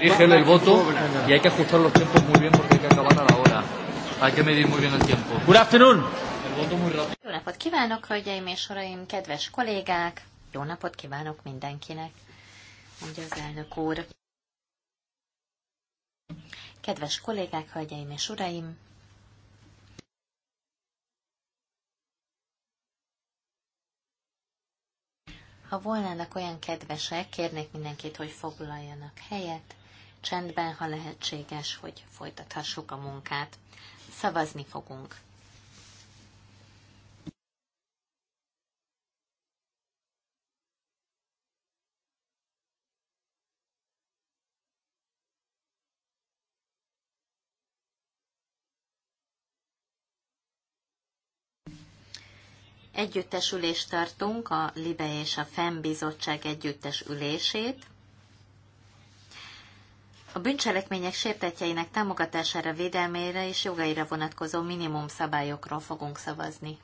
dirigen el voto y hay que ajustar los tiempos muy bien porque hay que acabar a la hora. Hay que medir muy bien el tiempo. Good afternoon! El voto muy rápido. Jó napot kívánok, hölgyeim és uraim, kedves kollégák! Jó napot kívánok mindenkinek, mondja az elnök úr. Kedves kollégák, hölgyeim és uraim! Ha volnának olyan kedvesek, kérnék mindenkit, hogy foglaljanak helyet csendben, ha lehetséges, hogy folytathassuk a munkát. Szavazni fogunk. Együttesülést tartunk, a LIBE és a FEM bizottság együttes ülését a bűncselekmények sértetjeinek támogatására, védelmére és jogaira vonatkozó minimum szabályokról fogunk szavazni.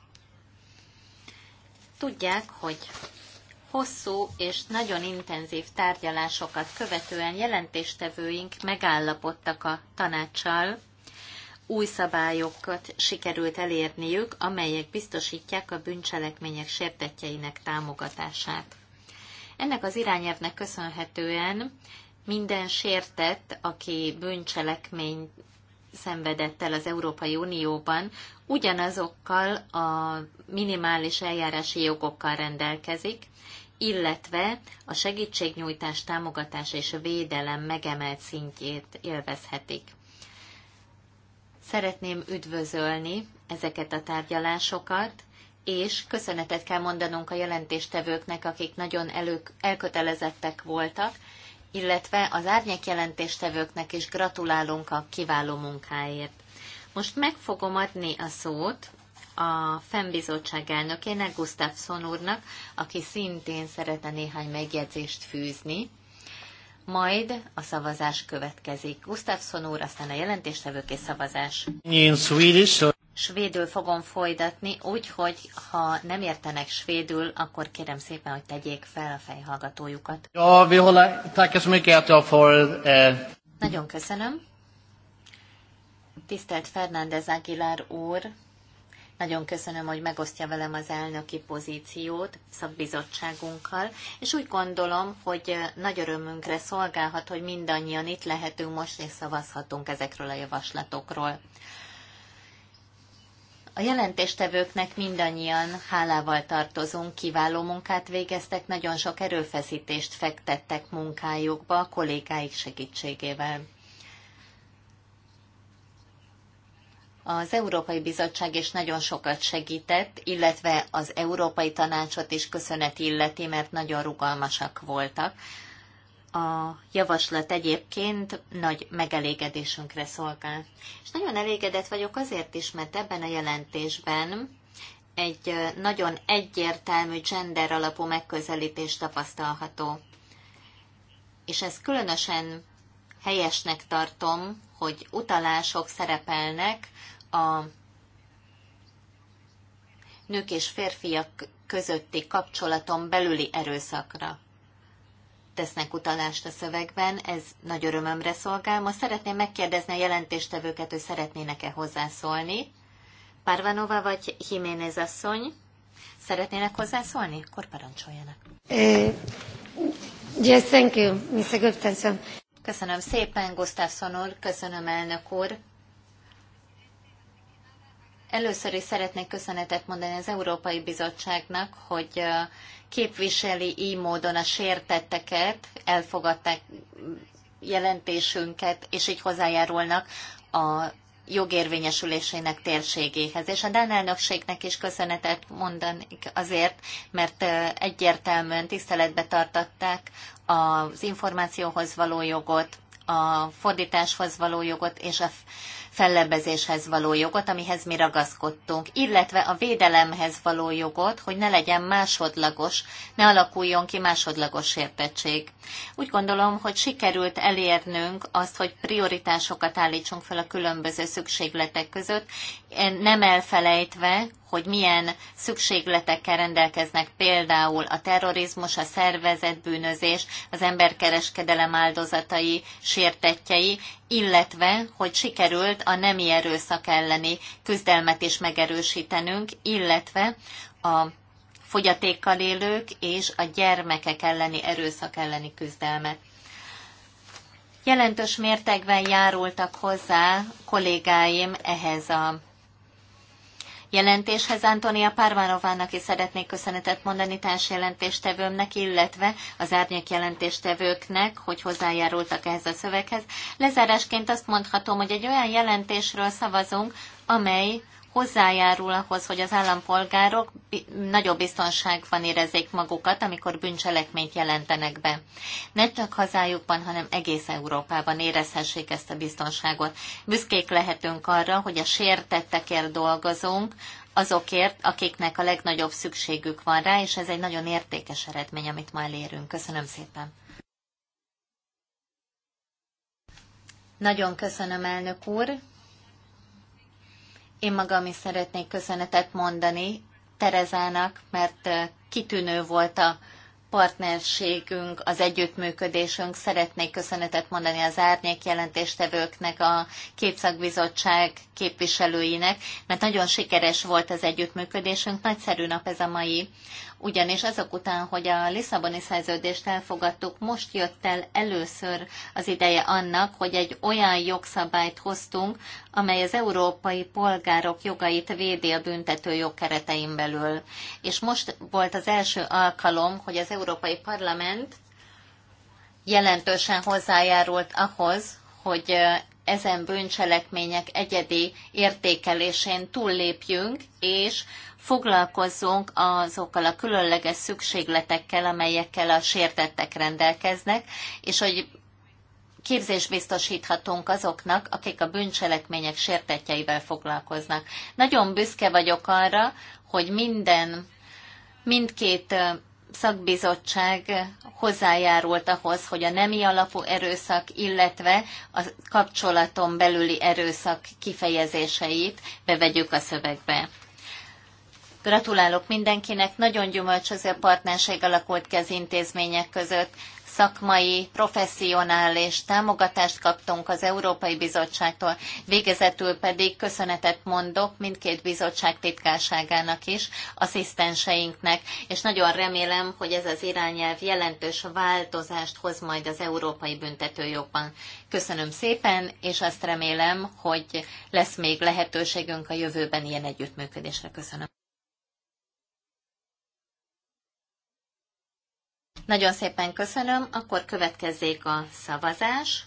Tudják, hogy hosszú és nagyon intenzív tárgyalásokat követően jelentéstevőink megállapodtak a tanácssal, új szabályokat sikerült elérniük, amelyek biztosítják a bűncselekmények sértetjeinek támogatását. Ennek az irányelvnek köszönhetően minden sértett, aki bűncselekmény szenvedett el az Európai Unióban, ugyanazokkal a minimális eljárási jogokkal rendelkezik, illetve a segítségnyújtás, támogatás és a védelem megemelt szintjét élvezhetik. Szeretném üdvözölni ezeket a tárgyalásokat, és köszönetet kell mondanunk a jelentéstevőknek, akik nagyon elő, elkötelezettek voltak, illetve az árnyék jelentéstevőknek is gratulálunk a kiváló munkáért. Most meg fogom adni a szót a fennbizottság elnökének, Gustav úrnak, aki szintén szeretne néhány megjegyzést fűzni. Majd a szavazás következik. Gustav úr, aztán a és szavazás. In Swedish, so svédül fogom folytatni, úgyhogy ha nem értenek svédül, akkor kérem szépen, hogy tegyék fel a fejhallgatójukat. Ja, vi håller, tackar så mycket att jag får... Eh, nagyon köszönöm. Tisztelt Fernández Aguilar úr, nagyon köszönöm, hogy megosztja velem az elnöki pozíciót szakbizottságunkkal, és úgy gondolom, hogy nagy örömünkre szolgálhat, hogy mindannyian itt lehetünk most, és szavazhatunk ezekről a javaslatokról. A jelentéstevőknek mindannyian hálával tartozunk, kiváló munkát végeztek, nagyon sok erőfeszítést fektettek munkájukba a kollégáik segítségével. Az Európai Bizottság is nagyon sokat segített, illetve az Európai Tanácsot is köszönet illeti, mert nagyon rugalmasak voltak a javaslat egyébként nagy megelégedésünkre szolgál. És nagyon elégedett vagyok azért is, mert ebben a jelentésben egy nagyon egyértelmű gender alapú megközelítés tapasztalható. És ezt különösen helyesnek tartom, hogy utalások szerepelnek a nők és férfiak közötti kapcsolaton belüli erőszakra tesznek utalást a szövegben, ez nagy örömömre szolgál. Ma szeretném megkérdezni a jelentéstevőket, hogy szeretnének-e hozzászólni. Párvanova vagy Jiménez asszony, szeretnének hozzászólni? Akkor parancsoljanak. Eh, yes, thank you, Mr. Köszönöm szépen, Gustav úr, köszönöm elnök úr. Először is szeretnék köszönetet mondani az Európai Bizottságnak, hogy eh, képviseli így módon a sértetteket, elfogadták jelentésünket, és így hozzájárulnak a jogérvényesülésének térségéhez. És a Dán elnökségnek is köszönetet mondani azért, mert egyértelműen tiszteletbe tartatták az információhoz való jogot, a fordításhoz való jogot és a fellebezéshez való jogot, amihez mi ragaszkodtunk, illetve a védelemhez való jogot, hogy ne legyen másodlagos, ne alakuljon ki másodlagos értettség. Úgy gondolom, hogy sikerült elérnünk azt, hogy prioritásokat állítsunk fel a különböző szükségletek között, nem elfelejtve, hogy milyen szükségletekkel rendelkeznek például a terrorizmus, a szervezetbűnözés, az emberkereskedelem áldozatai, sértetjei, illetve hogy sikerült a nemi erőszak elleni küzdelmet is megerősítenünk, illetve a fogyatékkal élők és a gyermekek elleni erőszak elleni küzdelmet. Jelentős mértékben járultak hozzá kollégáim ehhez a jelentéshez. Antonia Párvánovának is szeretnék köszönetet mondani társjelentéstevőmnek, illetve az árnyék jelentéstevőknek, hogy hozzájárultak ehhez a szöveghez. Lezárásként azt mondhatom, hogy egy olyan jelentésről szavazunk, amely hozzájárul ahhoz, hogy az állampolgárok nagyobb biztonságban érezzék magukat, amikor bűncselekményt jelentenek be. Ne csak hazájukban, hanem egész Európában érezhessék ezt a biztonságot. Büszkék lehetünk arra, hogy a sértettekért dolgozunk, azokért, akiknek a legnagyobb szükségük van rá, és ez egy nagyon értékes eredmény, amit ma elérünk. Köszönöm szépen! Nagyon köszönöm, elnök úr! Én magam is szeretnék köszönetet mondani Terezának, mert eh, kitűnő volt a partnerségünk, az együttműködésünk. Szeretnék köszönetet mondani az árnyék jelentéstevőknek, a képszakbizottság képviselőinek, mert nagyon sikeres volt az együttműködésünk. Nagyszerű nap ez a mai ugyanis azok után, hogy a Lisszaboni szerződést elfogadtuk, most jött el először az ideje annak, hogy egy olyan jogszabályt hoztunk, amely az európai polgárok jogait védi a büntető jog keretein belül. És most volt az első alkalom, hogy az Európai Parlament jelentősen hozzájárult ahhoz, hogy ezen bűncselekmények egyedi értékelésén túllépjünk, és foglalkozzunk azokkal a különleges szükségletekkel, amelyekkel a sértettek rendelkeznek, és hogy képzést biztosíthatunk azoknak, akik a bűncselekmények sértetjeivel foglalkoznak. Nagyon büszke vagyok arra, hogy minden, mindkét szakbizottság hozzájárult ahhoz, hogy a nemi alapú erőszak, illetve a kapcsolaton belüli erőszak kifejezéseit bevegyük a szövegbe. Gratulálok mindenkinek, nagyon gyümölcsöző partnerség alakult ki az intézmények között szakmai, professzionális támogatást kaptunk az Európai Bizottságtól, végezetül pedig köszönetet mondok mindkét bizottság titkárságának is, asszisztenseinknek, és nagyon remélem, hogy ez az irányelv jelentős változást hoz majd az európai büntetőjogban. Köszönöm szépen, és azt remélem, hogy lesz még lehetőségünk a jövőben ilyen együttműködésre. Köszönöm. Nagyon szépen köszönöm, akkor következzék a szavazás.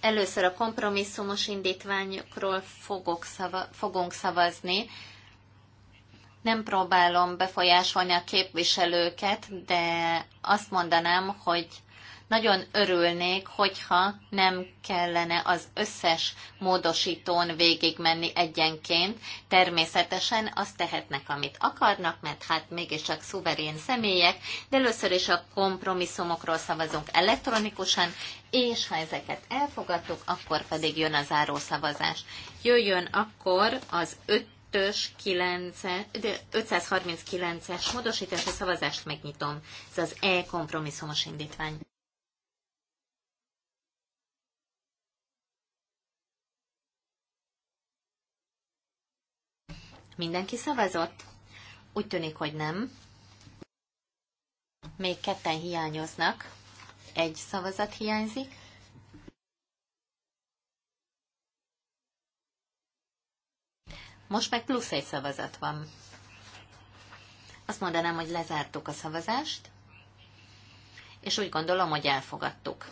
Először a kompromisszumos indítványokról fogok szava, fogunk szavazni. Nem próbálom befolyásolni a képviselőket, de azt mondanám, hogy nagyon örülnék, hogyha nem kellene az összes módosítón végigmenni egyenként. Természetesen azt tehetnek, amit akarnak, mert hát mégiscsak szuverén személyek, de először is a kompromisszumokról szavazunk elektronikusan, és ha ezeket elfogadtuk, akkor pedig jön a zárószavazás. Jöjjön akkor az öt 5-ös, 539-es módosítási szavazást megnyitom. Ez az E kompromisszumos indítvány. Mindenki szavazott? Úgy tűnik, hogy nem. Még ketten hiányoznak. Egy szavazat hiányzik. Most meg plusz egy szavazat van. Azt mondanám, hogy lezártuk a szavazást, és úgy gondolom, hogy elfogadtuk.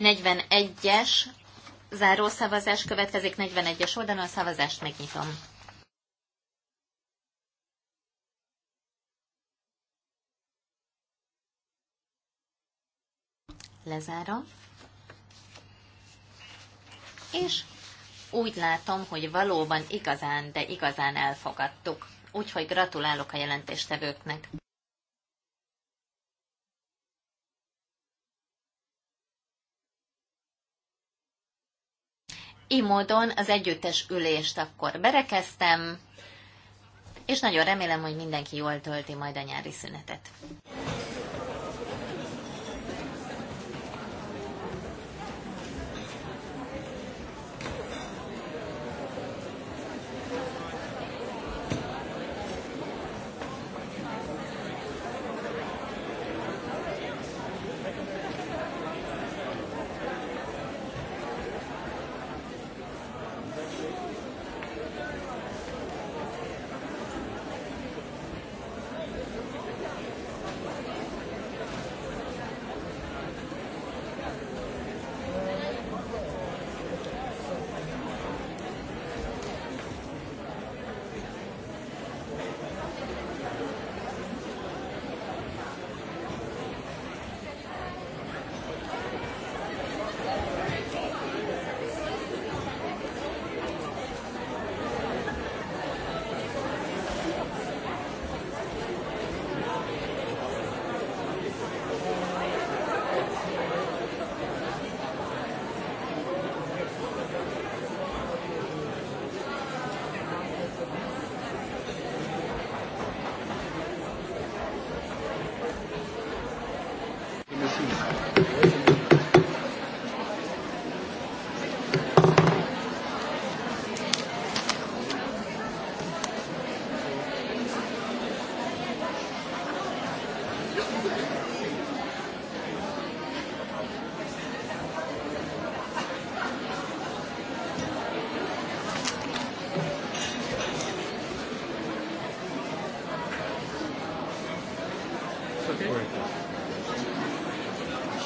41-es záró szavazás következik, 41-es oldalon a szavazást megnyitom. Lezárom. És úgy látom, hogy valóban igazán, de igazán elfogadtuk. Úgyhogy gratulálok a jelentéstevőknek. Így módon az együttes ülést akkor berekeztem, és nagyon remélem, hogy mindenki jól tölti majd a nyári szünetet.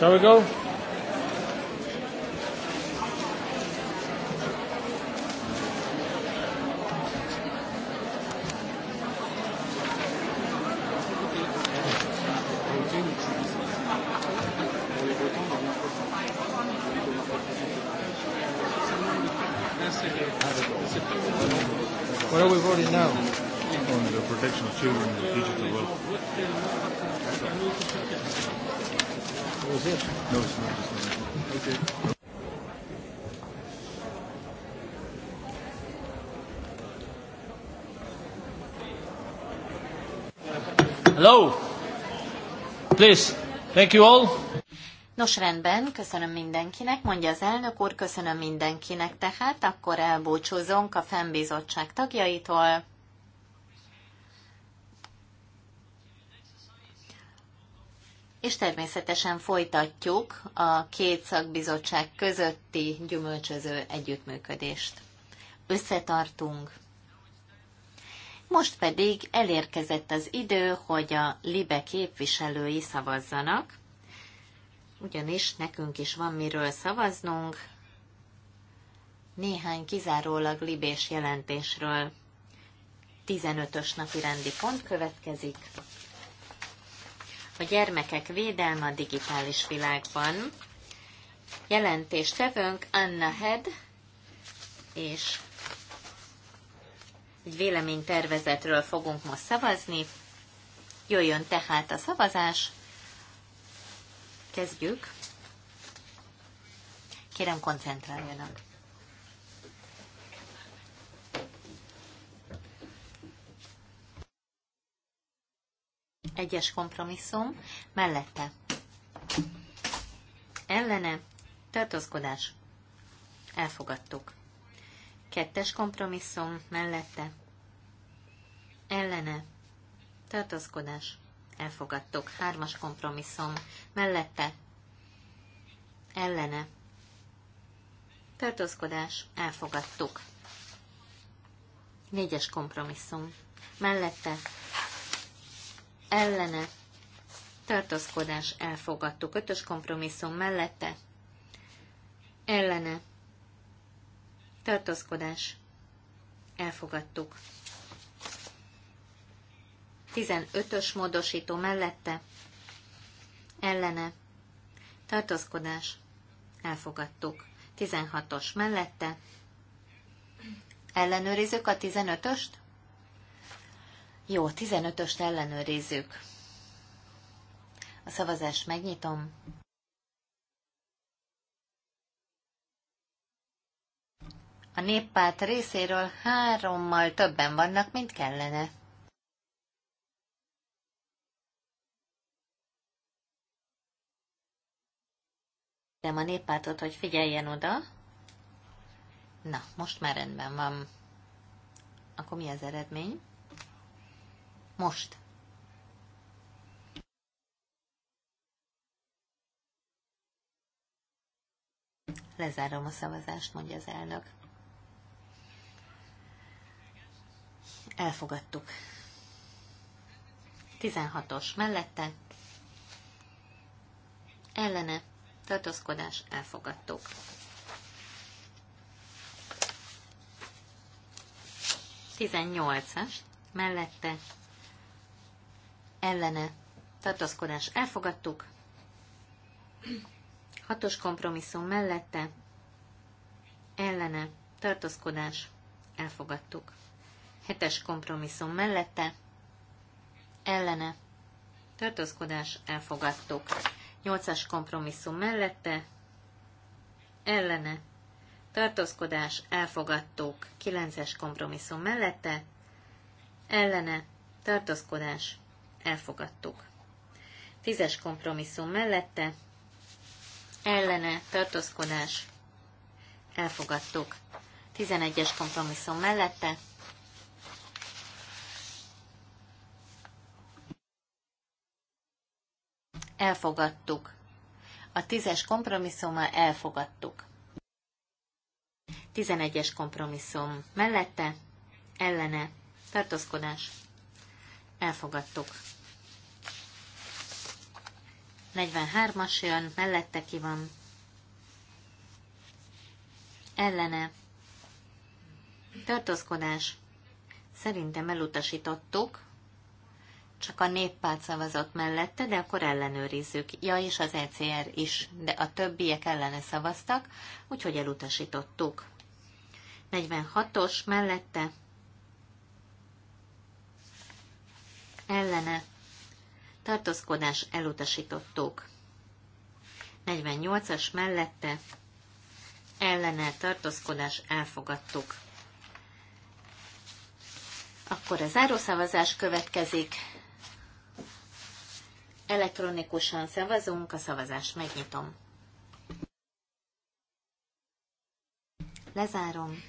Shall we go? No, it's not. not. Okay. Hello. Please. Thank you all. Nos rendben, köszönöm mindenkinek, mondja az elnök úr, köszönöm mindenkinek, tehát akkor elbúcsúzunk a fennbizottság tagjaitól. és természetesen folytatjuk a két szakbizottság közötti gyümölcsöző együttműködést. Összetartunk. Most pedig elérkezett az idő, hogy a LIBE képviselői szavazzanak, ugyanis nekünk is van miről szavaznunk, néhány kizárólag libés jelentésről. 15-ös napi rendi pont következik a gyermekek védelme a digitális világban. Jelentéstevőnk Anna Head, és egy véleménytervezetről fogunk most szavazni. Jöjjön tehát a szavazás. Kezdjük. Kérem, koncentráljanak. Egyes kompromisszum mellette. Ellene tartózkodás. Elfogadtuk. Kettes kompromisszum mellette. Ellene tartózkodás. Elfogadtuk. Hármas kompromisszum mellette. Ellene tartózkodás. Elfogadtuk. Négyes kompromisszum mellette ellene tartózkodás elfogadtuk. Ötös kompromisszum mellette ellene tartózkodás elfogadtuk. 15-ös módosító mellette ellene tartózkodás elfogadtuk. 16-os mellette ellenőrizzük a 15-öst jó, 15-öst ellenőrizzük. A szavazást megnyitom. A néppárt részéről hárommal többen vannak, mint kellene. Kérem a néppártot, hogy figyeljen oda. Na, most már rendben van. Akkor mi az eredmény? most. Lezárom a szavazást, mondja az elnök. Elfogadtuk. 16-os mellette. Ellene. Tartózkodás. Elfogadtuk. Tizennyolcas mellette ellene tartózkodás elfogadtuk, hatos kompromisszum mellette ellene tartózkodás elfogadtuk, hetes kompromisszum mellette ellene tartózkodás elfogadtuk, nyolcas kompromisszum mellette ellene tartózkodás elfogadtuk, kilences kompromisszum mellette ellene tartózkodás elfogadtuk. Tízes kompromisszum mellette ellene tartózkodás elfogadtuk. Tizenegyes kompromisszum mellette elfogadtuk. A tízes kompromisszummal elfogadtuk. 11-es kompromisszum mellette, ellene, tartózkodás, elfogadtuk. 43-as jön, mellette ki van, ellene, tartózkodás, szerintem elutasítottuk, csak a néppárt szavazott mellette, de akkor ellenőrizzük. Ja, és az ECR is, de a többiek ellene szavaztak, úgyhogy elutasítottuk. 46-os mellette ellene tartózkodás elutasítottuk. 48-as mellette ellene tartózkodás elfogadtuk. Akkor a zárószavazás következik. Elektronikusan szavazunk, a szavazást megnyitom. Lezárom.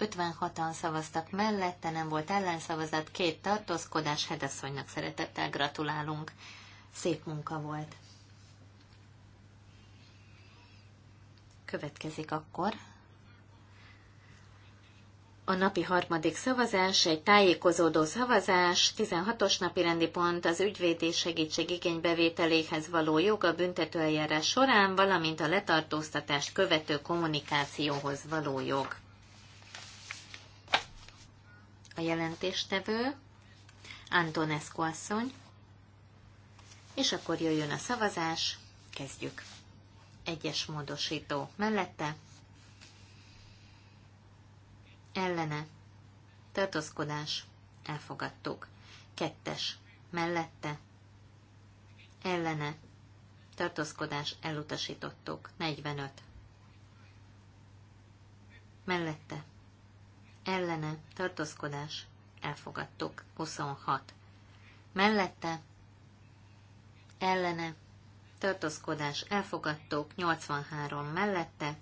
56-an szavaztak mellette, nem volt ellenszavazat, két tartózkodás, Hedeszonynak szeretettel gratulálunk. Szép munka volt. Következik akkor a napi harmadik szavazás, egy tájékozódó szavazás, 16-os napi rendi pont az ügyvédi segítség igénybevételéhez való jog a büntetőeljárás során, valamint a letartóztatást követő kommunikációhoz való jog a jelentéstevő, Antonescu asszony, és akkor jöjjön a szavazás, kezdjük. Egyes módosító mellette, ellene, tartózkodás, elfogadtuk. Kettes, mellette, ellene, tartózkodás, elutasítottuk. 45. Mellette, ellene tartózkodás elfogadtuk 26. Mellette ellene tartózkodás elfogadtuk 83 mellette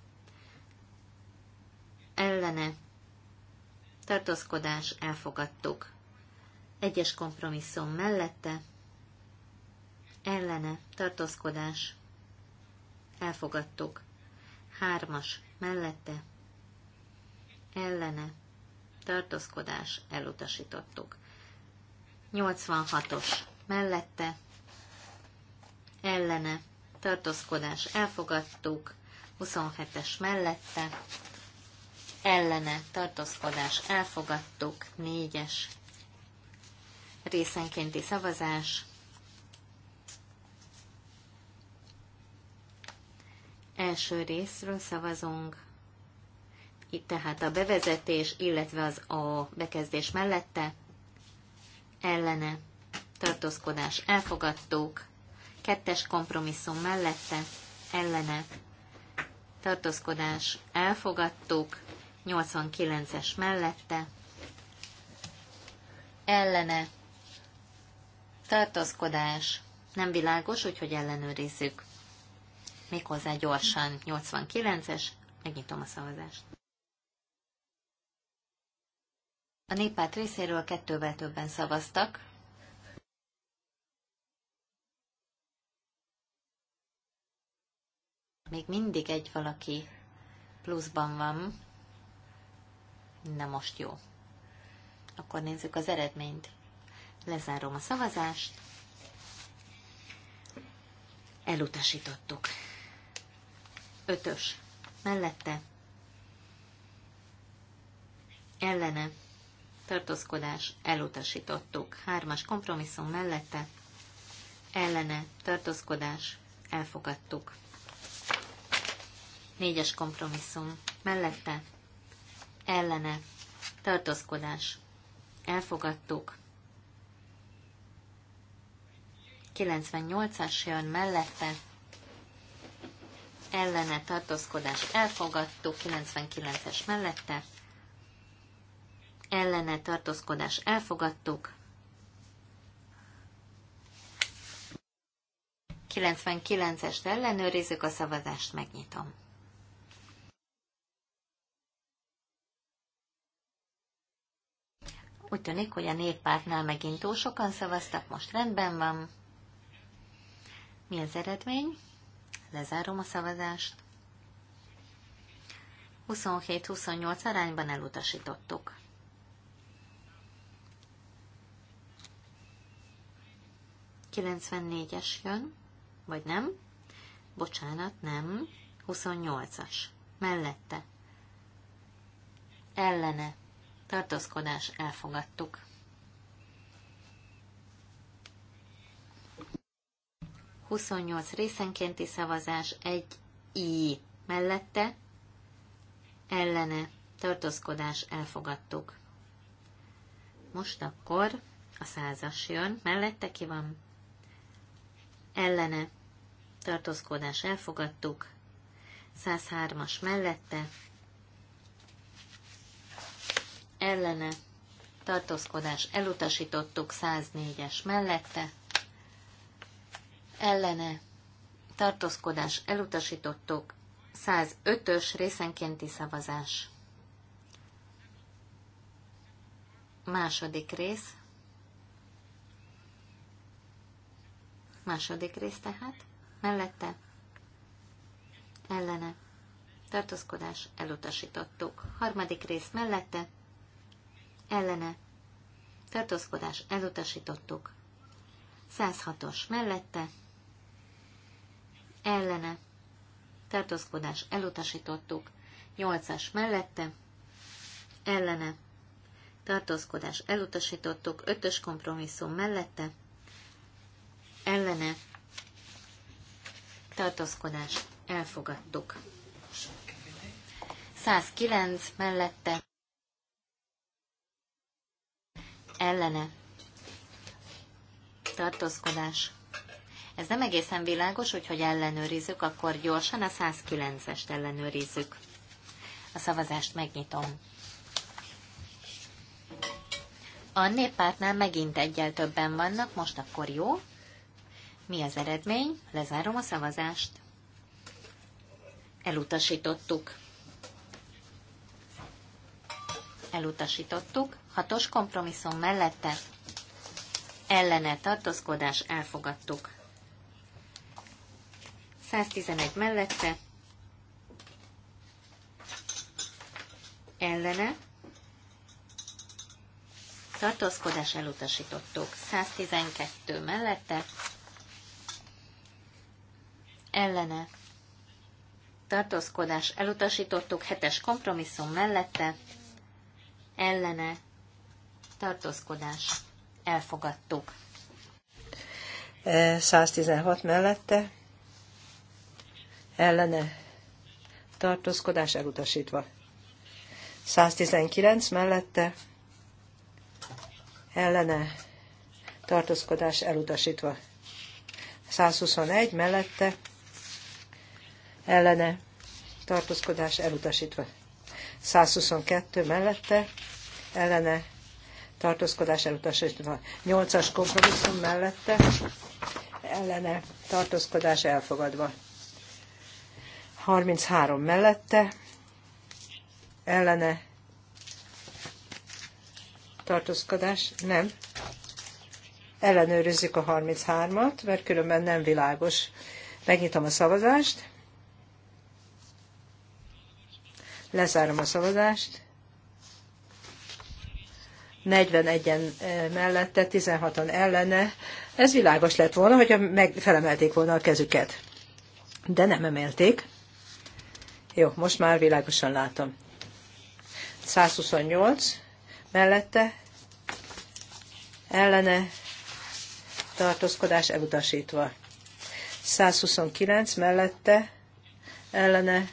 ellene tartózkodás elfogadtuk egyes kompromisszum mellette ellene tartózkodás elfogadtuk hármas mellette ellene tartózkodás, elutasítottuk. 86-os mellette, ellene, tartózkodás, elfogadtuk. 27-es mellette, ellene, tartózkodás, elfogadtuk. 4-es részenkénti szavazás, Első részről szavazunk. Itt tehát a bevezetés, illetve az a bekezdés mellette ellene tartózkodás elfogadtuk, kettes kompromisszum mellette ellene tartózkodás elfogadtuk, 89-es mellette ellene tartózkodás nem világos, úgyhogy ellenőrizzük. Méghozzá gyorsan 89-es, megnyitom a szavazást. A néppárt részéről kettővel többen szavaztak. Még mindig egy valaki pluszban van. Na most jó. Akkor nézzük az eredményt. Lezárom a szavazást. Elutasítottuk. Ötös. Mellette. Ellene tartózkodás, elutasítottuk. Hármas kompromisszum mellette, ellene, tartózkodás, elfogadtuk. Négyes kompromisszum mellette, ellene, tartózkodás, elfogadtuk. 98-as jön mellette, ellene tartózkodás elfogadtuk, 99-es mellette, ellene tartózkodás elfogadtuk. 99-est ellenőrizzük, a szavazást megnyitom. Úgy tűnik, hogy a néppártnál megint túl sokan szavaztak, most rendben van. Mi az eredmény? Lezárom a szavazást. 27-28 arányban elutasítottuk. 94-es jön, vagy nem? Bocsánat, nem. 28-as. Mellette. Ellene. Tartózkodás elfogadtuk. Huszonnyolc részenkénti szavazás, egy I mellette, ellene, tartózkodás elfogadtuk. Most akkor a százas jön, mellette ki van? ellene, tartózkodás elfogadtuk, 103-as mellette, ellene, tartózkodás elutasítottuk 104-es mellette, ellene, tartózkodás elutasítottuk 105-ös részenkénti szavazás. Második rész Második rész tehát. Mellette. Ellene. Tartózkodás. Elutasítottuk. Harmadik rész mellette. Ellene. Tartózkodás. Elutasítottuk. 106-os mellette. Ellene. Tartózkodás. Elutasítottuk. 8-as mellette. Ellene. Tartózkodás. Elutasítottuk. 5-ös kompromisszum mellette ellene tartózkodás elfogadtuk. 109 mellette ellene tartózkodás. Ez nem egészen világos, hogyha ellenőrizzük, akkor gyorsan a 109-est ellenőrizzük. A szavazást megnyitom. A néppártnál megint egyel többen vannak, most akkor jó. Mi az eredmény? Lezárom a szavazást. Elutasítottuk. Elutasítottuk. Hatos kompromisszum mellette ellene tartózkodás elfogadtuk. 111 mellette ellene tartózkodás elutasítottuk. 112 mellette ellene tartózkodás elutasítottuk, hetes kompromisszum mellette ellene tartózkodás elfogadtuk. 116 e, mellette ellene tartózkodás elutasítva. 119 mellette ellene tartózkodás elutasítva. 121 mellette ellene tartózkodás elutasítva. 122 mellette ellene tartózkodás elutasítva. 8-as kompromisszum mellette ellene tartózkodás elfogadva. 33 mellette ellene tartózkodás nem. Ellenőrizzük a 33-at, mert különben nem világos. Megnyitom a szavazást. Lezárom a szavazást. 41-en eh, mellette, 16-an ellene. Ez világos lett volna, hogyha meg felemelték volna a kezüket. De nem emelték. Jó, most már világosan látom. 128 mellette, ellene, tartózkodás elutasítva. 129 mellette, ellene,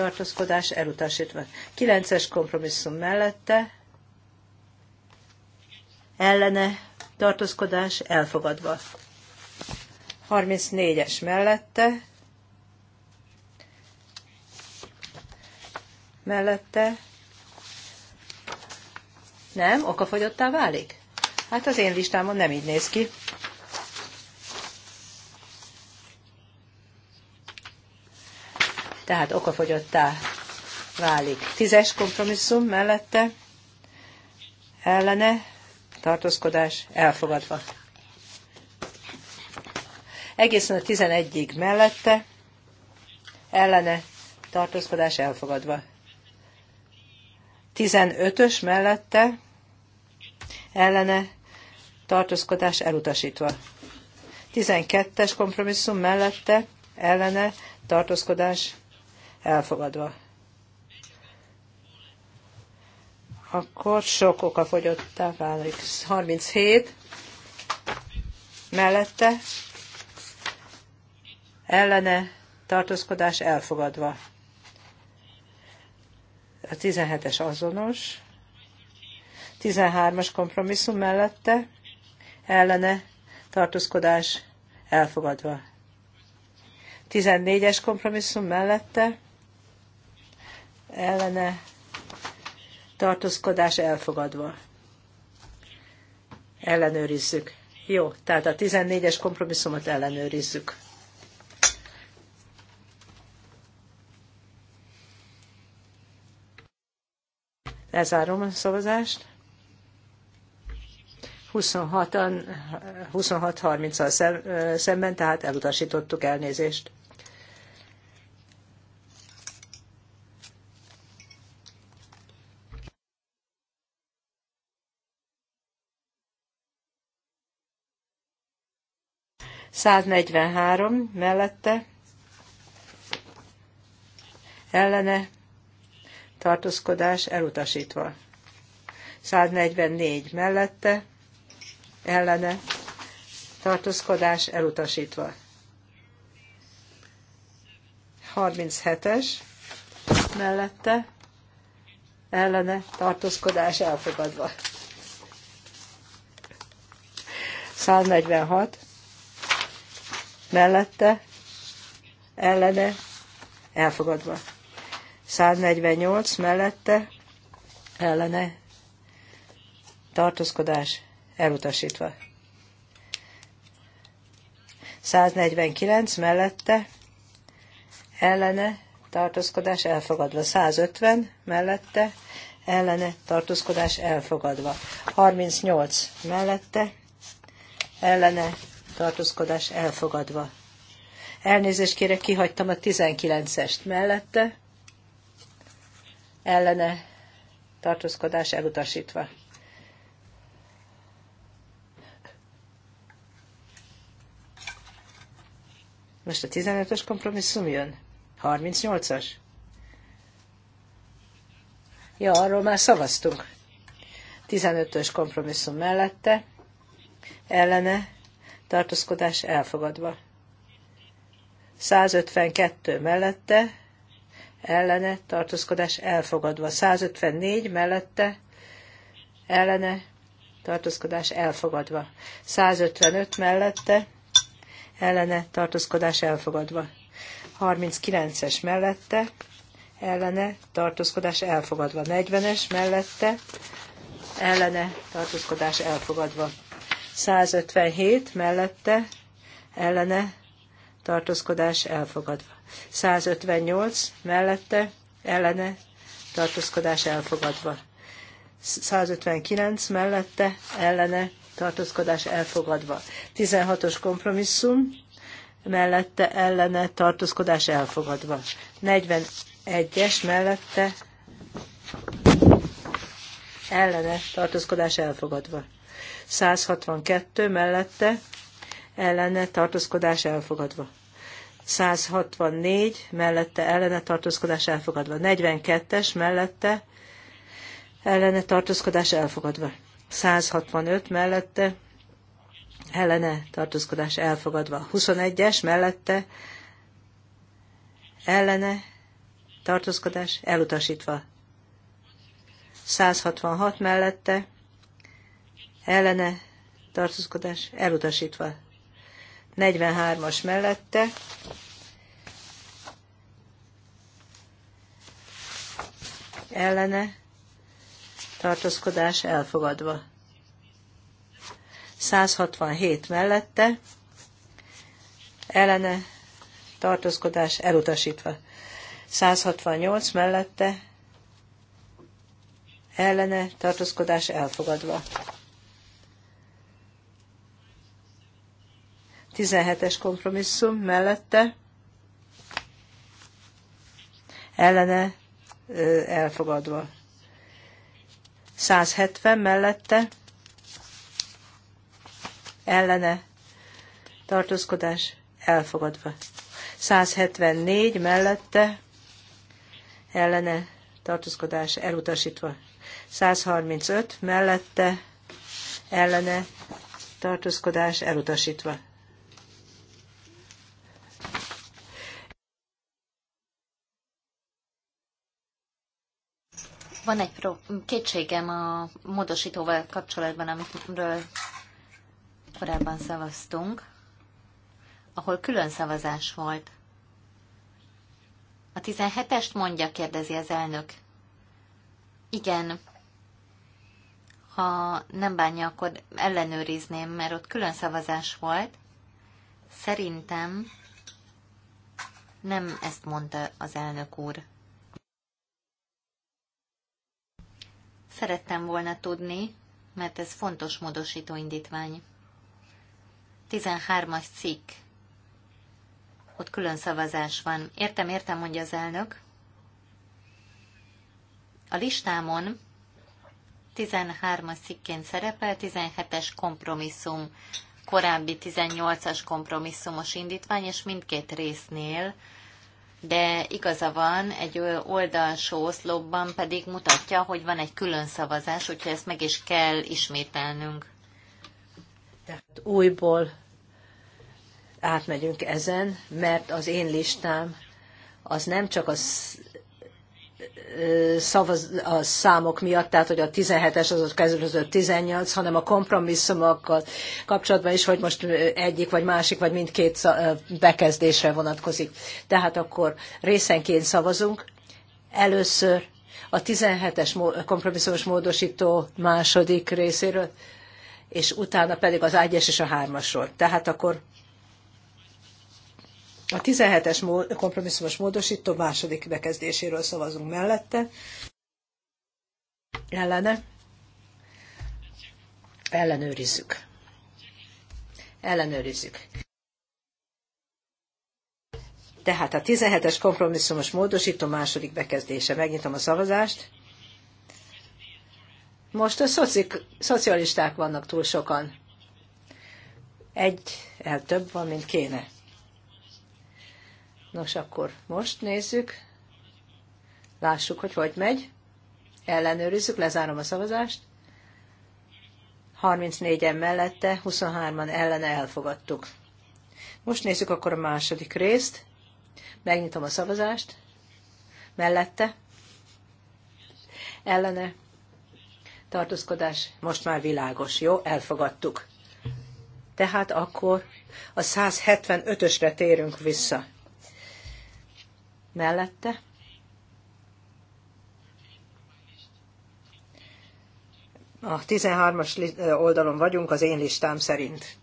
tartózkodás elutasítva. 9-es kompromisszum mellette ellene tartózkodás elfogadva. 34-es mellette mellette nem, okafogyottá válik? Hát az én listámon nem így néz ki. tehát okafogyottá válik. Tízes kompromisszum mellette ellene tartózkodás elfogadva. Egészen a tizenegyig mellette ellene tartózkodás elfogadva. tizenötös mellette ellene tartózkodás elutasítva. 12-es kompromisszum mellette ellene tartózkodás elfogadva. Akkor sok oka fogyottá válik. 37 mellette ellene tartózkodás elfogadva. A 17-es azonos. 13-as kompromisszum mellette ellene tartózkodás elfogadva. 14-es kompromisszum mellette ellene tartózkodás elfogadva. Ellenőrizzük. Jó, tehát a 14-es kompromisszumot ellenőrizzük. Lezárom a szavazást. 26-30-al 26 szemben, tehát elutasítottuk elnézést. 143 mellette ellene tartózkodás elutasítva. 144 mellette ellene tartózkodás elutasítva. 37-es mellette ellene tartózkodás elfogadva. 146 mellette ellene elfogadva. 148 mellette ellene tartózkodás elutasítva. 149 mellette ellene tartózkodás elfogadva. 150 mellette ellene tartózkodás elfogadva. 38 mellette ellene tartózkodás elfogadva. Elnézést kérek, kihagytam a 19-est mellette, ellene tartózkodás elutasítva. Most a 15-ös kompromisszum jön? 38-as? Ja, arról már szavaztunk. 15-ös kompromisszum mellette, ellene tartózkodás elfogadva. 152 mellette, ellene, tartózkodás elfogadva. 154 mellette, ellene, tartózkodás elfogadva. 155 mellette, ellene, tartózkodás elfogadva. 39-es mellette, ellene, tartózkodás elfogadva. 40-es mellette, ellene, tartózkodás elfogadva. 157 mellette ellene tartózkodás elfogadva. 158 mellette ellene tartózkodás elfogadva. 159 mellette ellene tartózkodás elfogadva. 16-os kompromisszum mellette ellene tartózkodás elfogadva. 41-es mellette ellene tartózkodás elfogadva. 162 mellette ellene tartózkodás elfogadva. 164 mellette ellene tartózkodás elfogadva. 42-es mellette ellene tartózkodás elfogadva. 165 mellette ellene tartózkodás elfogadva. 21-es mellette ellene tartózkodás elutasítva. 166 mellette ellene tartózkodás elutasítva. 43-as mellette ellene tartózkodás elfogadva. 167 mellette ellene tartózkodás elutasítva. 168 mellette ellene tartózkodás elfogadva. 17-es kompromisszum mellette ellene elfogadva. 170 mellette ellene tartózkodás elfogadva. 174 mellette ellene tartózkodás elutasítva. 135 mellette ellene tartózkodás elutasítva. Van egy pro- kétségem a módosítóval kapcsolatban, amiről korábban szavaztunk, ahol külön szavazás volt. A 17-est mondja, kérdezi az elnök. Igen, ha nem bánja, akkor ellenőrizném, mert ott külön szavazás volt. Szerintem nem ezt mondta az elnök úr. Szerettem volna tudni, mert ez fontos módosító indítvány. 13-as cikk. Ott külön szavazás van. Értem, értem, mondja az elnök. A listámon 13-as cikként szerepel 17-es kompromisszum, korábbi 18-as kompromisszumos indítvány, és mindkét résznél de igaza van, egy oldalsó oszlopban pedig mutatja, hogy van egy külön szavazás, úgyhogy ezt meg is kell ismételnünk. Tehát újból átmegyünk ezen, mert az én listám az nem csak az szavaz, a számok miatt, tehát hogy a 17-es az ott kezdődött 18, hanem a kompromisszumokkal kapcsolatban is, hogy most egyik vagy másik, vagy mindkét bekezdésre vonatkozik. Tehát akkor részenként szavazunk. Először a 17-es kompromisszumos módosító második részéről, és utána pedig az 1-es és a 3-asról. Tehát akkor a 17-es kompromisszumos módosító második bekezdéséről szavazunk mellette. Ellene. Ellenőrizzük. Ellenőrizzük. Tehát a 17-es kompromisszumos módosító második bekezdése. Megnyitom a szavazást. Most a szoci- szocialisták vannak túl sokan. Egy el több van, mint kéne. Nos, akkor most nézzük. Lássuk, hogy hogy megy. Ellenőrizzük, lezárom a szavazást. 34-en mellette, 23-an ellene elfogadtuk. Most nézzük akkor a második részt. Megnyitom a szavazást. Mellette. Ellene. Tartózkodás. Most már világos. Jó, elfogadtuk. Tehát akkor a 175-ösre térünk vissza mellette. A 13-as oldalon vagyunk az én listám szerint.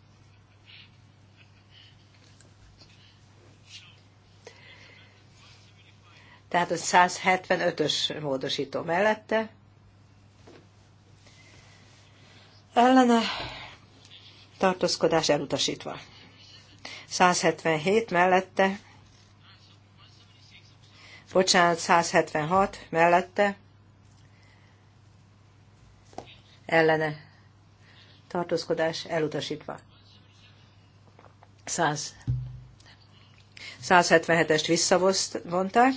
Tehát a 175-ös módosító mellette. Ellene tartózkodás elutasítva. 177 mellette bocsánat, 176 mellette, ellene tartózkodás elutasítva. 100. 177-est visszavonták.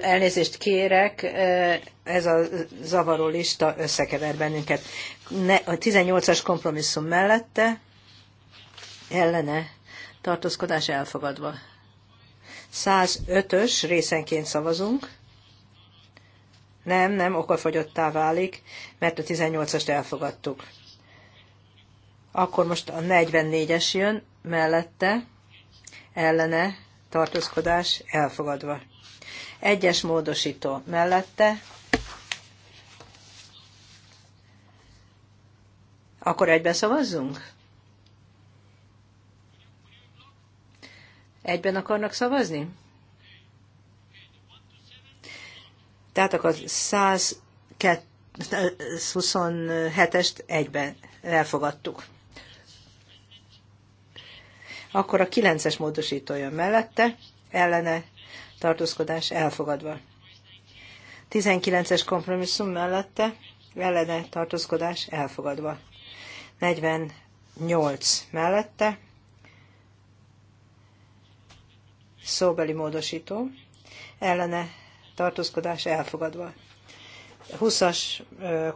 Elnézést kérek, eh, ez a zavaró lista összekever bennünket. Ne, a 18-as kompromisszum mellette ellene tartózkodás elfogadva. 105-ös részenként szavazunk. Nem, nem, okafogyottá válik, mert a 18-ast elfogadtuk. Akkor most a 44-es jön mellette, ellene, tartózkodás elfogadva. Egyes módosító mellette, akkor egybe szavazzunk? Egyben akarnak szavazni? Tehát akkor 127-est egyben elfogadtuk. Akkor a 9-es módosító jön mellette, ellene tartózkodás elfogadva. 19-es kompromisszum mellette, ellene tartózkodás elfogadva. 48 mellette, szóbeli módosító, ellene tartózkodás elfogadva. 20-as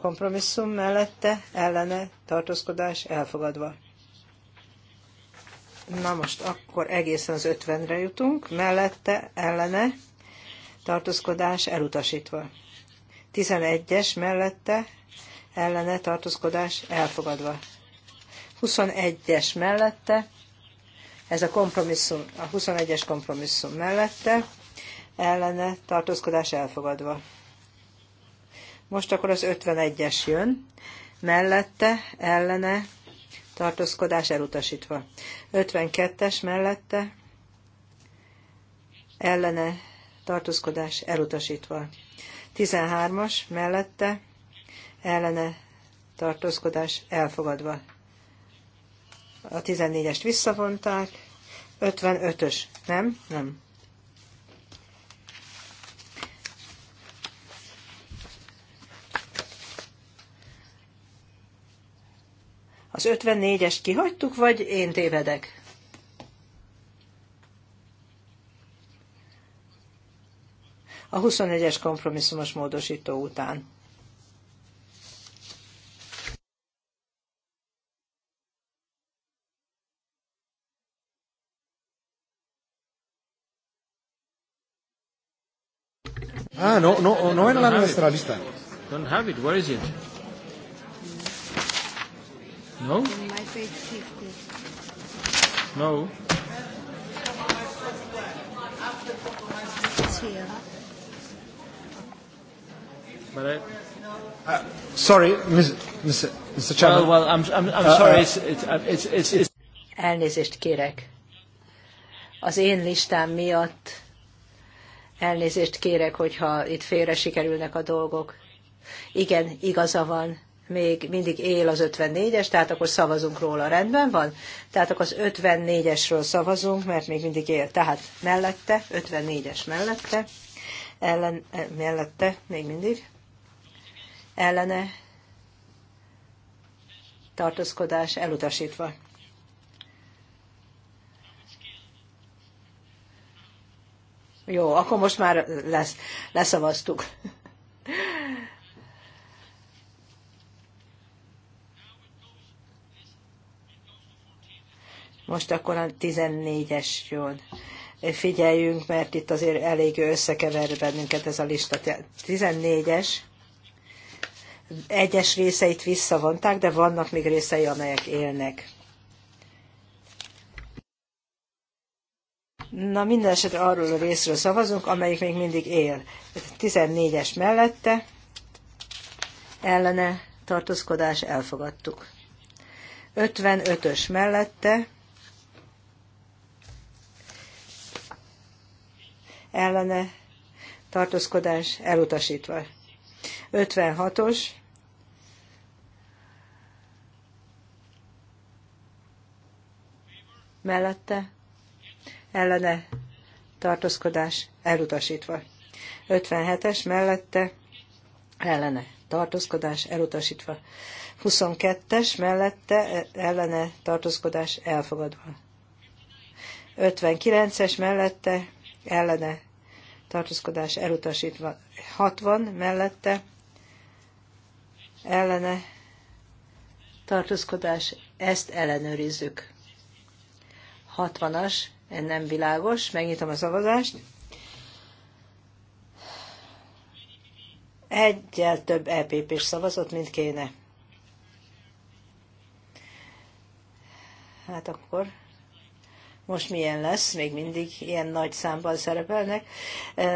kompromisszum mellette ellene tartózkodás elfogadva. Na most akkor egészen az 50-re jutunk, mellette ellene tartózkodás elutasítva. 11-es mellette ellene tartózkodás elfogadva. 21-es mellette ez a kompromisszum, a 21-es kompromisszum mellette, ellene tartózkodás elfogadva. Most akkor az 51-es jön, mellette, ellene tartózkodás elutasítva. 52-es mellette, ellene tartózkodás elutasítva. 13-as mellette, ellene tartózkodás elfogadva. A 14-est visszavonták, 55-ös, nem? Nem. Az 54-est kihagytuk, vagy én tévedek? A 21-es kompromisszumos módosító után. Ah, no, no, no era la nuestra lista. Don't have it. Where is it? No? No. here. But I... Uh, sorry, Mr. Mr. Chairman. Well, well, I'm, I'm, I'm uh, sorry. Uh, it's, it's, uh, it's, it's... Elnézést kérek. Az én listám miatt Elnézést kérek, hogyha itt félre sikerülnek a dolgok. Igen, igaza van. Még mindig él az 54-es, tehát akkor szavazunk róla. Rendben van? Tehát akkor az 54-esről szavazunk, mert még mindig él. Tehát mellette, 54-es mellette, ellen, eh, mellette, még mindig, ellene tartózkodás elutasítva. Jó, akkor most már lesz, leszavaztuk. Most akkor a 14-es jön. Figyeljünk, mert itt azért elég összekever bennünket ez a lista. 14-es egyes részeit visszavonták, de vannak még részei, amelyek élnek. Na minden esetre arról a részről szavazunk, amelyik még mindig él. 14-es mellette ellene tartózkodás elfogadtuk. 55-ös mellette ellene tartózkodás elutasítva. 56-os mellette ellene tartózkodás elutasítva. 57-es mellette ellene tartózkodás elutasítva. 22-es mellette ellene tartózkodás elfogadva. 59-es mellette ellene tartózkodás elutasítva. 60 mellette ellene tartózkodás, ezt ellenőrizzük. 60-as nem világos. Megnyitom a szavazást. Egyel több EPP-s szavazott, mint kéne. Hát akkor most milyen lesz, még mindig ilyen nagy számban szerepelnek.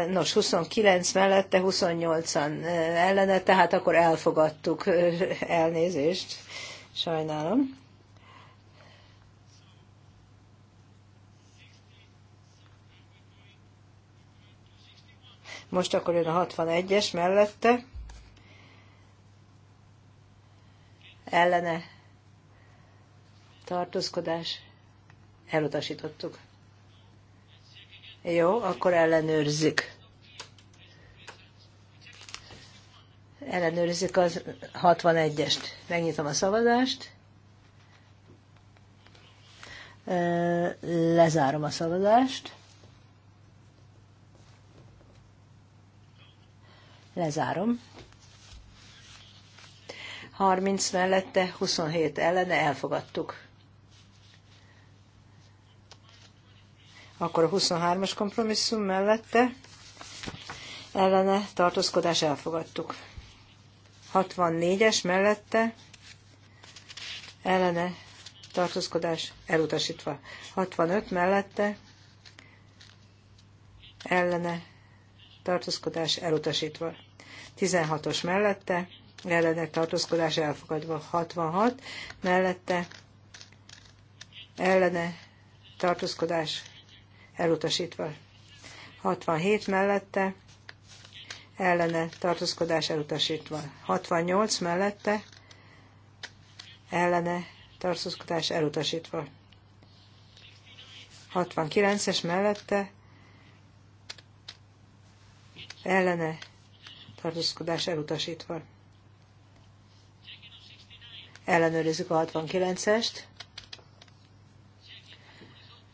Nos, 29 mellette, 28-an ellene, tehát akkor elfogadtuk elnézést, sajnálom. Most akkor jön a 61-es mellette. Ellene tartózkodás. Elutasítottuk. Jó, akkor ellenőrzik. Ellenőrzik az 61-est. Megnyitom a szavazást. Lezárom a szavazást. Lezárom. 30 mellette, 27 ellene elfogadtuk. Akkor a 23-as kompromisszum mellette ellene tartózkodás elfogadtuk. 64-es mellette ellene tartózkodás elutasítva. 65 mellette ellene tartózkodás elutasítva. 16-os mellette, ellenek tartózkodás elfogadva 66, mellette ellene tartózkodás elutasítva 67 mellette, ellene tartózkodás elutasítva 68 mellette, ellene tartózkodás elutasítva 69-es mellette, ellene tartózkodás elutasítva. Ellenőrizzük a 69-est.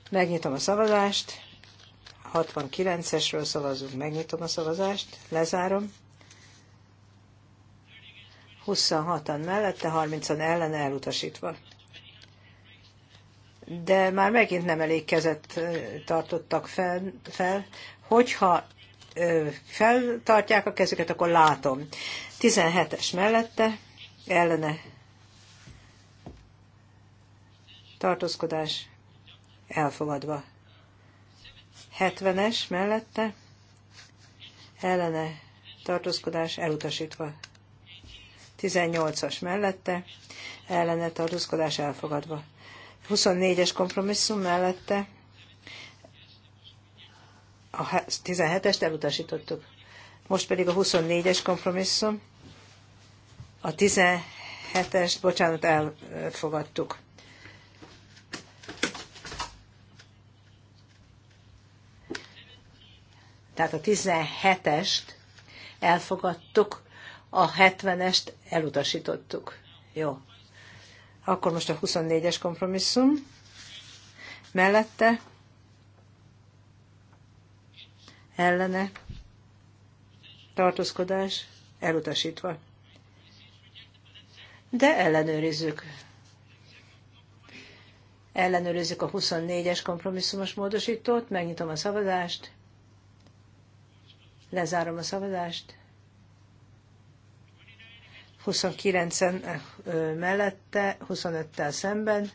Megnyitom a szavazást. 69-esről szavazunk. Megnyitom a szavazást. Lezárom. 26-an mellette, 30-an ellen elutasítva. De már megint nem elég kezet tartottak fel, fel. Hogyha feltartják a kezüket, akkor látom. 17-es mellette ellene tartózkodás elfogadva. 70-es mellette ellene tartózkodás elutasítva. 18-as mellette ellene tartózkodás elfogadva. 24-es kompromisszum mellette a 17-est elutasítottuk. Most pedig a 24-es kompromisszum. A 17-est, bocsánat, elfogadtuk. Tehát a 17-est elfogadtuk, a 70-est elutasítottuk. Jó. Akkor most a 24-es kompromisszum mellette ellene tartózkodás elutasítva. De ellenőrizzük. Ellenőrizzük a 24-es kompromisszumos módosítót, megnyitom a szavazást, lezárom a szavazást. 29-en eh, mellette, 25-tel szemben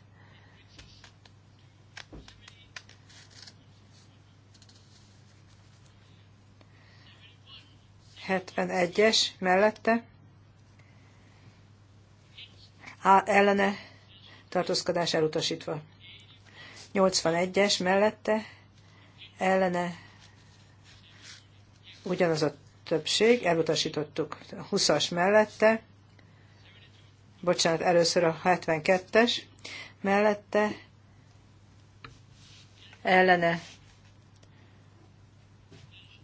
71-es mellette á, ellene tartózkodás elutasítva. 81-es mellette ellene ugyanaz a többség, elutasítottuk 20-as mellette, bocsánat, először a 72-es mellette ellene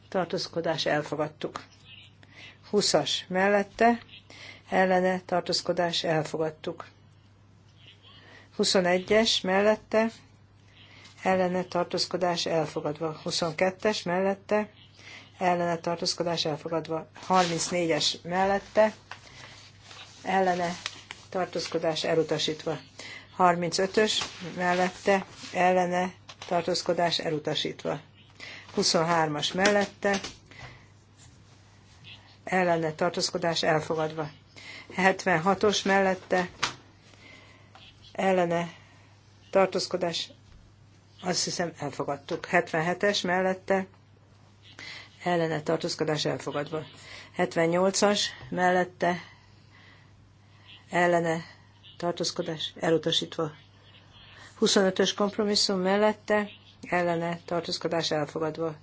tartózkodás elfogadtuk. 20-as mellette ellene tartózkodás elfogadtuk. 21-es mellette ellene tartózkodás elfogadva. 22-es mellette ellene tartózkodás elfogadva. 34-es mellette ellene tartózkodás elutasítva. 35-ös mellette ellene tartózkodás elutasítva. 23-as mellette ellene tartózkodás elfogadva. 76-os mellette ellene tartózkodás, azt hiszem elfogadtuk. 77-es mellette ellene tartózkodás elfogadva. 78-as mellette ellene tartózkodás elutasítva. 25-ös kompromisszum mellette ellene tartózkodás elfogadva.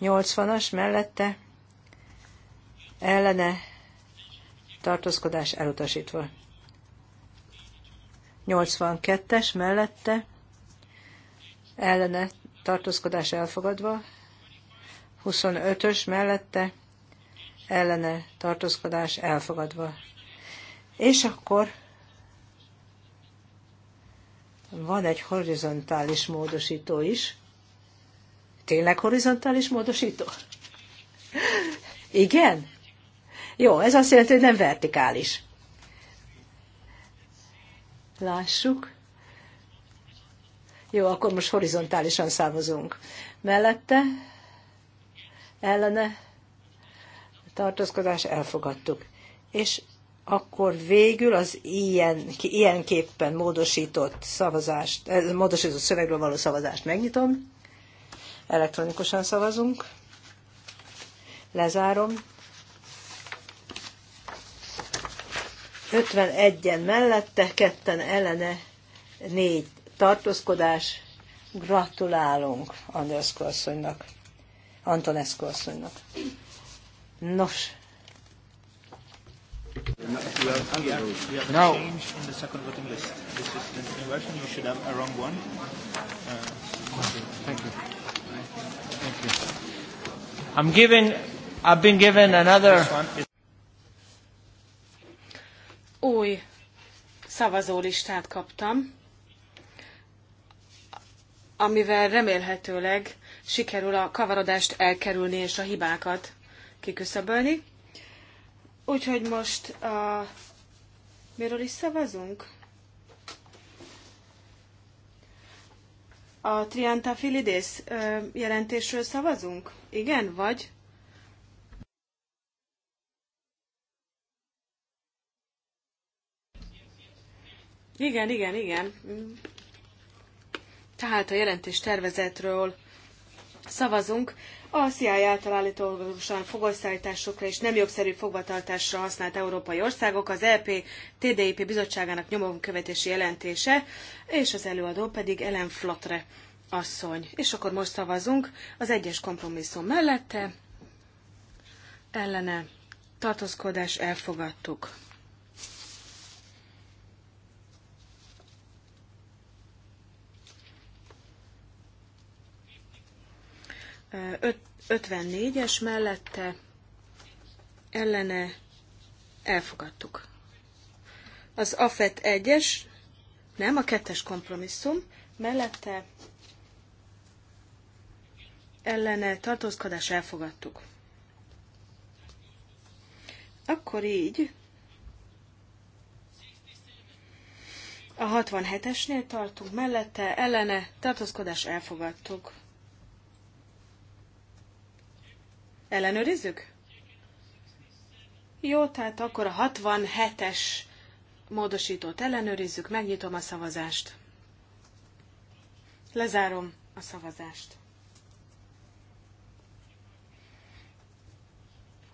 80-as mellette ellene tartózkodás elutasítva. 82-es mellette ellene tartózkodás elfogadva, 25-ös mellette ellene tartózkodás elfogadva. És akkor van egy horizontális módosító is. Tényleg horizontális módosító? Igen? Jó, ez azt jelenti, hogy nem vertikális. Lássuk. Jó, akkor most horizontálisan számozunk. Mellette, ellene, tartózkodás, elfogadtuk. És akkor végül az ilyen, ilyenképpen módosított szavazást, eh, módosított szövegről való szavazást megnyitom. Elektronikusan szavazunk. Lezárom. 51-en mellette, ketten ellene, négy tartózkodás. Gratulálunk Andreszko asszonynak, Antoneszko asszonynak. Nos. Now. Thank you. Thank you. I'm giving, I've been given another új szavazólistát kaptam, amivel remélhetőleg sikerül a kavarodást elkerülni és a hibákat kiküszöbölni. Úgyhogy most a... miről is szavazunk? A Triantafilidész jelentésről szavazunk? Igen, vagy? Igen, igen, igen. Tehát a jelentés tervezetről szavazunk. A CIA által állítólagosan fogolyszállításokra és nem jogszerű fogvatartásra használt európai országok, az EP TDIP bizottságának nyomonkövetési jelentése, és az előadó pedig Ellen Flotre asszony. És akkor most szavazunk az egyes kompromisszum mellette, ellene tartózkodás elfogadtuk. 54-es mellette ellene elfogadtuk. Az AFET 1-es, nem, a kettes kompromisszum, mellette ellene tartózkodás elfogadtuk. Akkor így a 67-esnél tartunk, mellette ellene tartózkodás elfogadtuk. Ellenőrizzük? Jó, tehát akkor a 67-es módosítót ellenőrizzük, megnyitom a szavazást. Lezárom a szavazást.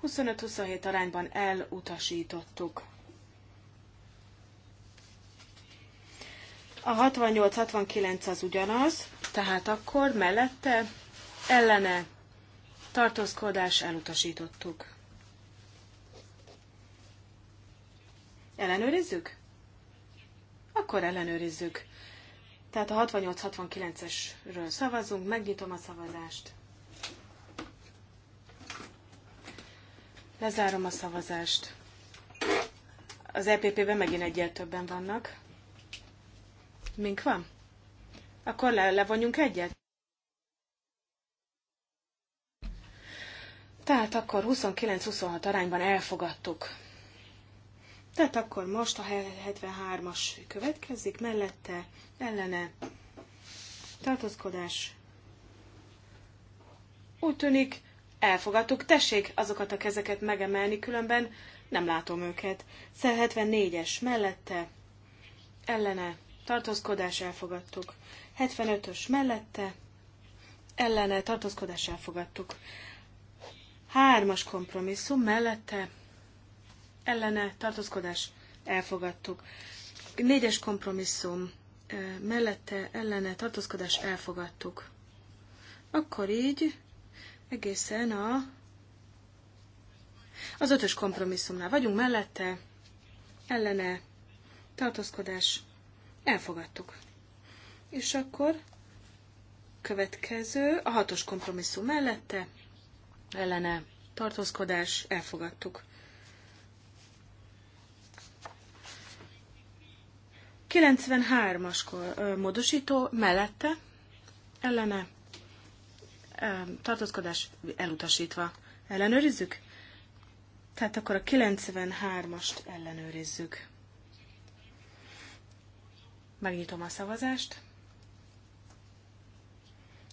25-27 arányban elutasítottuk. A 68-69 az ugyanaz, tehát akkor mellette ellene tartózkodás elutasítottuk. Ellenőrizzük? Akkor ellenőrizzük. Tehát a 68-69-esről szavazunk, megnyitom a szavazást. Lezárom a szavazást. Az EPP-ben megint egyet többen vannak. Mink van? Akkor le, levonjunk egyet? Tehát akkor 29-26 arányban elfogadtuk. Tehát akkor most a 73-as következik, mellette ellene tartózkodás. Úgy tűnik, elfogadtuk. Tessék azokat a kezeket megemelni, különben nem látom őket. 74-es mellette ellene tartózkodás elfogadtuk. 75-ös mellette ellene tartózkodás elfogadtuk. Hármas kompromisszum mellette ellene tartózkodás elfogadtuk. Négyes kompromisszum mellette ellene tartózkodás elfogadtuk. Akkor így egészen a az ötös kompromisszumnál vagyunk mellette, ellene tartózkodás elfogadtuk. És akkor következő, a hatos kompromisszum mellette, ellene tartózkodás elfogadtuk. 93-as módosító mellette ellene tartózkodás elutasítva. Ellenőrizzük? Tehát akkor a 93-ast ellenőrizzük. Megnyitom a szavazást.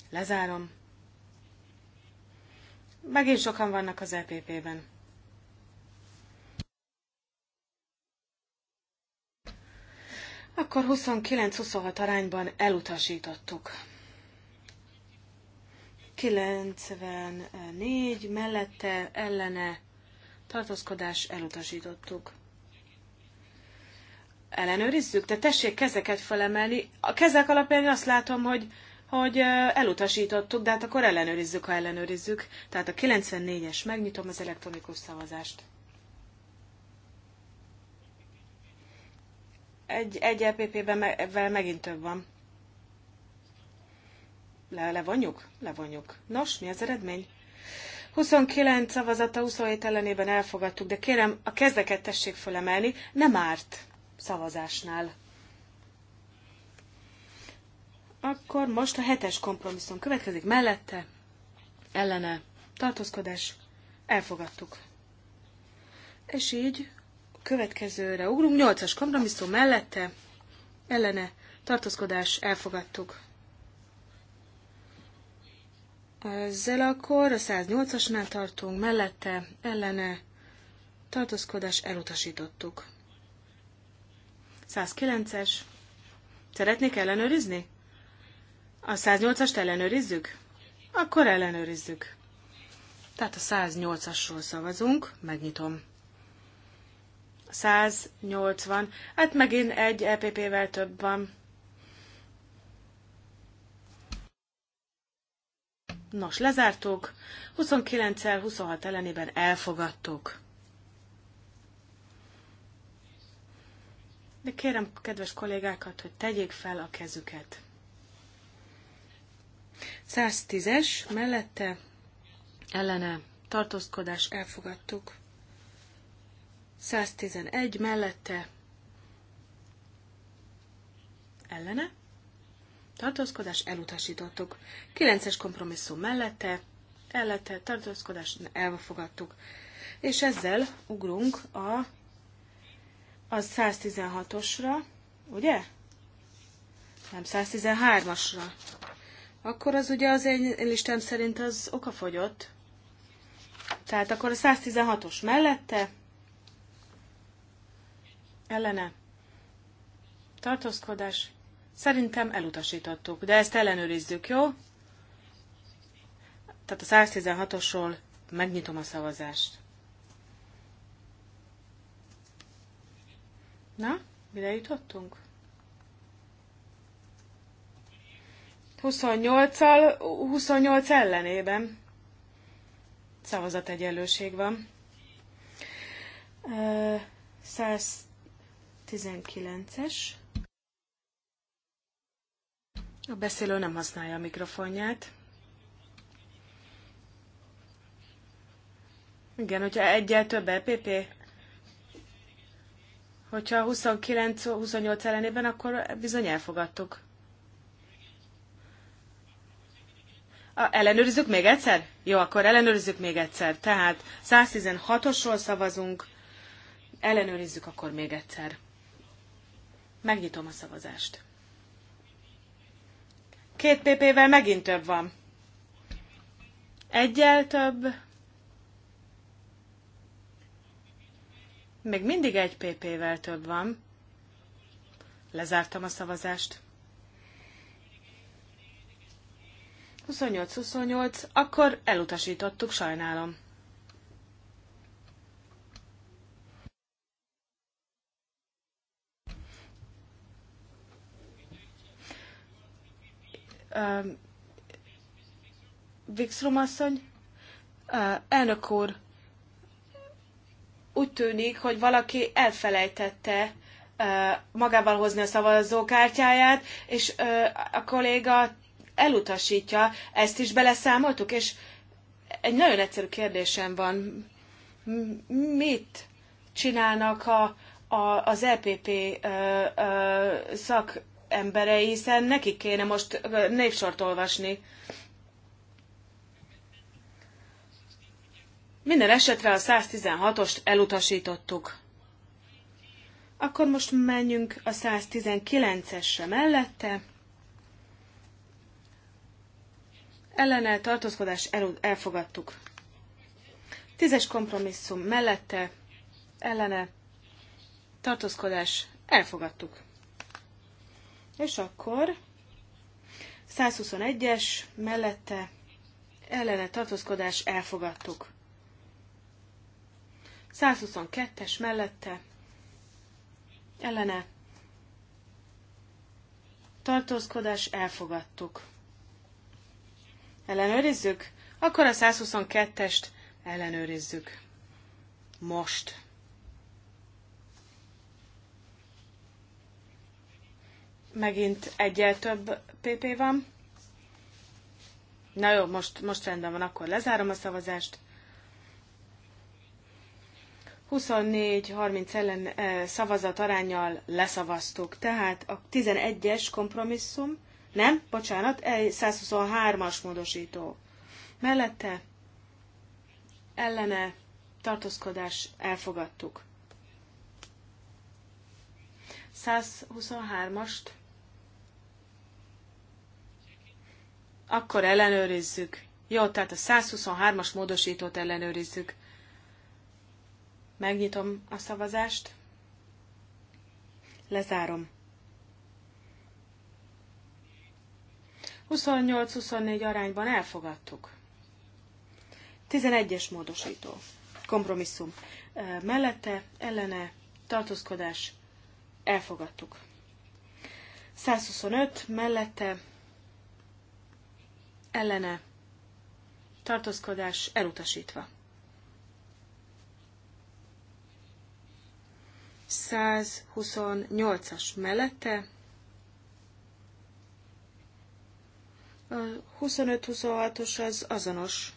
Lezárom. Megint sokan vannak az EPP-ben. Akkor 29-26 arányban elutasítottuk. 94 mellette ellene tartózkodás elutasítottuk. Ellenőrizzük, de tessék kezeket felemelni. A kezek alapján azt látom, hogy hogy elutasítottuk, de hát akkor ellenőrizzük, ha ellenőrizzük. Tehát a 94-es, megnyitom az elektronikus szavazást. Egy, egy EPP-ben megint több van. Le, levonjuk? Levonjuk. Nos, mi az eredmény? 29 szavazata 27 ellenében elfogadtuk, de kérem, a kezdeket tessék fölemelni, nem árt szavazásnál. Akkor most a hetes kompromisszum következik mellette, ellene, tartózkodás, elfogadtuk. És így következőre ugrunk, nyolcas kompromisszum mellette, ellene, tartózkodás, elfogadtuk. Ezzel akkor a 108-asnál tartunk, mellette, ellene, tartózkodás, elutasítottuk. 109-es. Szeretnék ellenőrizni? A 108-ast ellenőrizzük? Akkor ellenőrizzük. Tehát a 108-asról szavazunk, megnyitom. 180, hát megint egy EPP-vel több van. Nos, lezártuk, 29-el 26 ellenében elfogadtuk. De kérem kedves kollégákat, hogy tegyék fel a kezüket. 110-es mellette ellene tartózkodás elfogadtuk. 111 mellette ellene tartózkodás elutasítottuk. 9-es kompromisszum mellette ellette tartózkodás elfogadtuk. És ezzel ugrunk a a 116-osra, ugye? Nem, 113-asra akkor az ugye az én listám szerint az okafogyott. Tehát akkor a 116-os mellette, ellene, tartózkodás, szerintem elutasítottuk, de ezt ellenőrizzük, jó? Tehát a 116-osról megnyitom a szavazást. Na, mire jutottunk? 28-al, 28 ellenében szavazat egyenlőség van. 119-es. A beszélő nem használja a mikrofonját. Igen, hogyha egyel több EPP, hogyha 29-28 ellenében, akkor bizony elfogadtuk. Ellenőrizzük még egyszer? Jó, akkor ellenőrizzük még egyszer. Tehát 116-osról szavazunk, ellenőrizzük akkor még egyszer. Megnyitom a szavazást. Két PP-vel megint több van. Egyel több. Még mindig egy PP-vel több van. Lezártam a szavazást. 28-28, akkor elutasítottuk, sajnálom. Uh, Wikström asszony, uh, elnök úr, úgy tűnik, hogy valaki elfelejtette uh, magával hozni a szavazókártyáját, és uh, a kolléga elutasítja, ezt is beleszámoltuk, és egy nagyon egyszerű kérdésem van, mit csinálnak a, a, az EPP ö, ö, szakemberei, hiszen nekik kéne most névsort olvasni. Minden esetre a 116-ost elutasítottuk. Akkor most menjünk a 119-esre mellette. ellene tartózkodás elfogadtuk. Tízes kompromisszum mellette ellene tartózkodás elfogadtuk. És akkor 121-es mellette ellene tartózkodás elfogadtuk. 122-es mellette ellene tartózkodás elfogadtuk. Ellenőrizzük? Akkor a 122-est ellenőrizzük. Most. Megint egyel több PP van. Na jó, most, most rendben van, akkor lezárom a szavazást. 24-30 ellen eh, szavazat arányjal leszavaztuk. Tehát a 11-es kompromisszum nem, bocsánat, 123-as módosító. Mellette ellene tartózkodás elfogadtuk. 123-ast. Akkor ellenőrizzük. Jó, tehát a 123-as módosítót ellenőrizzük. Megnyitom a szavazást. Lezárom. 28-24 arányban elfogadtuk. 11-es módosító. Kompromisszum. Mellette, ellene, tartózkodás, elfogadtuk. 125 mellette, ellene, tartózkodás elutasítva. 128-as mellette, 25-26-os az azonos.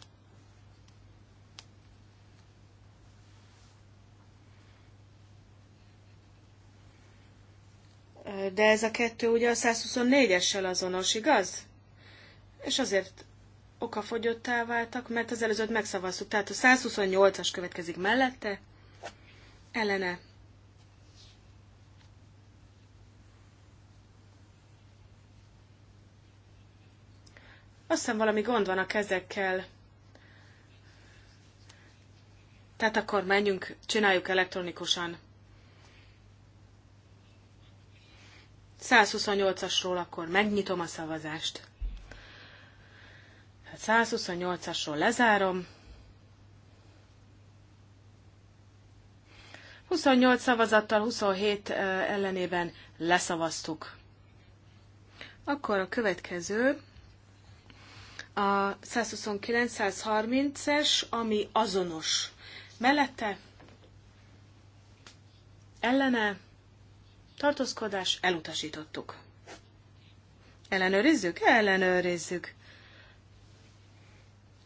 De ez a kettő ugye a 124-essel azonos, igaz? És azért okafogyottá váltak, mert az előzőt megszavaztuk. Tehát a 128-as következik mellette, ellene Azt hiszem valami gond van a kezekkel. Tehát akkor menjünk, csináljuk elektronikusan. 128-asról akkor megnyitom a szavazást. 128-asról hát lezárom. 28 szavazattal, 27 ellenében leszavaztuk. Akkor a következő a 129-130-es, ami azonos. Mellette ellene tartózkodás elutasítottuk. Ellenőrizzük? Ellenőrizzük.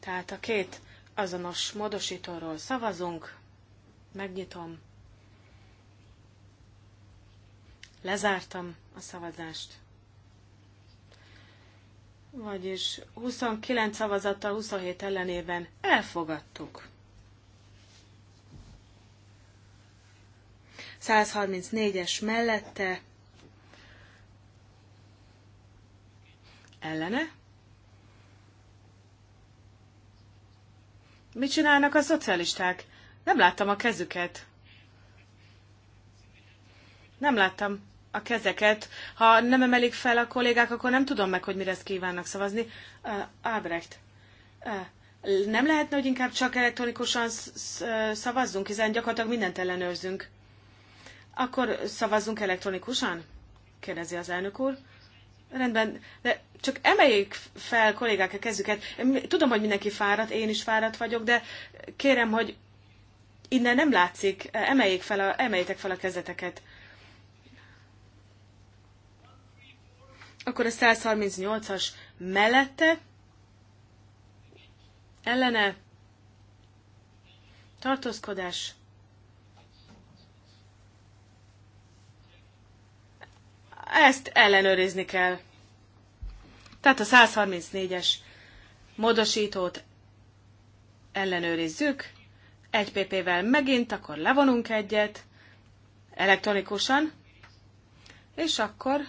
Tehát a két azonos módosítóról szavazunk. Megnyitom. Lezártam a szavazást. Vagyis 29 szavazattal 27 ellenében elfogadtuk. 134-es mellette ellene. Mit csinálnak a szocialisták? Nem láttam a kezüket. Nem láttam a kezeket. Ha nem emelik fel a kollégák, akkor nem tudom meg, hogy mire kívánnak szavazni. Uh, Albrecht, uh, nem lehetne, hogy inkább csak elektronikusan uh, szavazzunk, hiszen gyakorlatilag mindent ellenőrzünk. Akkor szavazzunk elektronikusan? kérdezi az elnök úr. Rendben, de csak emeljék fel kollégák a kezüket. Tudom, hogy mindenki fáradt, én is fáradt vagyok, de kérem, hogy innen nem látszik, emeljék fel a, emeljétek fel a kezeteket. Akkor a 138-as mellette ellene tartózkodás ezt ellenőrizni kell. Tehát a 134-es módosítót ellenőrizzük, egy PP-vel megint, akkor levonunk egyet elektronikusan, és akkor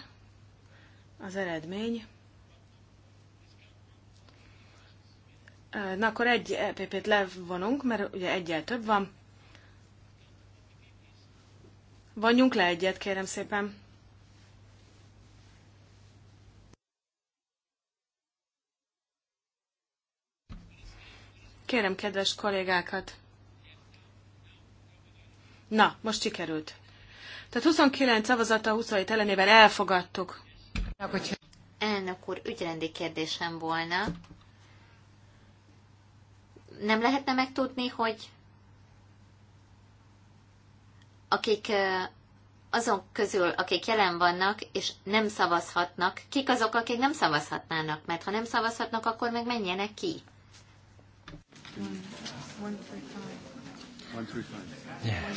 az eredmény. Na akkor egy EPP-t levonunk, mert ugye egyel több van. Vonjunk le egyet, kérem szépen. Kérem, kedves kollégákat. Na, most sikerült. Tehát 29 szavazata 27 ellenében elfogadtuk. Hát, Elnök úr, ügyrendi kérdésem volna. Nem lehetne megtudni, hogy akik azon közül, akik jelen vannak és nem szavazhatnak, kik azok, akik nem szavazhatnának? Mert ha nem szavazhatnak, akkor meg menjenek ki. One, thirty five.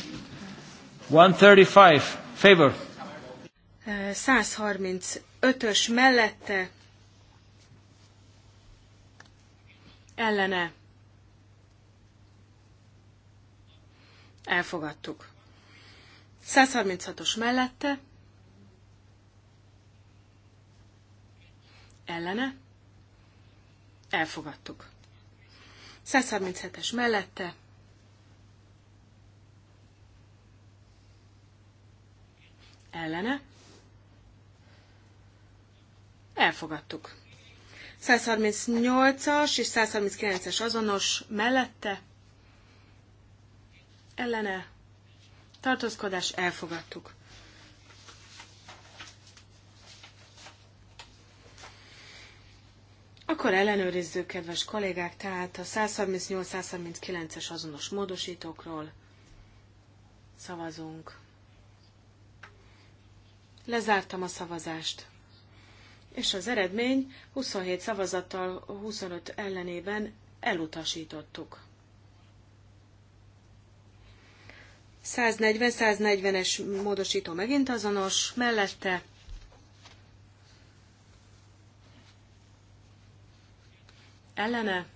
One, thirty five. Favor. 135-ös mellette ellene elfogadtuk. 136-os mellette ellene elfogadtuk. 137-es mellette ellene Elfogadtuk. 138-as és 139-es azonos mellette ellene tartózkodás elfogadtuk. Akkor ellenőrizzük, kedves kollégák, tehát a 138-139-es azonos módosítókról szavazunk. Lezártam a szavazást és az eredmény 27 szavazattal 25 ellenében elutasítottuk. 140-140-es módosító megint azonos, mellette ellene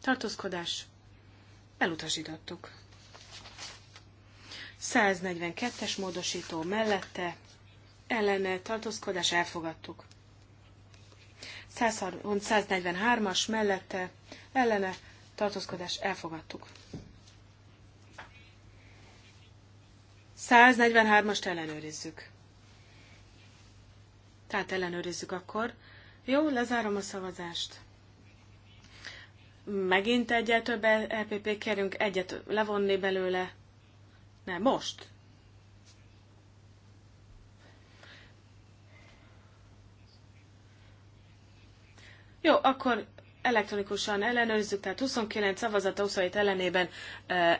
tartózkodás elutasítottuk. 142-es módosító mellette ellene tartózkodás elfogadtuk. 143-as mellette ellene tartózkodás elfogadtuk. 143-ast ellenőrizzük. Tehát ellenőrizzük akkor. Jó, lezárom a szavazást. Megint egyet több LPP e kérünk, egyet levonni belőle. Nem, most. Jó, akkor elektronikusan ellenőrizzük, tehát 29 szavazata 27 ellenében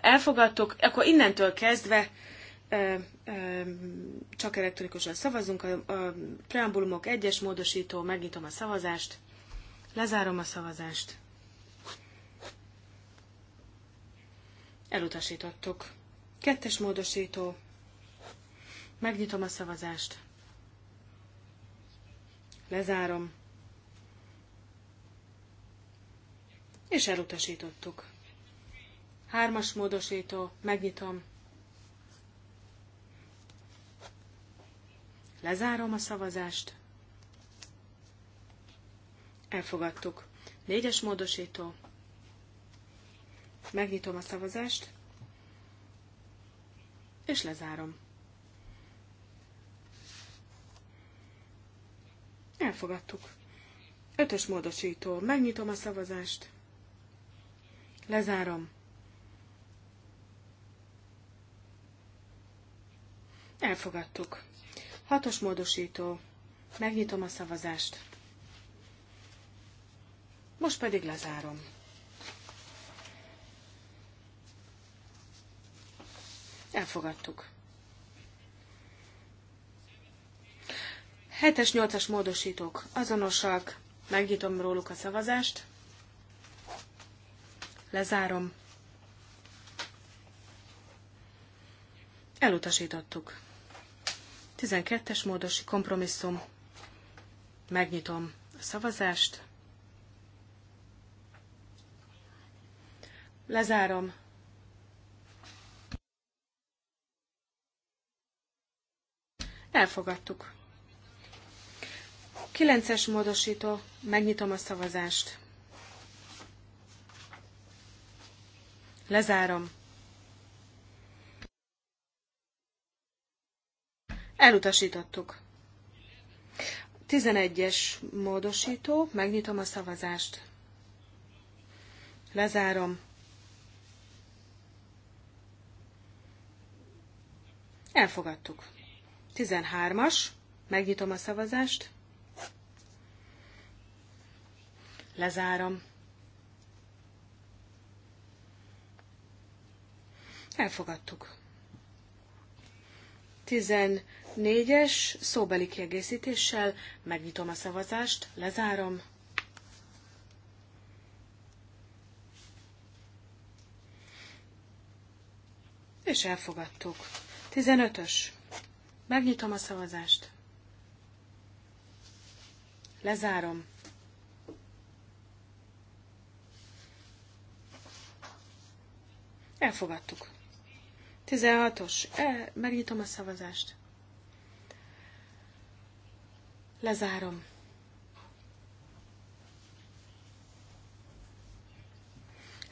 elfogadtuk, akkor innentől kezdve csak elektronikusan szavazunk, a, preambulumok egyes módosító, megnyitom a szavazást, lezárom a szavazást. Elutasítottuk. Kettes módosító. Megnyitom a szavazást. Lezárom. és elutasítottuk. Hármas módosító, megnyitom. Lezárom a szavazást. Elfogadtuk. Négyes módosító. Megnyitom a szavazást. És lezárom. Elfogadtuk. Ötös módosító. Megnyitom a szavazást. Lezárom. Elfogadtuk. Hatos módosító. Megnyitom a szavazást. Most pedig lezárom. Elfogadtuk. Hetes nyolcas módosítók azonosak. Megnyitom róluk a szavazást. Lezárom. Elutasítottuk. 12-es módosi kompromisszum. Megnyitom a szavazást. Lezárom. Elfogadtuk. 9-es módosító. Megnyitom a szavazást. Lezárom. Elutasítottuk. 11-es módosító, megnyitom a szavazást. Lezárom. Elfogadtuk. 13-as, megnyitom a szavazást. Lezárom. Elfogadtuk. 14-es szóbeli kiegészítéssel megnyitom a szavazást, lezárom. És elfogadtuk. 15-ös. Megnyitom a szavazást. Lezárom. Elfogadtuk. 16-os. E, megnyitom a szavazást. Lezárom.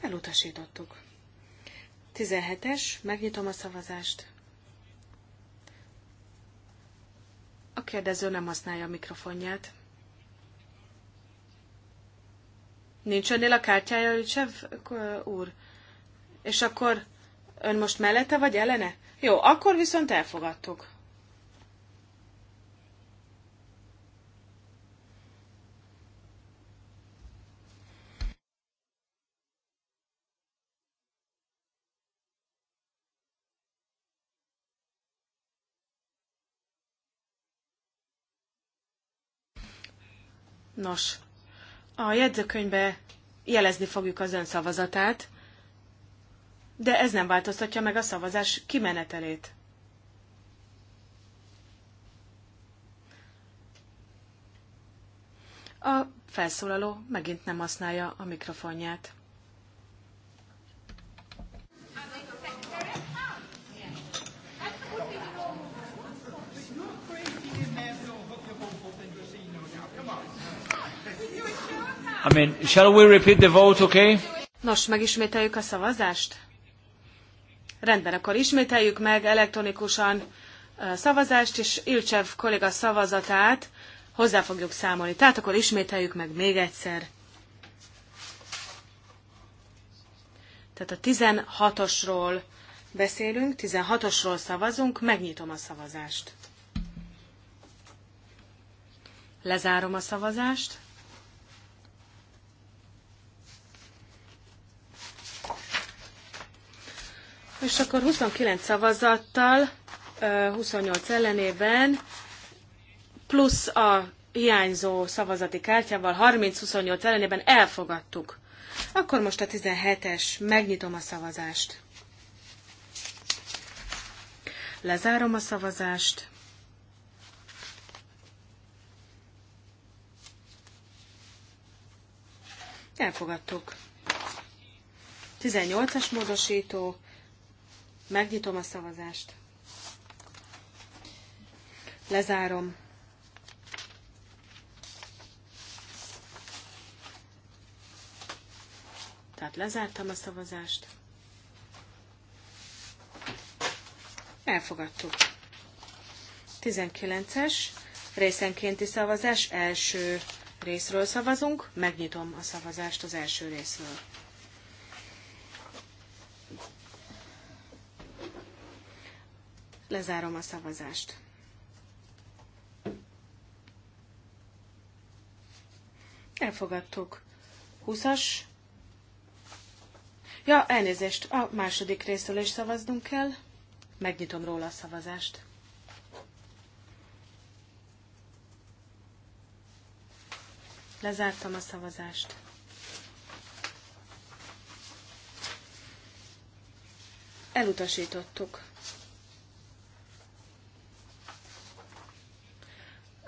Elutasítottuk. 17-es, megnyitom a szavazást. A kérdező nem használja a mikrofonját. Nincs önnél a kártyája, Ücsev úr? És akkor Ön most mellette vagy ellene? Jó, akkor viszont elfogadtuk. Nos, a jegyzőkönyvbe jelezni fogjuk az ön szavazatát de ez nem változtatja meg a szavazás kimenetelét. A felszólaló megint nem használja a mikrofonját. I mean, shall we repeat the vote, okay? Nos, megismételjük a szavazást? Rendben, akkor ismételjük meg elektronikusan szavazást, és Ilcsev kolléga szavazatát hozzá fogjuk számolni. Tehát akkor ismételjük meg még egyszer. Tehát a 16-osról beszélünk, 16-osról szavazunk, megnyitom a szavazást. Lezárom a szavazást. És akkor 29 szavazattal, 28 ellenében, plusz a hiányzó szavazati kártyával 30-28 ellenében elfogadtuk. Akkor most a 17-es, megnyitom a szavazást. Lezárom a szavazást. Elfogadtuk. 18-as módosító Megnyitom a szavazást. Lezárom. Tehát lezártam a szavazást. Elfogadtuk. 19-es részenkénti szavazás első részről szavazunk. Megnyitom a szavazást az első részről. Lezárom a szavazást. Elfogadtuk. 20-as. Ja, elnézést, a második részről is szavaznunk kell. Megnyitom róla a szavazást. Lezártam a szavazást. Elutasítottuk.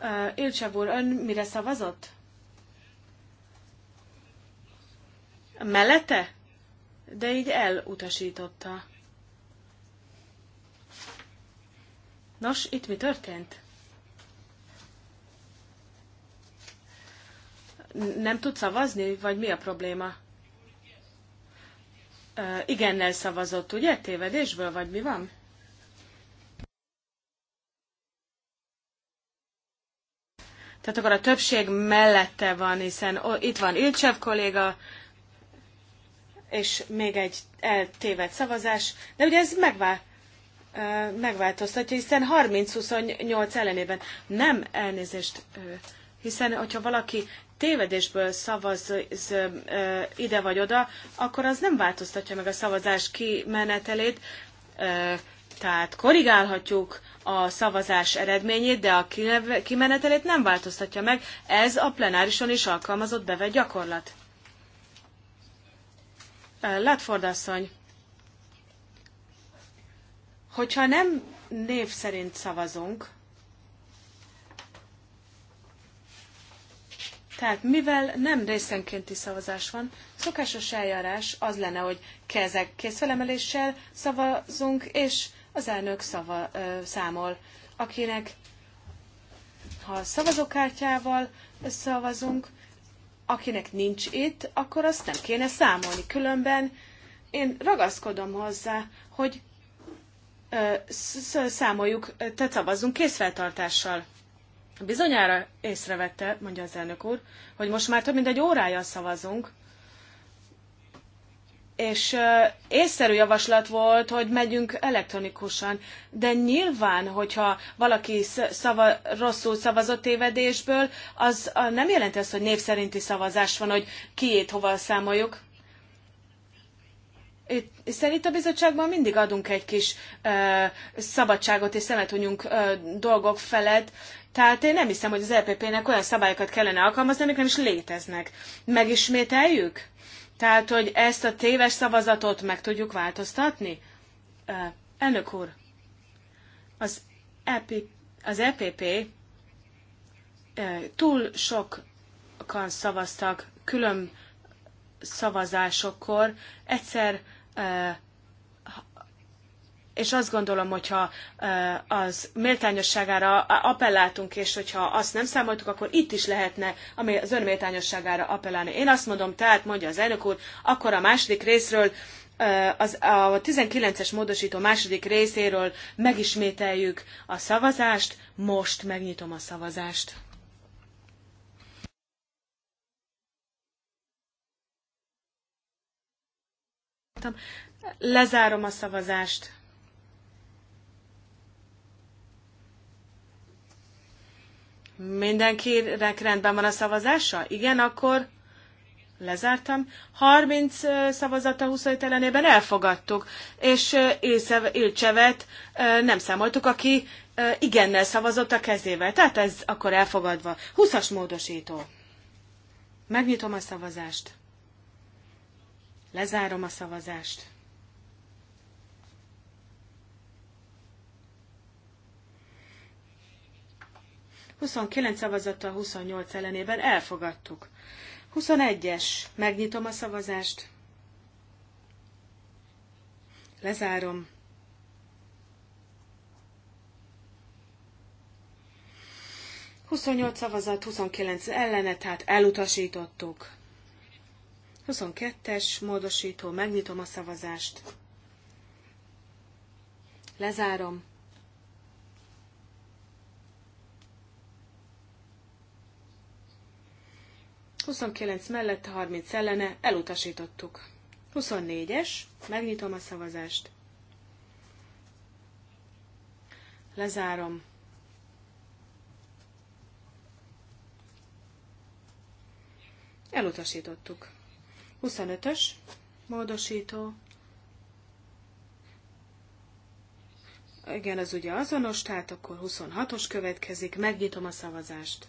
Uh, Ilcsev úr, ön mire szavazott? Mellette? De így elutasította. Nos, itt mi történt? Nem tud szavazni, vagy mi a probléma? Uh, igennel szavazott, ugye? Tévedésből, vagy mi van? Tehát akkor a többség mellette van, hiszen itt van Ilcsev kolléga, és még egy eltévedt szavazás, de ugye ez megvál, megváltoztatja, hiszen 30-28 ellenében nem elnézést, hiszen hogyha valaki tévedésből szavaz ide vagy oda, akkor az nem változtatja meg a szavazás kimenetelét, tehát korrigálhatjuk a szavazás eredményét, de a kimenetelét nem változtatja meg. Ez a plenárison is alkalmazott bevett gyakorlat. Latford asszony, hogyha nem név szerint szavazunk, Tehát mivel nem részenkénti szavazás van, szokásos eljárás az lenne, hogy kezek készfelemeléssel szavazunk, és az elnök szava, ö, számol. Akinek, ha szavazókártyával szavazunk, akinek nincs itt, akkor azt nem kéne számolni. Különben én ragaszkodom hozzá, hogy ö, számoljuk, tehát szavazzunk készfeltartással. Bizonyára észrevette, mondja az elnök úr, hogy most már több mint egy órája szavazunk, és észszerű javaslat volt, hogy megyünk elektronikusan. De nyilván, hogyha valaki szava, rosszul szavazott tévedésből, az nem jelenti azt, hogy név szerinti szavazás van, hogy kiét hova számoljuk. Itt, szerint a bizottságban mindig adunk egy kis ö, szabadságot, és szemet hunyunk ö, dolgok felett, tehát én nem hiszem, hogy az lpp e nek olyan szabályokat kellene alkalmazni, amik nem is léteznek. Megismételjük? Tehát, hogy ezt a téves szavazatot meg tudjuk változtatni? Elnök úr, az, EP, az EPP túl sokan szavaztak külön szavazásokkor, egyszer és azt gondolom, hogyha az méltányosságára appelláltunk, és hogyha azt nem számoltuk, akkor itt is lehetne az ön méltányosságára appellálni. Én azt mondom, tehát mondja az elnök úr, akkor a második részről az, a 19-es módosító második részéről megismételjük a szavazást, most megnyitom a szavazást. Lezárom a szavazást. Mindenkinek rendben van a szavazása? Igen, akkor lezártam. 30 szavazata 25 ellenében elfogadtuk, és Ilcsevet nem számoltuk, aki igennel szavazott a kezével. Tehát ez akkor elfogadva. 20-as módosító. Megnyitom a szavazást. Lezárom a szavazást. 29 szavazattal 28 ellenében elfogadtuk. 21-es. Megnyitom a szavazást. Lezárom. Huszonnyolc szavazat, 29 ellene, tehát elutasítottuk. 22-es módosító, megnyitom a szavazást. Lezárom. 29 mellett, 30 ellene, elutasítottuk. 24-es, megnyitom a szavazást. Lezárom. Elutasítottuk. 25-ös, módosító. Igen, az ugye azonos, tehát akkor 26-os következik, megnyitom a szavazást.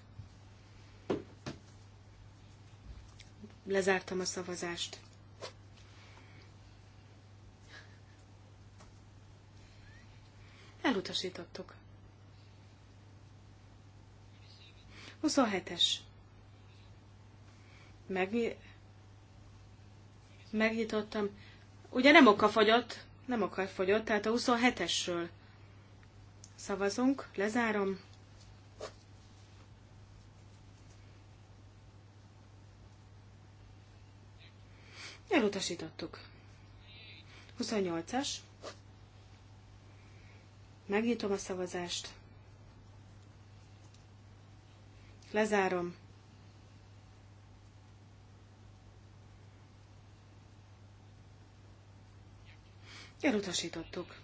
Lezártam a szavazást. Elutasítottuk. 27-es. Meg... Megnyitottam. Ugye nem oka fogyott, nem oka fogyott, tehát a 27-esről szavazunk, lezárom. Elutasítottuk. 28-as. Megnyitom a szavazást. Lezárom. Elutasítottuk.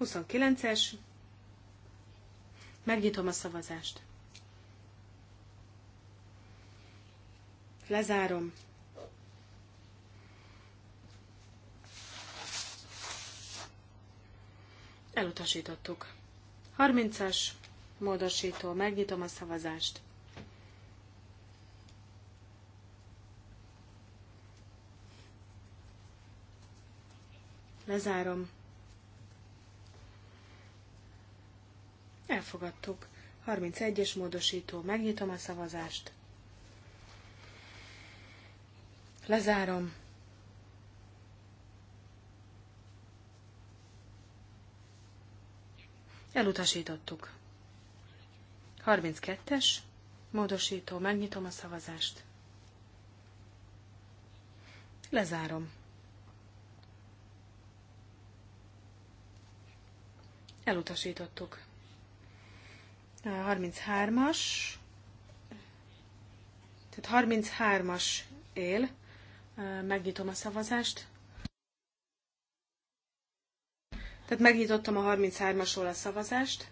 29-es. Megnyitom a szavazást. Lezárom. Elutasítottuk. 30-as módosító. Megnyitom a szavazást. Lezárom. Elfogadtuk. 31-es módosító. Megnyitom a szavazást. Lezárom. Elutasítottuk. 32-es, módosító, megnyitom a szavazást. Lezárom. Elutasítottuk. 33-as, tehát 33-as él, megnyitom a szavazást. Tehát megnyitottam a 33-asról a szavazást.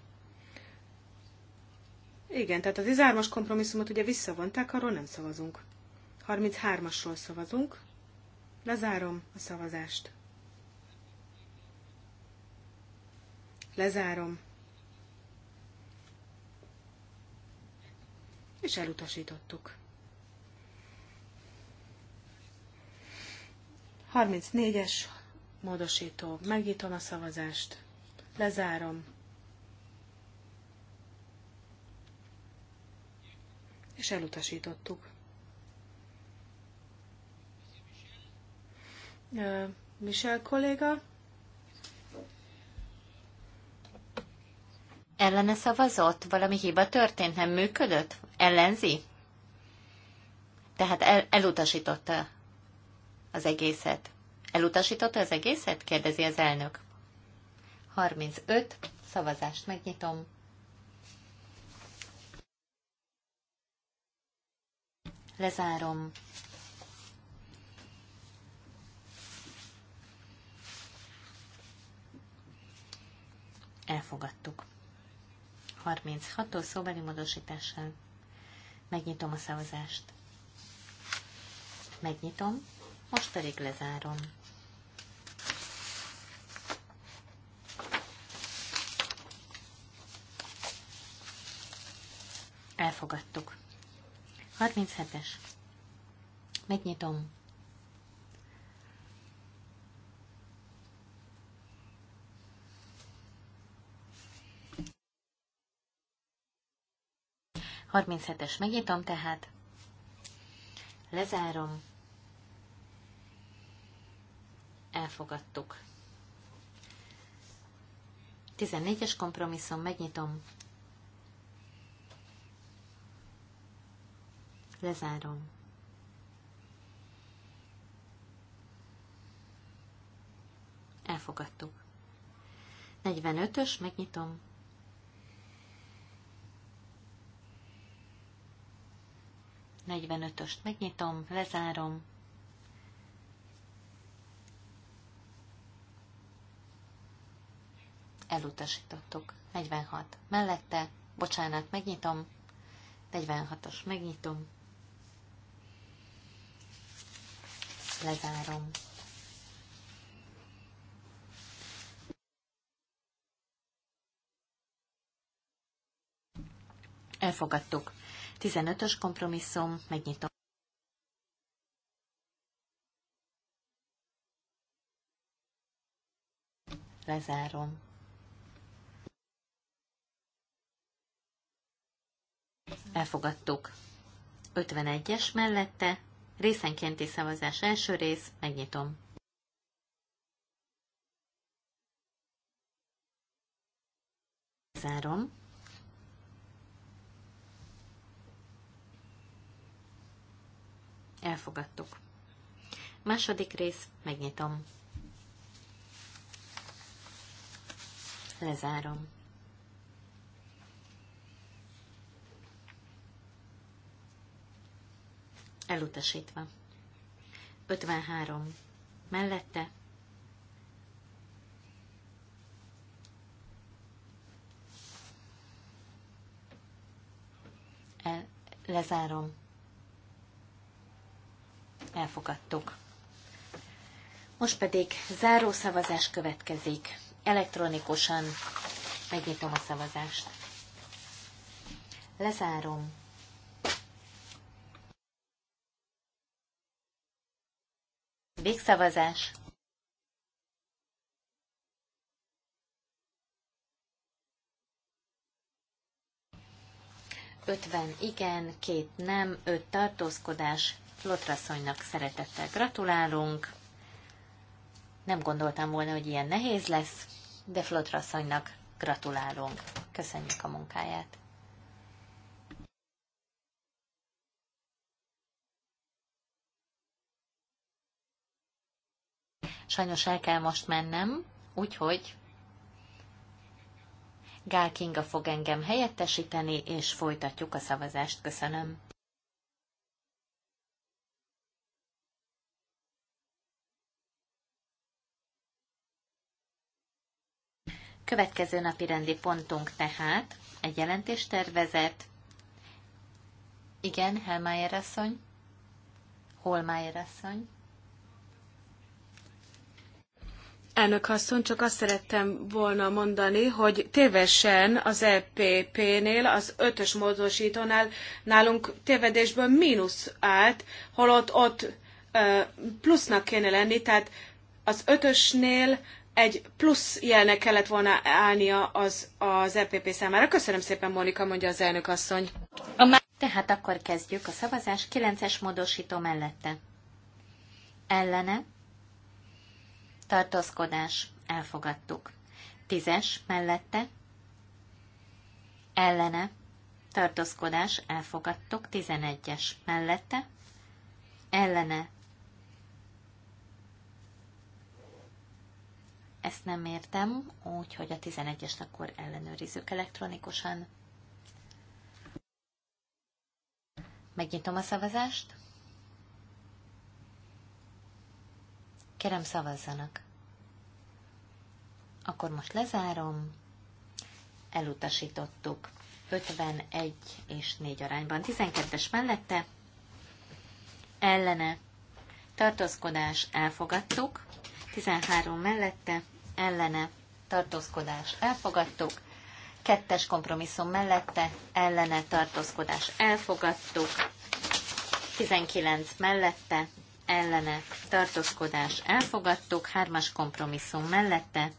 Igen, tehát az 13-as kompromisszumot ugye visszavonták, arról nem szavazunk. 33-asról szavazunk. Lezárom a szavazást. Lezárom. És elutasítottuk. 34-es, módosító. Megnyitom a szavazást. Lezárom. És elutasítottuk. Michel kolléga. Ellene szavazott? Valami hiba történt? Nem működött? Ellenzi? Tehát el, elutasította az egészet. Elutasította az egészet? kérdezi az elnök. 35. Szavazást megnyitom. Lezárom. Elfogadtuk. 36 tól szóbeli módosítással. Megnyitom a szavazást. Megnyitom, most pedig lezárom. Elfogadtuk. 37-es. Megnyitom. Harminchetes megnyitom tehát, lezárom, elfogadtuk. 14-es kompromisszum, megnyitom, lezárom. Elfogadtuk. 45-ös, megnyitom. Negyvenötöst megnyitom, lezárom. Elutasítottuk. 46. Mellette, bocsánat, megnyitom. 46-os, megnyitom. lezárom. Elfogadtuk. 15-ös kompromisszum, megnyitom. Lezárom. Elfogadtuk. 51-es mellette, Részenkénti szavazás első rész, megnyitom. Zárom. Elfogadtuk. Második rész, megnyitom. Lezárom. Elutasítva. 53. Mellette. El, lezárom. Elfogadtuk. Most pedig záró szavazás következik. Elektronikusan megnyitom a szavazást. Lezárom. Végszavazás. Ötven igen, két nem, öt tartózkodás. Lotraszonynak szeretettel gratulálunk. Nem gondoltam volna, hogy ilyen nehéz lesz, de Flotraszonynak gratulálunk. Köszönjük a munkáját. Sajnos el kell most mennem, úgyhogy Gál Kinga fog engem helyettesíteni, és folytatjuk a szavazást. Köszönöm. Következő napi rendi pontunk tehát egy jelentéstervezet. Igen, Helmájer asszony. Holmájer asszony. Elnök asszony, csak azt szerettem volna mondani, hogy tévesen az EPP-nél, az ötös módosítónál nálunk tévedésből mínusz állt, holott ott ö, plusznak kéne lenni, tehát az ötösnél egy plusz jelnek kellett volna állnia az, az EPP számára. Köszönöm szépen, Monika, mondja az elnök asszony. Tehát akkor kezdjük a szavazás 9-es módosító mellette. Ellene tartózkodás, elfogadtuk. Tízes mellette, ellene, tartózkodás, elfogadtuk. Tizenegyes mellette, ellene. Ezt nem értem, úgyhogy a 11-est akkor ellenőrizzük elektronikusan. Megnyitom a szavazást. Kérem, szavazzanak. Akkor most lezárom. Elutasítottuk. 51 és 4 arányban. 12-es mellette. Ellene. Tartózkodás elfogadtuk. 13 mellette. Ellene. Tartózkodás elfogadtuk. Kettes kompromisszum mellette. Ellene. Tartózkodás elfogadtuk. 19 mellette ellene tartózkodás elfogadtuk, hármas kompromisszum mellette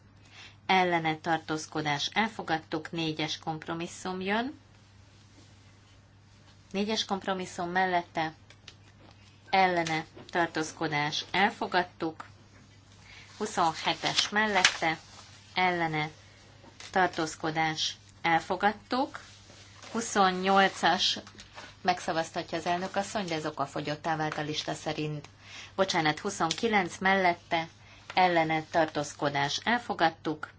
ellene tartózkodás elfogadtuk, négyes kompromisszum jön. Négyes kompromisszum mellette ellene tartózkodás elfogadtuk, 27-es mellette ellene tartózkodás elfogadtuk, 28-as megszavaztatja az elnök asszony, de ez okafogyottá vált a lista szerint. Bocsánat, 29 mellette ellene tartózkodás elfogadtuk,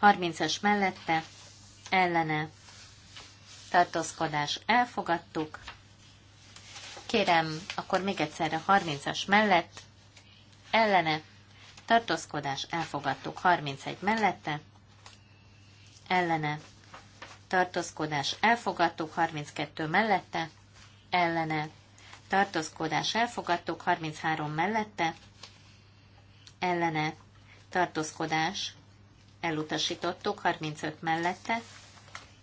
30-as mellette ellene tartózkodás elfogadtuk. Kérem, akkor még egyszer a 30-as mellett ellene tartózkodás elfogadtuk 31 mellette ellene tartózkodás elfogadtuk, 32 mellette, ellene, tartózkodás elfogadtuk, 33 mellette, ellene, tartózkodás elutasítottuk, 35 mellette,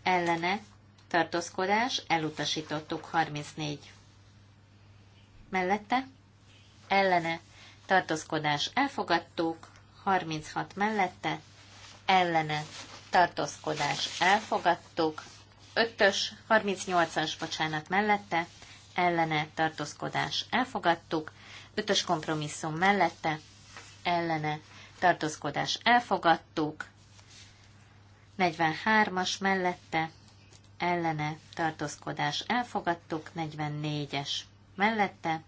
ellene, tartózkodás elutasítottuk, 34 mellette, ellene, tartózkodás elfogadtuk, 36 mellette, ellene, tartózkodás elfogadtuk, 5-ös, 38-as, bocsánat, mellette, ellene tartózkodás elfogadtuk, 5-ös kompromisszum mellette, ellene tartózkodás elfogadtuk, 43-as mellette, ellene tartózkodás elfogadtuk, 44-es mellette,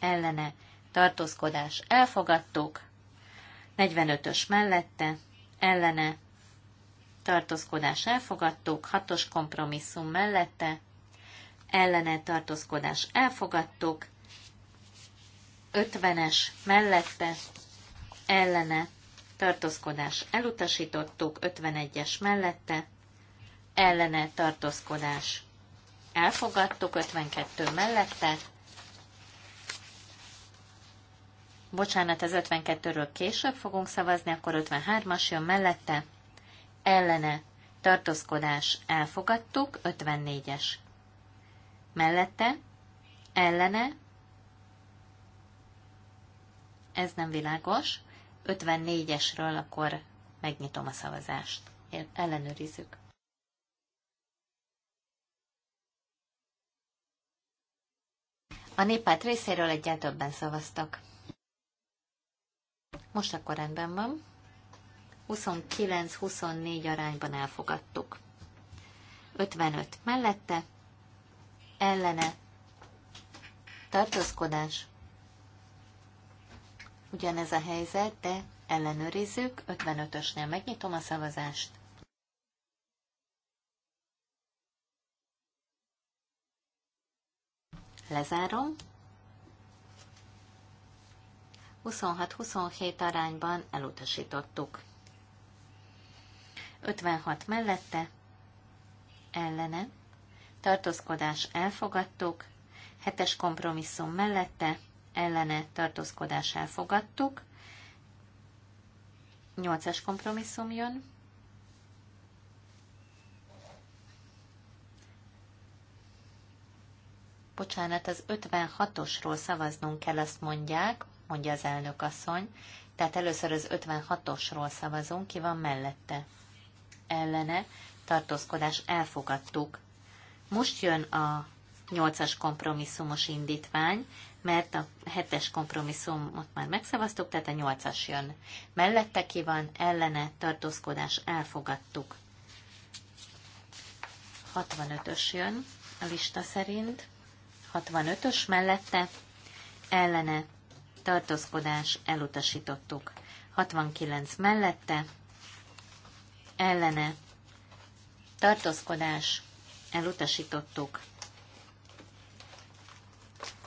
ellene tartózkodás elfogadtuk, 45-ös mellette, ellene tartózkodás elfogadtuk, hatos kompromisszum mellette, ellene tartózkodás elfogadtuk, 50-es mellette, ellene tartózkodás elutasítottuk, 51-es mellette, ellene tartózkodás elfogadtuk, 52 mellette, bocsánat, az 52-ről később fogunk szavazni, akkor 53-as jön mellette, ellene tartózkodás elfogadtuk, 54-es. Mellette, ellene, ez nem világos, 54-esről akkor megnyitom a szavazást. Ellenőrizzük. A néppárt részéről egyáltalán többen szavaztak. Most akkor rendben van. 29-24 arányban elfogadtuk. 55 mellette, ellene, tartózkodás. Ugyanez a helyzet, de ellenőrizzük, 55-ösnél megnyitom a szavazást. Lezárom. 26-27 arányban elutasítottuk. 56 mellette, ellene, tartózkodás elfogadtuk, 7-es kompromisszum mellette, ellene, tartózkodás elfogadtuk, 8 es kompromisszum jön, Bocsánat, az 56-osról szavaznunk kell, azt mondják, mondja az elnök asszony. Tehát először az 56-osról szavazunk, ki van mellette ellene tartózkodás elfogadtuk. Most jön a 8-as kompromisszumos indítvány, mert a 7-es kompromisszumot már megszavaztuk, tehát a 8-as jön. Mellette ki van, ellene tartózkodás elfogadtuk. 65-ös jön a lista szerint. 65-ös mellette ellene tartózkodás elutasítottuk. 69 mellette ellene tartózkodás elutasítottuk.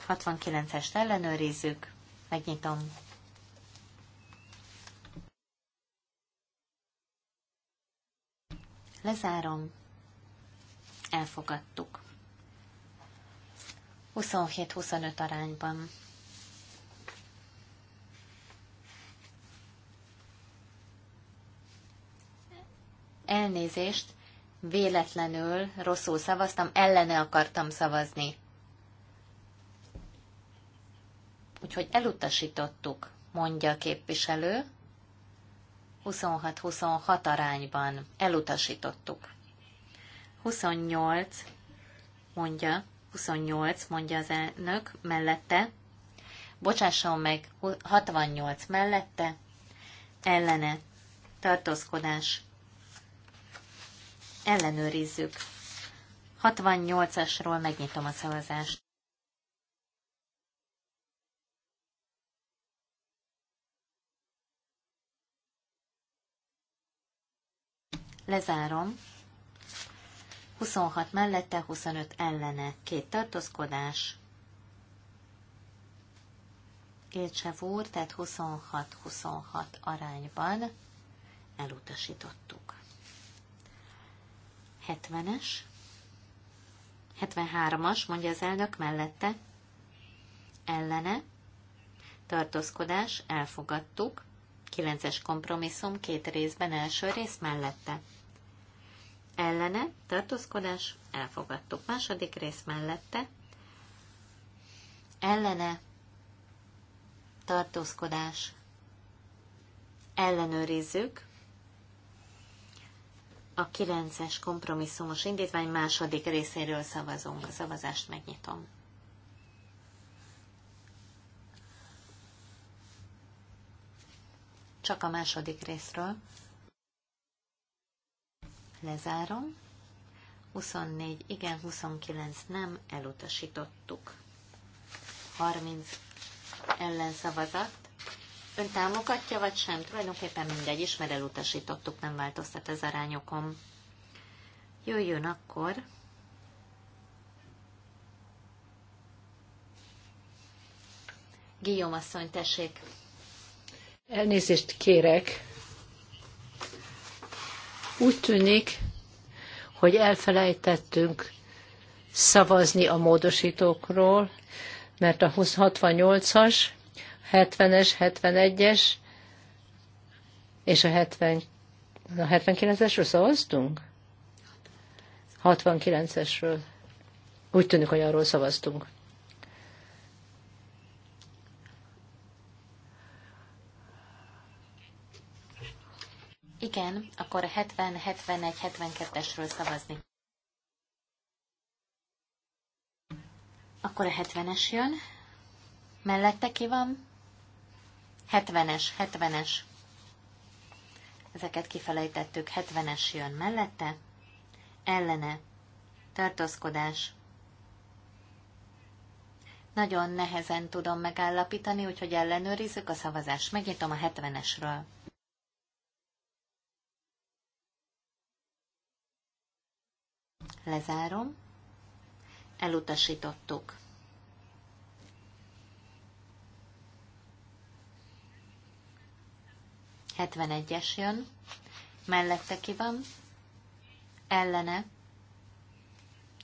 69-est ellenőrizzük, megnyitom. Lezárom, elfogadtuk. 27-25 arányban. Elnézést, véletlenül rosszul szavaztam, ellene akartam szavazni. Úgyhogy elutasítottuk, mondja a képviselő. 26-26 arányban elutasítottuk. 28, mondja, 28, mondja az elnök mellette. Bocsásson meg, 68 mellette, ellene, tartózkodás, ellenőrizzük. 68-asról megnyitom a szavazást. Lezárom. 26 mellette, 25 ellene. Két tartózkodás. Két sev úr, tehát 26-26 arányban elutasítottuk. 70-es, 73-as, mondja az elnök mellette, ellene, tartózkodás, elfogadtuk, 9-es kompromisszum két részben első rész mellette. Ellene, tartózkodás, elfogadtuk. Második rész mellette. Ellene, tartózkodás, ellenőrizzük. A 9-es kompromisszumos indítvány második részéről szavazunk. A szavazást megnyitom. Csak a második részről. Lezárom. 24, igen, 29 nem, elutasítottuk. 30 ellenszavazat, Ön támogatja, vagy sem? Tulajdonképpen mindegy is, mert elutasítottuk, nem változtat ez arányokon. Jöjjön akkor. Guillaume asszony, tessék. Elnézést kérek. Úgy tűnik, hogy elfelejtettünk szavazni a módosítókról, mert a 68-as 70-es, 71-es és a 70 a 79-esről szavaztunk? 69-esről. Úgy tűnik, hogy arról szavaztunk. Igen, akkor 70, 71, 72-esről szavazni. Akkor a 70-es jön. Mellette ki van? 70-es, 70-es. Ezeket kifelejtettük, 70-es jön mellette. Ellene. Tartózkodás. Nagyon nehezen tudom megállapítani, úgyhogy ellenőrizzük a szavazást. Megnyitom a 70-esről. Lezárom. Elutasítottuk. 71-es jön, mellette ki van, ellene,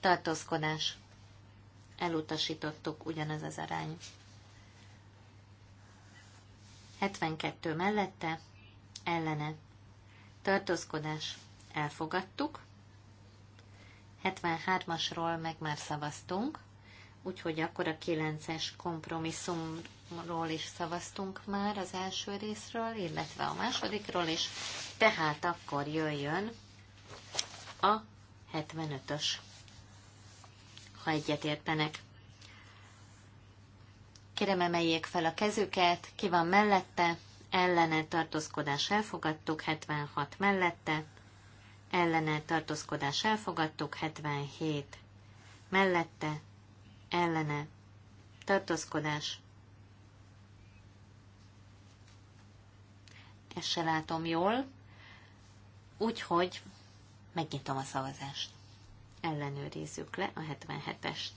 tartózkodás. Elutasítottuk ugyanez az arány. 72 mellette, ellene, tartózkodás. Elfogadtuk. 73-asról meg már szavaztunk, úgyhogy akkor a 9-es kompromisszum ról is szavaztunk már az első részről, illetve a másodikról is, tehát akkor jöjjön a 75-ös, ha egyetértenek. Kérem emeljék fel a kezüket, ki van mellette, ellene tartózkodás elfogadtuk, 76 mellette, ellene tartózkodás elfogadtuk, 77 mellette, ellene tartózkodás Ezt se látom jól. Úgyhogy megnyitom a szavazást. Ellenőrizzük le a 77-est.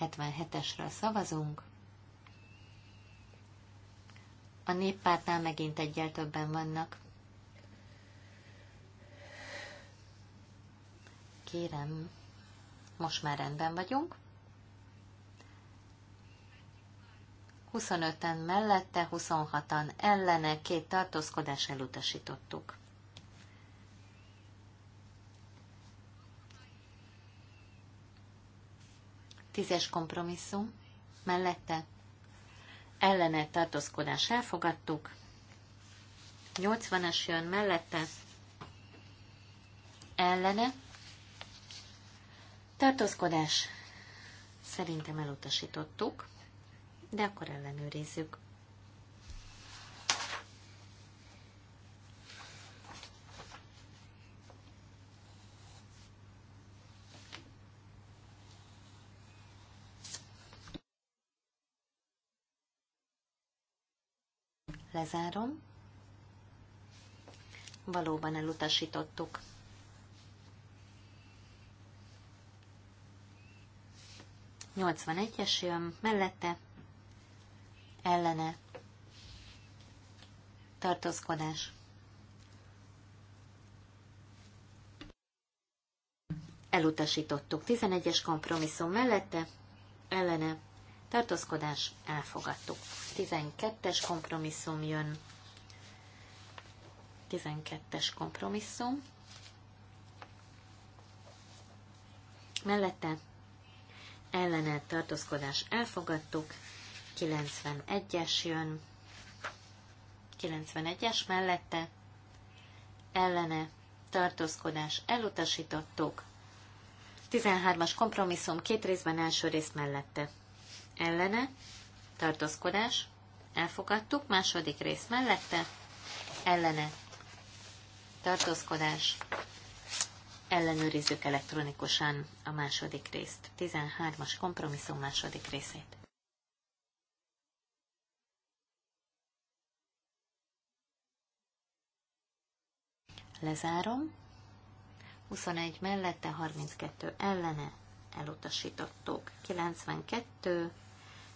77-esről szavazunk. A néppártnál megint egyel többen vannak. Kérem, most már rendben vagyunk. 25-en mellette, 26-an ellene, két tartózkodás elutasítottuk. Tízes kompromisszum mellette, ellene tartózkodás elfogadtuk, 80 es jön mellette, ellene, tartózkodás szerintem elutasítottuk, de akkor ellenőrizzük. Lezárom. Valóban elutasítottuk. Nyolcvan egyes jön mellette, ellene tartózkodás. Elutasítottuk 11-es kompromisszum mellette, ellene tartózkodás, elfogadtuk. 12-es kompromisszum jön. 12-es kompromisszum. Mellette ellene tartózkodás elfogadtuk, 91-es jön, 91-es mellette, ellene, tartózkodás, elutasítottuk. 13-as kompromisszum két részben első rész mellette. Ellene, tartózkodás, elfogadtuk, második rész mellette, ellene, tartózkodás, ellenőrizzük elektronikusan a második részt, 13-as kompromisszum második részét. Lezárom. 21 mellette, 32 ellene, elutasítottuk. 92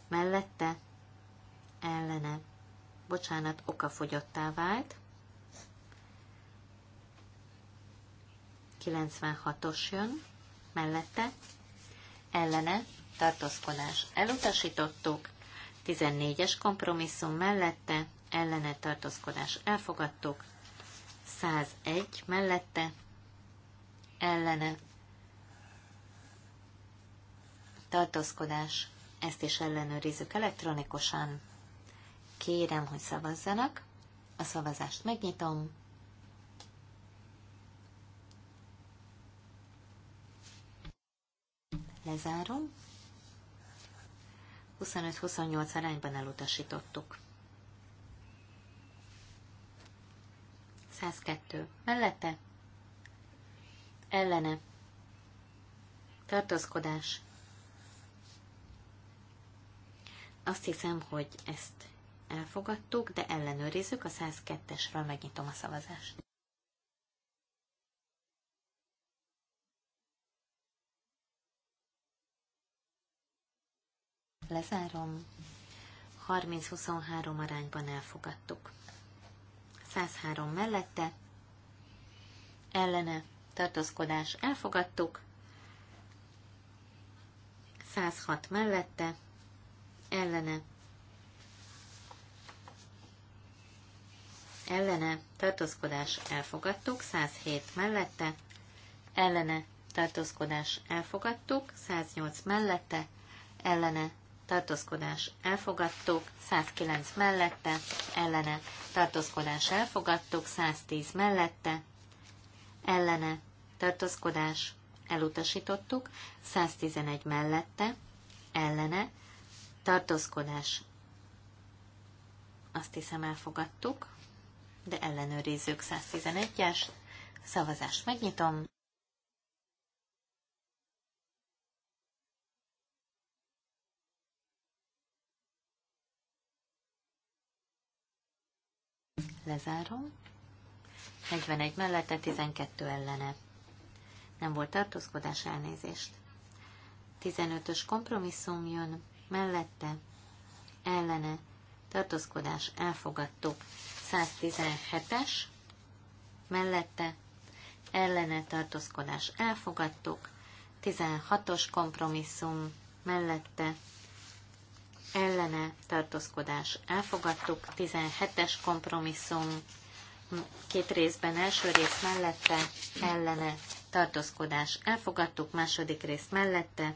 mellette, ellene, bocsánat, okafogyottá vált. 96-os jön, mellette, ellene, tartózkodás elutasítottuk, 14-es kompromisszum mellette, ellene tartózkodás elfogadtuk, 101 mellette ellene tartózkodás, ezt is ellenőrizzük elektronikusan. Kérem, hogy szavazzanak. A szavazást megnyitom. Lezárom. 25-28 arányban elutasítottuk. 102. Mellette. Ellene. Tartózkodás. Azt hiszem, hogy ezt elfogadtuk, de ellenőrizzük a 102-esről, megnyitom a szavazást. Lezárom. 30-23 arányban elfogadtuk. 103 mellette, ellene tartózkodás elfogadtuk, 106 mellette, ellene ellene tartózkodás elfogadtuk, 107 mellette, ellene tartózkodás elfogadtuk, 108 mellette, ellene tartózkodás elfogadtuk, 109 mellette, ellene, tartózkodás elfogadtuk, 110 mellette, ellene, tartózkodás elutasítottuk, 111 mellette, ellene, tartózkodás azt hiszem elfogadtuk, de ellenőrizzük 111-es, szavazást megnyitom. Lezárom. 41 mellette, 12 ellene. Nem volt tartózkodás, elnézést. 15-ös kompromisszum jön, mellette, ellene, tartózkodás, elfogadtuk. 117-es, mellette, ellene, tartózkodás, elfogadtuk. 16-os kompromisszum, mellette, ellene tartózkodás elfogadtuk, 17-es kompromisszum két részben első rész mellette ellene tartózkodás elfogadtuk, második rész mellette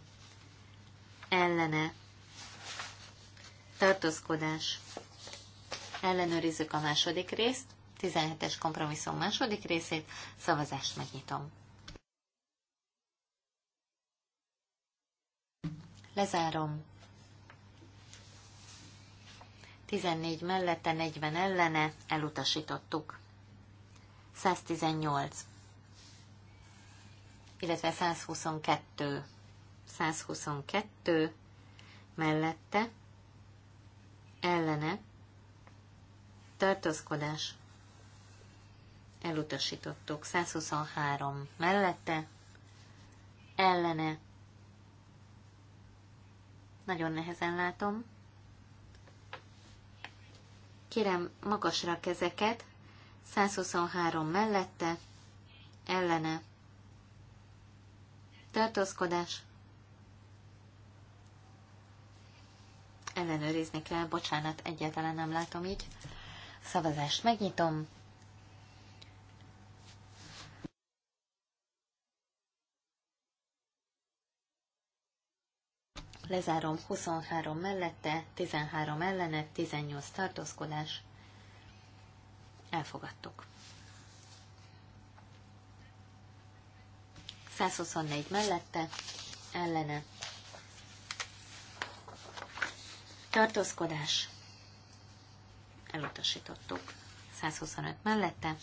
ellene tartózkodás ellenőrizzük a második részt, 17-es kompromisszum második részét, szavazást megnyitom. Lezárom. 14 mellette, 40 ellene, elutasítottuk. 118, illetve 122, 122 mellette, ellene, tartózkodás, elutasítottuk. 123 mellette, ellene, nagyon nehezen látom, Kérem, magasra kezeket. 123 mellette, ellene. Tartózkodás. Ellenőrizni kell, bocsánat, egyáltalán nem látom így. Szavazást megnyitom. lezárom, 23 mellette, 13 ellene, 18 tartózkodás. Elfogadtuk. 124 mellette, ellene. Tartózkodás. Elutasítottuk. 125 mellette,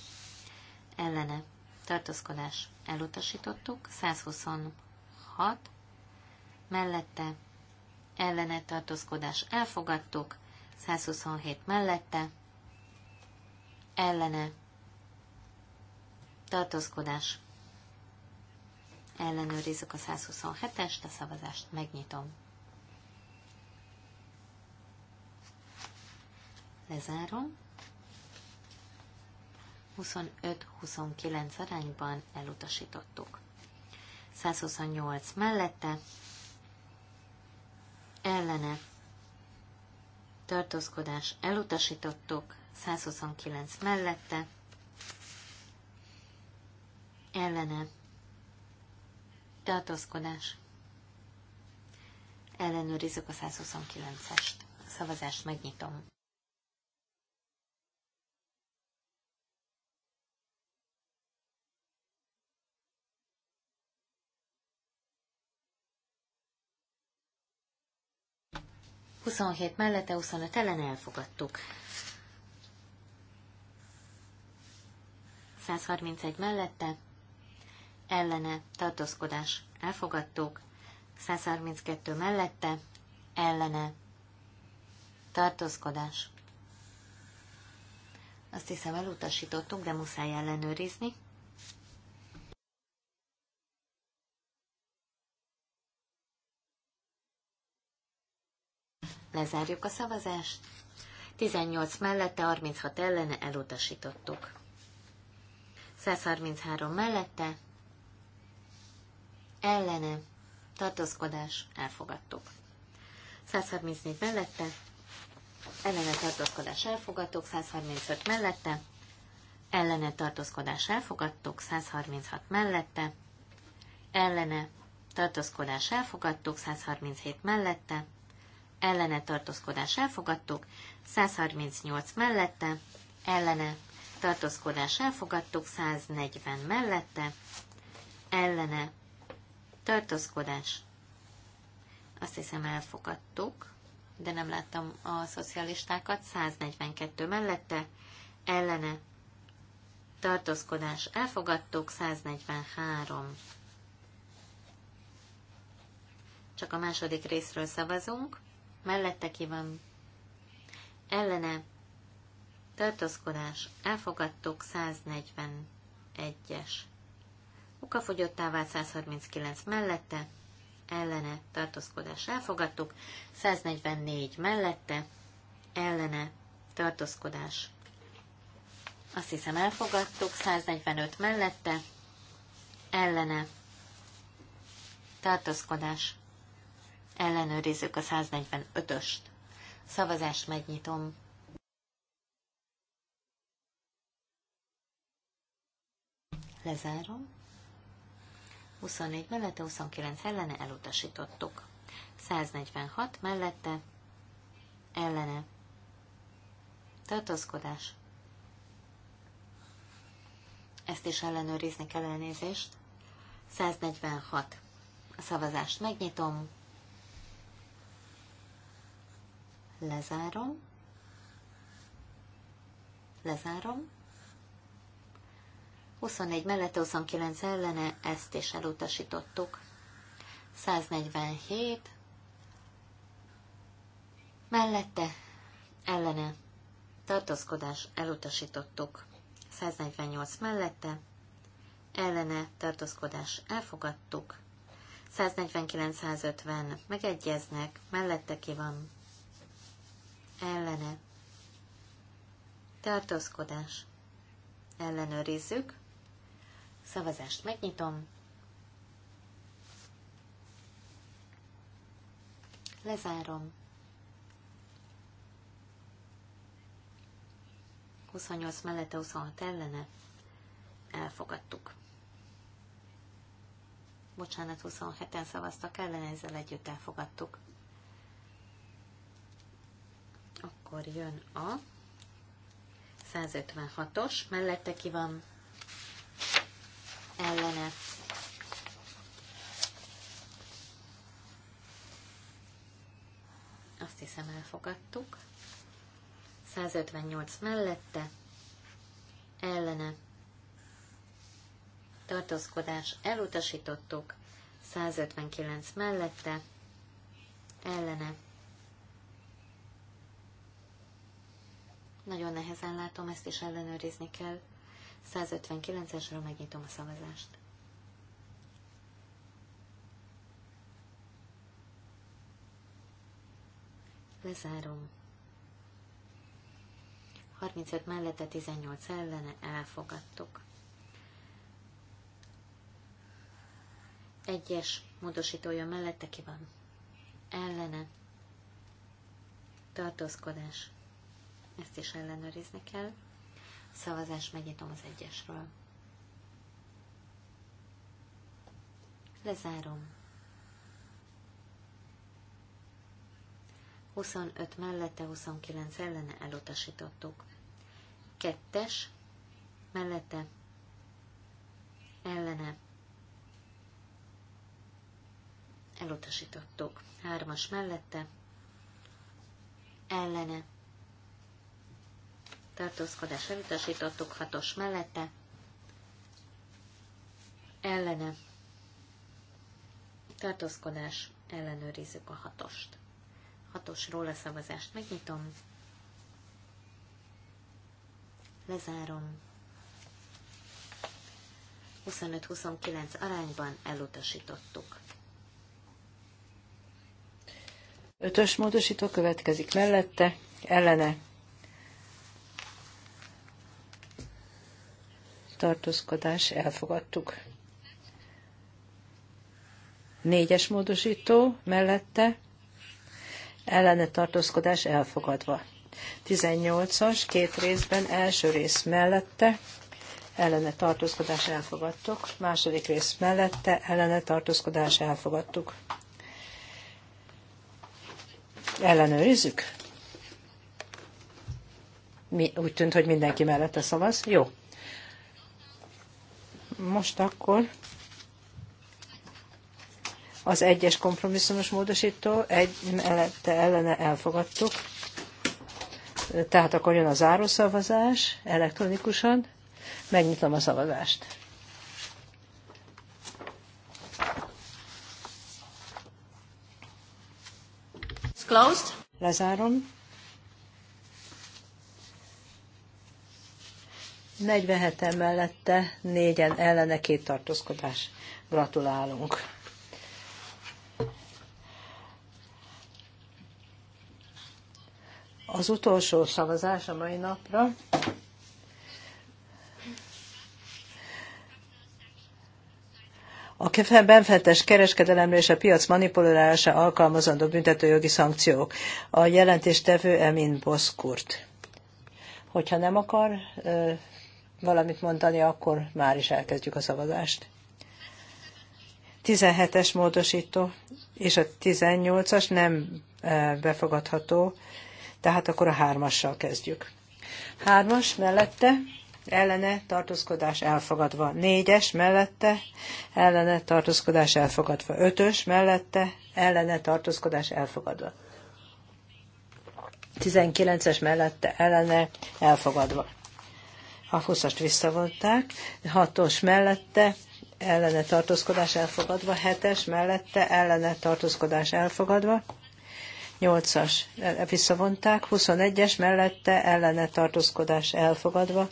ellene. Tartózkodás. Elutasítottuk. 126 mellette, ellenet tartózkodás elfogadtuk, 127 mellette, ellene tartózkodás ellenőrizzük a 127-est, a szavazást megnyitom. Lezárom. 25-29 arányban elutasítottuk. 128 mellette, ellene tartózkodás elutasítottuk, 129 mellette, ellene tartózkodás. Ellenőrizzük a 129-est. A szavazást megnyitom. 27 mellette, 25 ellen elfogadtuk. 131 mellette, ellene tartózkodás elfogadtuk. 132 mellette, ellene tartózkodás. Azt hiszem elutasítottuk, de muszáj ellenőrizni. Lezárjuk a szavazást. 18 mellette, 36 ellene elutasítottuk. 133 mellette, ellene, tartózkodás, elfogadtuk. 134 mellette, ellene tartózkodás elfogadtuk, 135 mellette, ellene tartózkodás elfogadtuk, 136 mellette, ellene tartózkodás elfogadtuk, 137 mellette, ellene tartózkodás elfogadtuk, 138 mellette, ellene tartózkodás elfogadtuk, 140 mellette, ellene tartózkodás. Azt hiszem elfogadtuk, de nem láttam a szocialistákat, 142 mellette, ellene tartózkodás elfogadtuk, 143 csak a második részről szavazunk mellette ki van, ellene, tartózkodás, elfogadtuk 141-es. Ukafogyottá vált 139 mellette, ellene, tartózkodás, elfogadtuk 144 mellette, ellene, tartózkodás. Azt hiszem elfogadtuk, 145 mellette, ellene, tartózkodás. Ellenőrizzük a 145-öst. Szavazást megnyitom. Lezárom. 24 mellette, 29 ellene elutasítottuk. 146 mellette, ellene. Tartózkodás. Ezt is ellenőrizni kell elnézést. 146. A szavazást megnyitom. lezárom, lezárom, 24 mellette, 29 ellene, ezt is elutasítottuk. 147 mellette, ellene, tartózkodás, elutasítottuk. 148 mellette, ellene, tartózkodás, elfogadtuk. 149-150 megegyeznek, mellette ki van, ellene. Tartózkodás. Ellenőrizzük. Szavazást megnyitom. Lezárom. 28 mellette 26 ellene. Elfogadtuk. Bocsánat, 27-en szavaztak ellene, ezzel együtt elfogadtuk. Akkor jön a 156-os, mellette ki van ellene. Azt hiszem elfogadtuk. 158 mellette, ellene, tartózkodás elutasítottuk, 159 mellette, ellene, Nagyon nehezen látom, ezt is ellenőrizni kell. 159-esről megnyitom a szavazást. Lezárom. 35 mellette 18 ellene elfogadtuk. Egyes módosítója mellette ki van? Ellene. Tartózkodás ezt is ellenőrizni kell. Szavazás megnyitom az egyesről. Lezárom. 25 mellette, 29 ellene elutasítottuk. Kettes mellette, ellene elutasítottuk. Hármas mellette, ellene tartózkodás elutasítottuk, hatos mellette, ellene, tartózkodás, ellenőrizzük a hatost. Hatosról a szavazást megnyitom, lezárom. 25-29 arányban elutasítottuk. Ötös módosító következik mellette, ellene tartózkodás elfogadtuk. Négyes módosító mellette ellene tartózkodás elfogadva. 18-as két részben első rész mellette ellene tartózkodás elfogadtuk, második rész mellette ellene tartózkodás elfogadtuk. Ellenőrizzük? Mi, úgy tűnt, hogy mindenki mellette szavaz. Jó, most akkor az egyes kompromisszumos módosító, egy mellette ellene elfogadtuk. Tehát akkor jön a zárószavazás elektronikusan. Megnyitom a szavazást. closed. Lezárom. 47-en mellette, négyen ellene két tartózkodás. Gratulálunk! Az utolsó szavazás a mai napra. A benfentes kereskedelemre és a piac manipulálása alkalmazandó büntetőjogi szankciók. A jelentéstevő Emin Boszkurt. Hogyha nem akar valamit mondani, akkor már is elkezdjük a szavazást. 17-es módosító és a 18-as nem e, befogadható, tehát akkor a hármassal kezdjük. Hármas mellette ellene tartózkodás elfogadva. Négyes mellette ellene tartózkodás elfogadva. Ötös mellette ellene tartózkodás elfogadva. 19-es mellette ellene elfogadva a 20-ast visszavonták, 6-os mellette ellene tartózkodás elfogadva, 7-es mellette ellene tartózkodás elfogadva, 8-as visszavonták, 21-es mellette ellene tartózkodás elfogadva,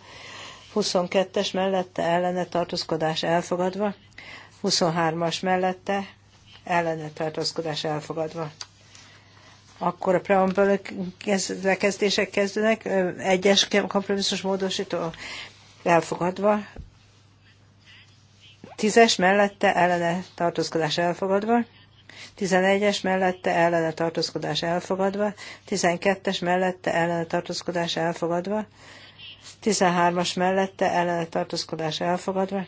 22-es mellette ellene tartózkodás elfogadva, 23-as mellette ellene tartózkodás elfogadva. Akkor a preambul lekezdések kezdenek, egyes kompromisszus módosító elfogadva, tízes mellette ellene tartózkodás elfogadva, 11-es mellette ellene tartózkodás elfogadva, 12-es mellette ellene tartózkodás elfogadva, 13-as mellette ellene tartózkodás elfogadva,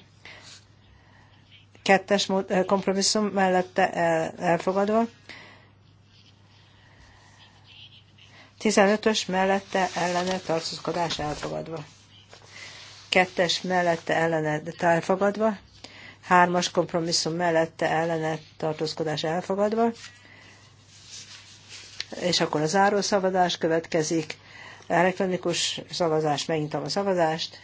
2-es kompromisszum mellette elfogadva, 15-ös mellette ellene tartózkodás elfogadva. 2-es mellette ellene elfogadva. 3-as kompromisszum mellette ellene tartózkodás elfogadva. És akkor a záró szavazás következik. Elektronikus szavazás, megnyitom a szavazást.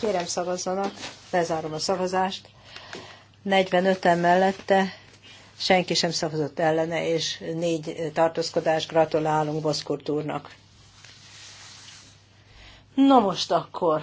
Kérem szavazzanak, lezárom a szavazást. 45-en mellette senki sem szavazott ellene, és négy tartózkodás. Gratulálunk Boszkurt úrnak. Na most akkor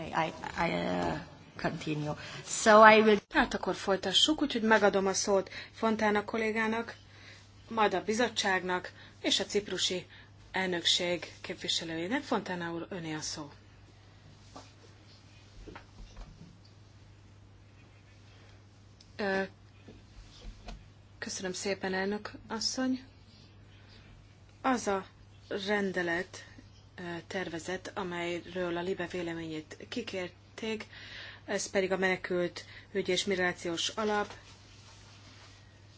I, uh, continue. Hát akkor folytassuk, úgyhogy megadom a szót Fontána kollégának, majd a bizottságnak és a ciprusi elnökség képviselőjének. Fontána úr, öné a szó. Köszönöm szépen, elnök asszony. Az a rendelet, tervezet, amelyről a Libe véleményét kikérték, ez pedig a menekült ügy és migrációs alap,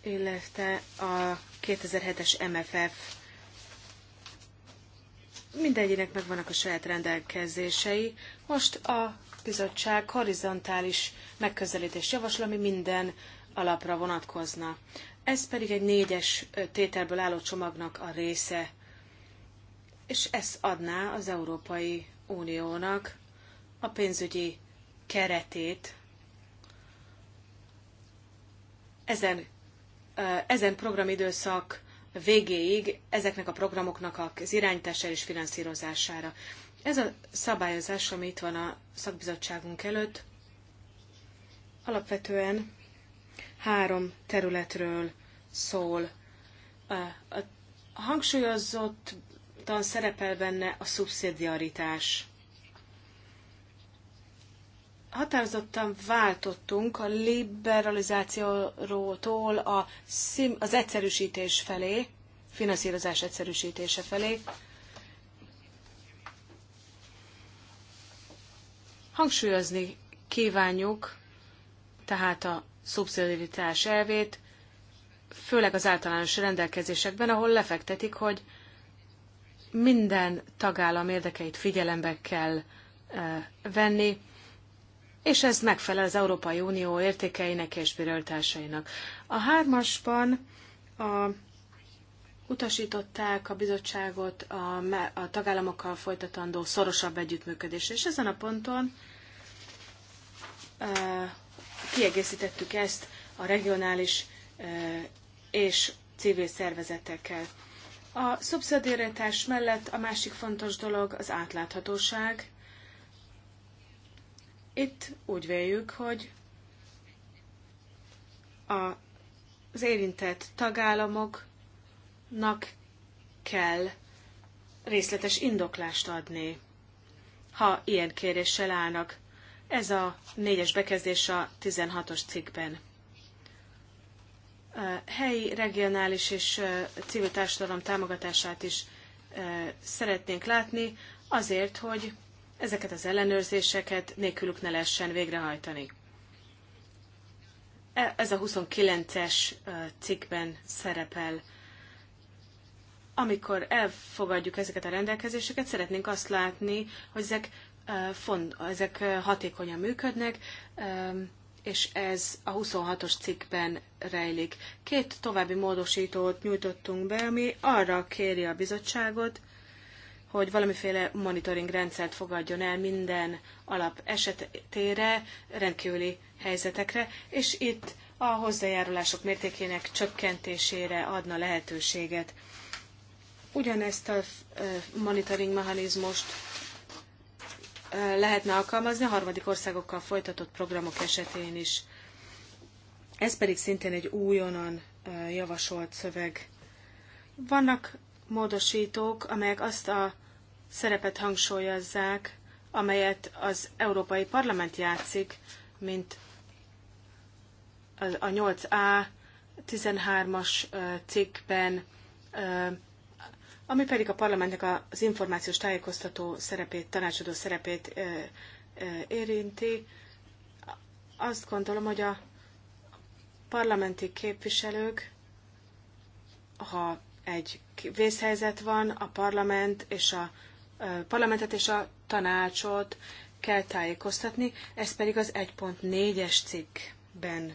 illetve a 2007-es MFF. Mindegyinek megvannak a saját rendelkezései. Most a bizottság horizontális megközelítés javasol, ami minden alapra vonatkozna. Ez pedig egy négyes tételből álló csomagnak a része és ez adná az Európai Uniónak a pénzügyi keretét ezen, ezen programidőszak végéig ezeknek a programoknak az irányítására és finanszírozására. Ez a szabályozás, ami itt van a szakbizottságunk előtt, alapvetően három területről szól. A hangsúlyozott tan szerepel benne a szubszidiaritás. Határozottan váltottunk a liberalizációtól a szim, az egyszerűsítés felé, finanszírozás egyszerűsítése felé. Hangsúlyozni kívánjuk tehát a szubszidiaritás elvét, főleg az általános rendelkezésekben, ahol lefektetik, hogy minden tagállam érdekeit figyelembe kell eh, venni, és ez megfelel az Európai Unió értékeinek és prioritásainak. A hármasban a, utasították a bizottságot a, a tagállamokkal folytatandó szorosabb együttműködés, és ezen a ponton e, kiegészítettük ezt a regionális e, és civil szervezetekkel. A szubszidiaritás mellett a másik fontos dolog az átláthatóság. Itt úgy véljük, hogy a, az érintett tagállamoknak kell részletes indoklást adni, ha ilyen kéréssel állnak. Ez a négyes bekezdés a 16-os cikkben helyi, regionális és civil társadalom támogatását is szeretnénk látni, azért, hogy ezeket az ellenőrzéseket nélkülük ne lehessen végrehajtani. E, ez a 29-es cikkben szerepel. Amikor elfogadjuk ezeket a rendelkezéseket, szeretnénk azt látni, hogy ezek, font, ezek hatékonyan működnek, és ez a 26-os cikkben rejlik. Két további módosítót nyújtottunk be, ami arra kéri a bizottságot, hogy valamiféle monitoring rendszert fogadjon el minden alap esetére, rendkívüli helyzetekre, és itt a hozzájárulások mértékének csökkentésére adna lehetőséget. Ugyanezt a monitoring mechanizmust lehetne alkalmazni a harmadik országokkal folytatott programok esetén is. Ez pedig szintén egy újonnan javasolt szöveg. Vannak módosítók, amelyek azt a szerepet hangsúlyozzák, amelyet az Európai Parlament játszik, mint a 8A 13-as cikkben ami pedig a parlamentnek az információs tájékoztató szerepét, tanácsadó szerepét érinti, azt gondolom, hogy a parlamenti képviselők, ha egy vészhelyzet van, a parlament és a parlamentet és a tanácsot kell tájékoztatni, ez pedig az 1.4-es cikkben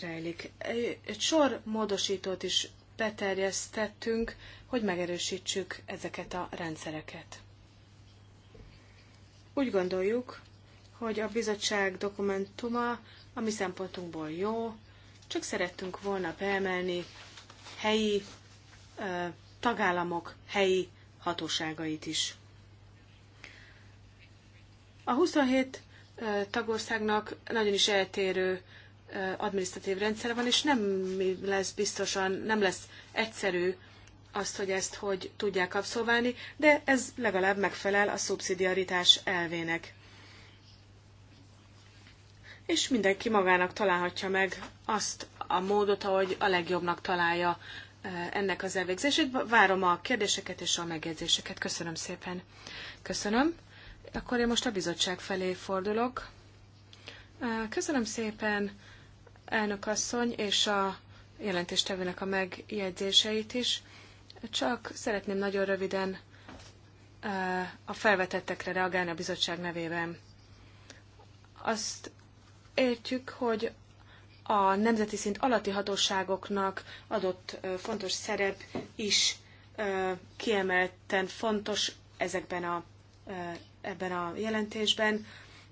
rejlik. Egy sor módosítót is beterjesztettünk, hogy megerősítsük ezeket a rendszereket. Úgy gondoljuk, hogy a bizottság dokumentuma a mi szempontunkból jó, csak szerettünk volna beemelni helyi tagállamok helyi hatóságait is. A 27 tagországnak nagyon is eltérő administratív rendszer van, és nem lesz biztosan, nem lesz egyszerű azt, hogy ezt hogy tudják abszolválni, de ez legalább megfelel a szubszidiaritás elvének. És mindenki magának találhatja meg azt a módot, ahogy a legjobbnak találja ennek az elvégzését. Várom a kérdéseket és a megjegyzéseket. Köszönöm szépen. Köszönöm. Akkor én most a bizottság felé fordulok. Köszönöm szépen elnökasszony és a jelentéstevőnek a megjegyzéseit is. Csak szeretném nagyon röviden a felvetettekre reagálni a bizottság nevében. Azt értjük, hogy a nemzeti szint alatti hatóságoknak adott fontos szerep is kiemelten fontos ezekben a, ebben a jelentésben.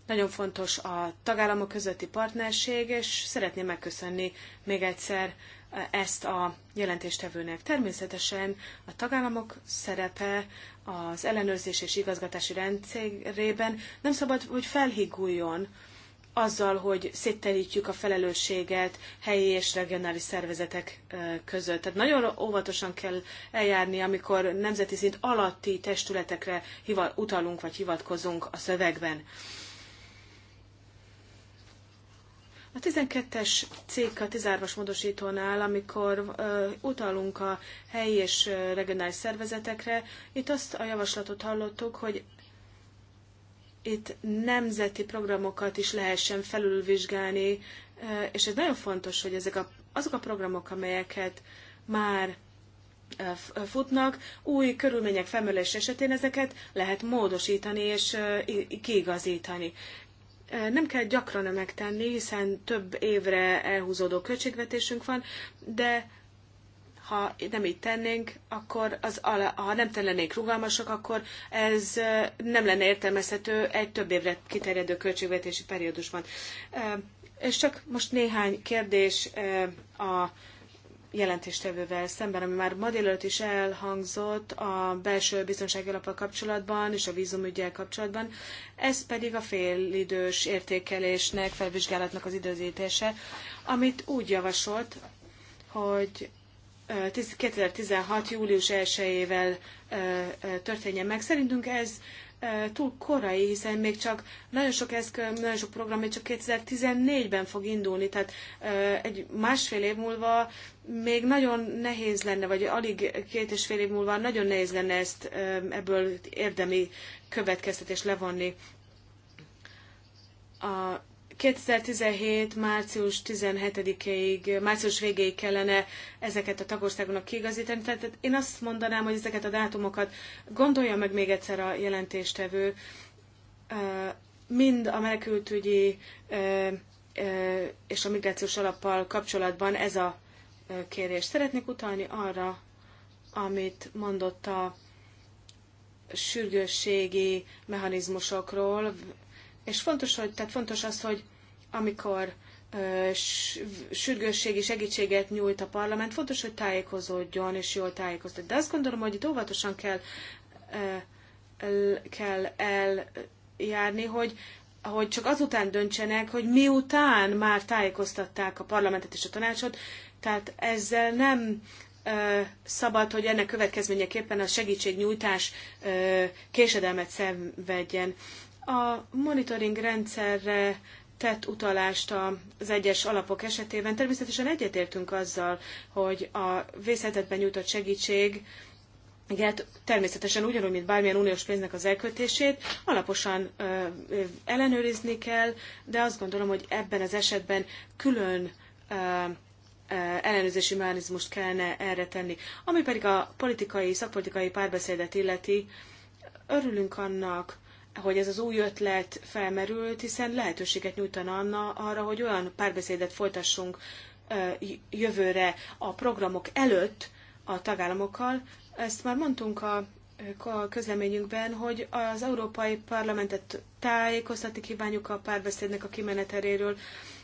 Nagyon fontos a tagállamok közötti partnerség, és szeretném megköszönni még egyszer e, ezt a jelentéstevőnek. Természetesen a tagállamok szerepe az ellenőrzés és igazgatási rendszerében nem szabad, hogy felhiguljon azzal, hogy szétterítjük a felelősséget helyi és regionális szervezetek e, között. Tehát nagyon óvatosan kell eljárni, amikor nemzeti szint alatti testületekre utalunk vagy hivatkozunk a szövegben. A 12-es cikk a 13-as módosítónál, amikor uh, utalunk a helyi és regionális szervezetekre, itt azt a javaslatot hallottuk, hogy itt nemzeti programokat is lehessen felülvizsgálni, és ez nagyon fontos, hogy ezek a, azok a programok, amelyeket már futnak, új körülmények felmerülés esetén ezeket lehet módosítani és kiigazítani nem kell gyakran megtenni, hiszen több évre elhúzódó költségvetésünk van, de ha nem így tennénk, akkor az, ha nem tennénk rugalmasak, akkor ez nem lenne értelmezhető egy több évre kiterjedő költségvetési periódusban. És csak most néhány kérdés a jelentéstevővel szemben, ami már ma délelőtt is elhangzott a belső biztonsági alapok kapcsolatban és a vízumügyel kapcsolatban, ez pedig a félidős értékelésnek, felvizsgálatnak az időzítése, amit úgy javasolt, hogy 2016. július 1-ével történjen meg. Szerintünk ez túl korai, hiszen még csak nagyon sok eszköz, nagyon sok program még csak 2014-ben fog indulni, tehát egy másfél év múlva még nagyon nehéz lenne, vagy alig két és fél év múlva nagyon nehéz lenne ezt ebből érdemi következtetés levonni. A 2017. március 17-ig, március végéig kellene ezeket a tagországoknak kiigazítani. Tehát én azt mondanám, hogy ezeket a dátumokat gondolja meg még egyszer a jelentéstevő, mind a menekültügyi és a migrációs alappal kapcsolatban ez a kérés. Szeretnék utalni arra, amit mondott a sürgősségi mechanizmusokról, és fontos, hogy, tehát fontos az, hogy amikor sürgősségi segítséget nyújt a parlament, fontos, hogy tájékozódjon és jól tájékozódjon. De azt gondolom, hogy itt óvatosan kell, kell eljárni, hogy hogy csak azután döntsenek, hogy miután már tájékoztatták a parlamentet és a tanácsot, tehát ezzel nem ö, szabad, hogy ennek következményeképpen a segítségnyújtás ö, késedelmet szenvedjen. A monitoring rendszerre tett utalást az egyes alapok esetében. Természetesen egyetértünk azzal, hogy a vészhetetben nyújtott segítség igen, természetesen ugyanúgy, mint bármilyen uniós pénznek az elkötését, alaposan ö, ö, ellenőrizni kell, de azt gondolom, hogy ebben az esetben külön ö, ellenőrzési mechanizmust kellene erre tenni. Ami pedig a politikai, szakpolitikai párbeszédet illeti, örülünk annak, hogy ez az új ötlet felmerült, hiszen lehetőséget nyújtana Anna arra, hogy olyan párbeszédet folytassunk jövőre a programok előtt a tagállamokkal. Ezt már mondtunk a a közleményünkben, hogy az Európai Parlamentet tájékoztatni kívánjuk a párbeszédnek a kimeneteléről,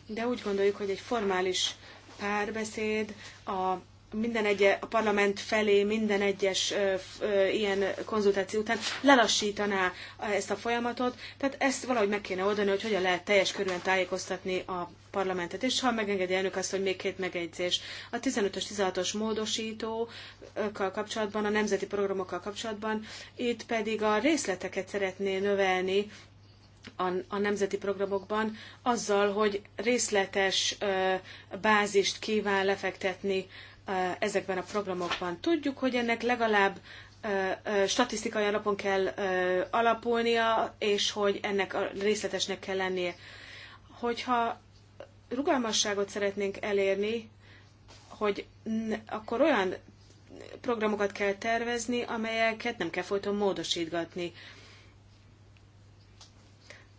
de úgy gondoljuk, hogy egy formális párbeszéd a minden egy, a parlament felé minden egyes ö, ö, ilyen konzultáció után lelassítaná ezt a folyamatot, tehát ezt valahogy meg kéne oldani, hogy hogyan lehet teljes körülön tájékoztatni a parlamentet. És ha megengedi elnök azt, hogy még két megjegyzés. A 15-ös, 16-os módosítókkal kapcsolatban, a nemzeti programokkal kapcsolatban, itt pedig a részleteket szeretné növelni, a, a nemzeti programokban azzal, hogy részletes ö, bázist kíván lefektetni ezekben a programokban. Tudjuk, hogy ennek legalább statisztikai alapon kell alapulnia, és hogy ennek a részletesnek kell lennie. Hogyha rugalmasságot szeretnénk elérni, hogy akkor olyan programokat kell tervezni, amelyeket nem kell folyton módosítgatni.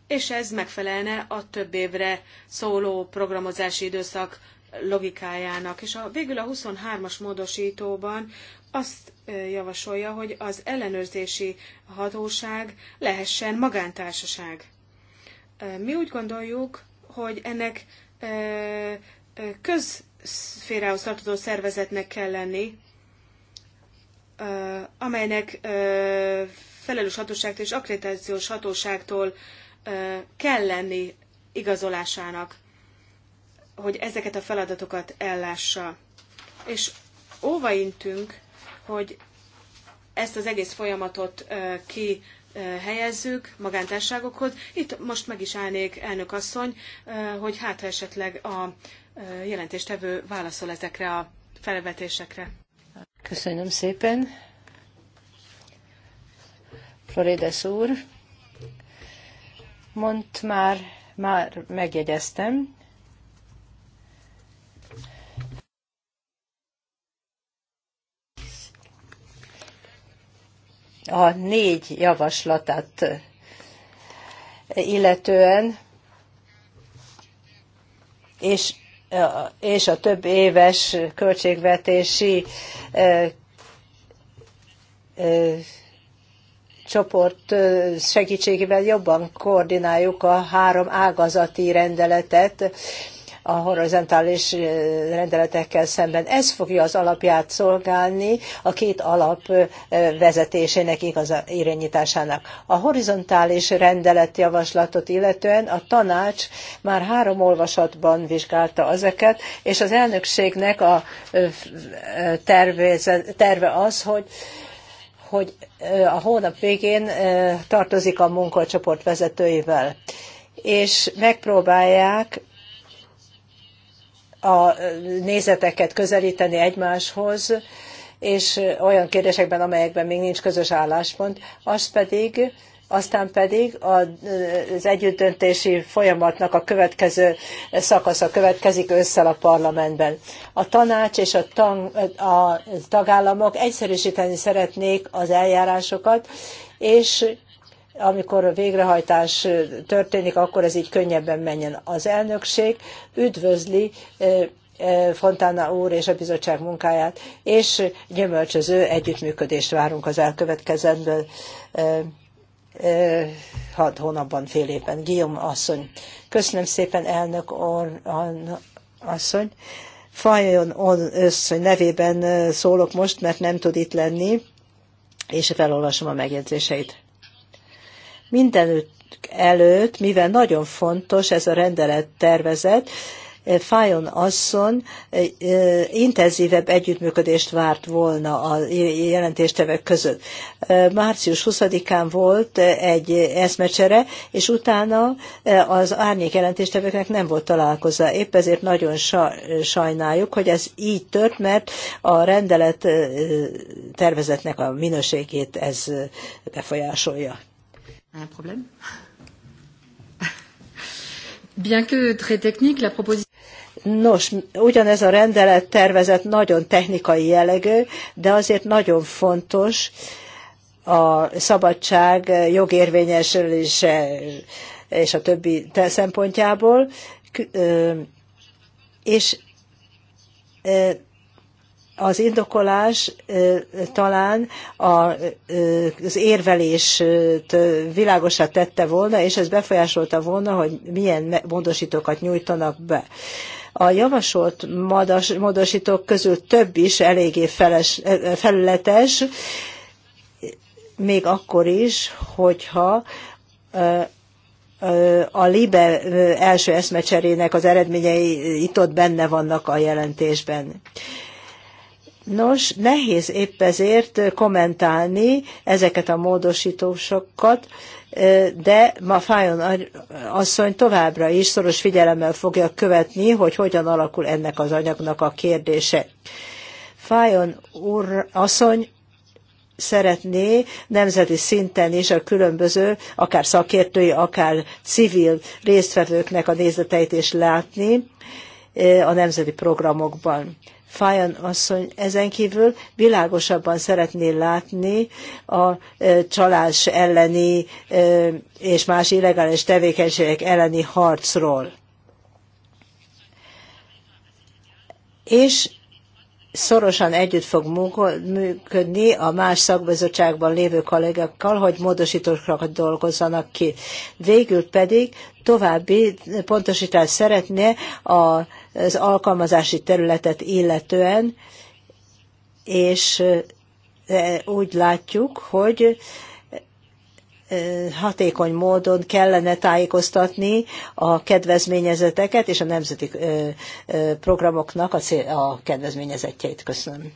És ez megfelelne a több évre szóló programozási időszak logikájának. És a, végül a 23-as módosítóban azt javasolja, hogy az ellenőrzési hatóság lehessen magántársaság. Mi úgy gondoljuk, hogy ennek közszférához tartozó szervezetnek kell lenni, amelynek felelős hatóságtól és akkreditációs hatóságtól kell lenni igazolásának hogy ezeket a feladatokat ellássa. És óvaintünk, hogy ezt az egész folyamatot ki helyezzük magántárságokhoz. Itt most meg is állnék, elnök asszony, hogy hát esetleg a jelentéstevő válaszol ezekre a felvetésekre. Köszönöm szépen. Florides úr, mondt már, már megjegyeztem, a négy javaslatát illetően, és, és a több éves költségvetési csoport segítségével jobban koordináljuk a három ágazati rendeletet, a horizontális rendeletekkel szemben. Ez fogja az alapját szolgálni a két alap vezetésének igaz irányításának. A horizontális rendelet javaslatot illetően a tanács már három olvasatban vizsgálta ezeket, és az elnökségnek a terve, terve az, hogy hogy a hónap végén tartozik a munkacsoport vezetőivel, és megpróbálják a nézeteket közelíteni egymáshoz, és olyan kérdésekben, amelyekben még nincs közös álláspont, az pedig aztán pedig az együttdöntési folyamatnak a következő szakasza következik ősszel a parlamentben. A tanács és a, tang, a tagállamok egyszerűsíteni szeretnék az eljárásokat, és amikor a végrehajtás történik, akkor ez így könnyebben menjen. Az elnökség üdvözli Fontana úr és a bizottság munkáját, és gyümölcsöző együttműködést várunk az elkövetkezendő hat hónapban, fél évben. Guillaume asszony. Köszönöm szépen, elnök or, asszony. Fajon asszony nevében szólok most, mert nem tud itt lenni, és felolvasom a megjegyzéseit. Mindenütt előtt, mivel nagyon fontos ez a rendelet tervezet, eh, Fájon asszony eh, eh, intenzívebb együttműködést várt volna a jelentéstevek között. Március 20-án volt egy eszmecsere, és utána az árnyék jelentésteveknek nem volt találkozó. Épp ezért nagyon sajnáljuk, hogy ez így tört, mert a rendelet tervezetnek a minőségét ez befolyásolja. Un problème Bien que très technique, la proposition... Nos, ugyanez a rendelet tervezet nagyon technikai jellegű, de azért nagyon fontos a szabadság jogérvényesülése és a többi szempontjából, és az indokolás talán az érvelést világosra tette volna, és ez befolyásolta volna, hogy milyen módosítókat nyújtanak be. A javasolt módosítók közül több is eléggé felületes, még akkor is, hogyha a LIBE első eszmecserének az eredményei itt ott benne vannak a jelentésben. Nos, nehéz épp ezért kommentálni ezeket a módosítósokat, de ma Fájon asszony továbbra is szoros figyelemmel fogja követni, hogy hogyan alakul ennek az anyagnak a kérdése. Fájon úr asszony szeretné nemzeti szinten is a különböző, akár szakértői, akár civil résztvevőknek a nézeteit is látni a nemzeti programokban. Fájan asszony ezen kívül világosabban szeretné látni a e, csalás elleni e, és más illegális tevékenységek elleni harcról. És szorosan együtt fog működni a más szakbizottságban lévő kollégákkal, hogy módosítókat dolgozzanak ki. Végül pedig további pontosítást szeretne a az alkalmazási területet illetően, és e, úgy látjuk, hogy e, hatékony módon kellene tájékoztatni a kedvezményezeteket és a nemzeti e, programoknak a, cél, a kedvezményezetjeit. Köszönöm.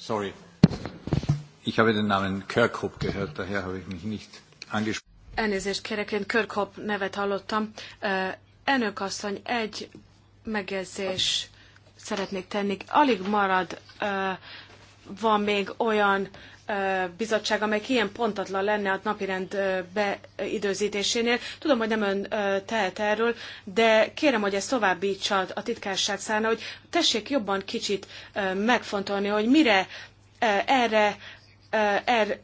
Sorry. Ich habe den Namen Kirkhope gehört, daher habe ich mich nicht angesprochen. Elnézést kérek, én Körkhop nevet hallottam. Elnök asszony, egy megjegyzés szeretnék tenni. Alig marad, van még olyan bizottság, amely ilyen pontatlan lenne a napirend beidőzítésénél. Tudom, hogy nem ön tehet erről, de kérem, hogy ezt továbbítsa a titkárság szána, hogy tessék jobban kicsit megfontolni, hogy mire erre, erre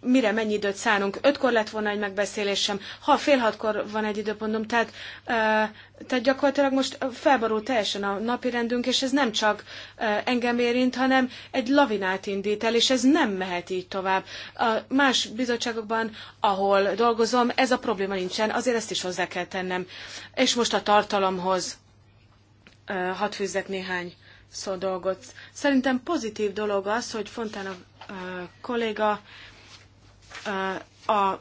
mire mennyi időt szánunk. Ötkor lett volna egy megbeszélésem, ha fél hatkor van egy időpontom, tehát, tehát gyakorlatilag most felborult teljesen a napi rendünk, és ez nem csak engem érint, hanem egy lavinát indít el, és ez nem mehet így tovább. A más bizottságokban, ahol dolgozom, ez a probléma nincsen, azért ezt is hozzá kell tennem. És most a tartalomhoz hadd fűzzek néhány szó dolgot. Szerintem pozitív dolog az, hogy Fontának kolléga a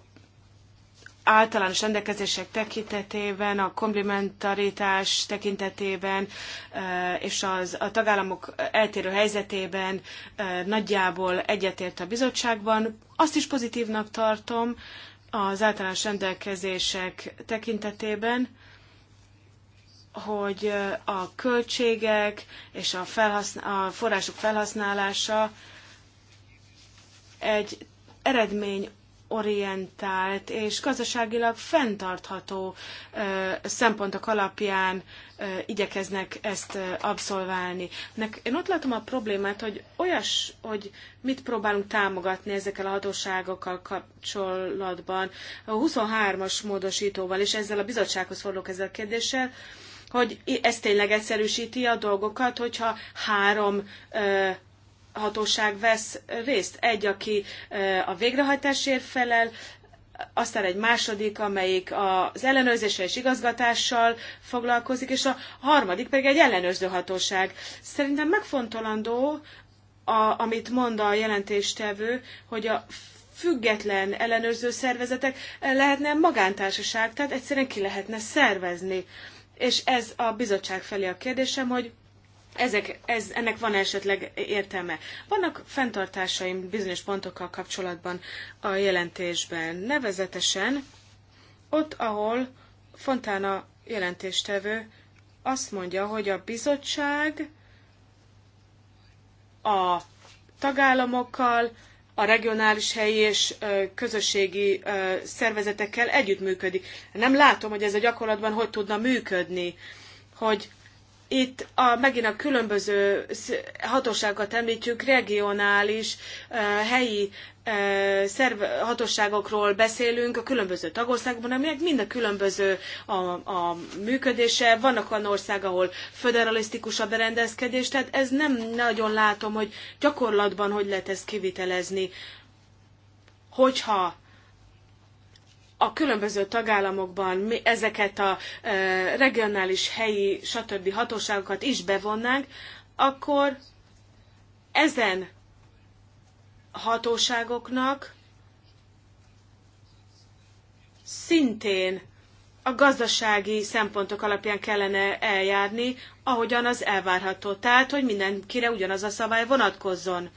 általános rendelkezések tekintetében, a komplementaritás tekintetében és az, a tagállamok eltérő helyzetében nagyjából egyetért a bizottságban. Azt is pozitívnak tartom az általános rendelkezések tekintetében, hogy a költségek és a, felhaszn- a források felhasználása egy eredmény orientált és gazdaságilag fenntartható ö, szempontok alapján ö, igyekeznek ezt ö, abszolválni. Nek, én ott látom a problémát, hogy olyas, hogy mit próbálunk támogatni ezekkel a hatóságokkal kapcsolatban, a 23-as módosítóval és ezzel a bizottsághoz fordulok ezzel a kérdéssel, hogy ez tényleg egyszerűsíti a dolgokat, hogyha három ö, hatóság vesz részt. Egy, aki a végrehajtásért felel, aztán egy második, amelyik az ellenőrzéssel és igazgatással foglalkozik, és a harmadik pedig egy ellenőrző hatóság. Szerintem megfontolandó, a, amit mond a jelentéstevő, hogy a független ellenőrző szervezetek lehetne magántársaság, tehát egyszerűen ki lehetne szervezni. És ez a bizottság felé a kérdésem, hogy ezek, ez, ennek van esetleg értelme. Vannak fenntartásaim bizonyos pontokkal kapcsolatban a jelentésben. Nevezetesen ott, ahol fontána jelentéstevő azt mondja, hogy a bizottság a tagállamokkal, a regionális helyi és közösségi szervezetekkel együttműködik. Nem látom, hogy ez a gyakorlatban hogy tudna működni, hogy itt a, megint a különböző hatóságokat említjük, regionális, helyi szerv, hatóságokról beszélünk a különböző tagországban, amelyek mind a különböző a, a működése. Vannak olyan ország, ahol föderalisztikus a berendezkedés, tehát ez nem nagyon látom, hogy gyakorlatban hogy lehet ezt kivitelezni. Hogyha a különböző tagállamokban ezeket a e, regionális, helyi, stb. hatóságokat is bevonnánk, akkor ezen hatóságoknak szintén a gazdasági szempontok alapján kellene eljárni, ahogyan az elvárható. Tehát, hogy mindenkire ugyanaz a szabály vonatkozzon.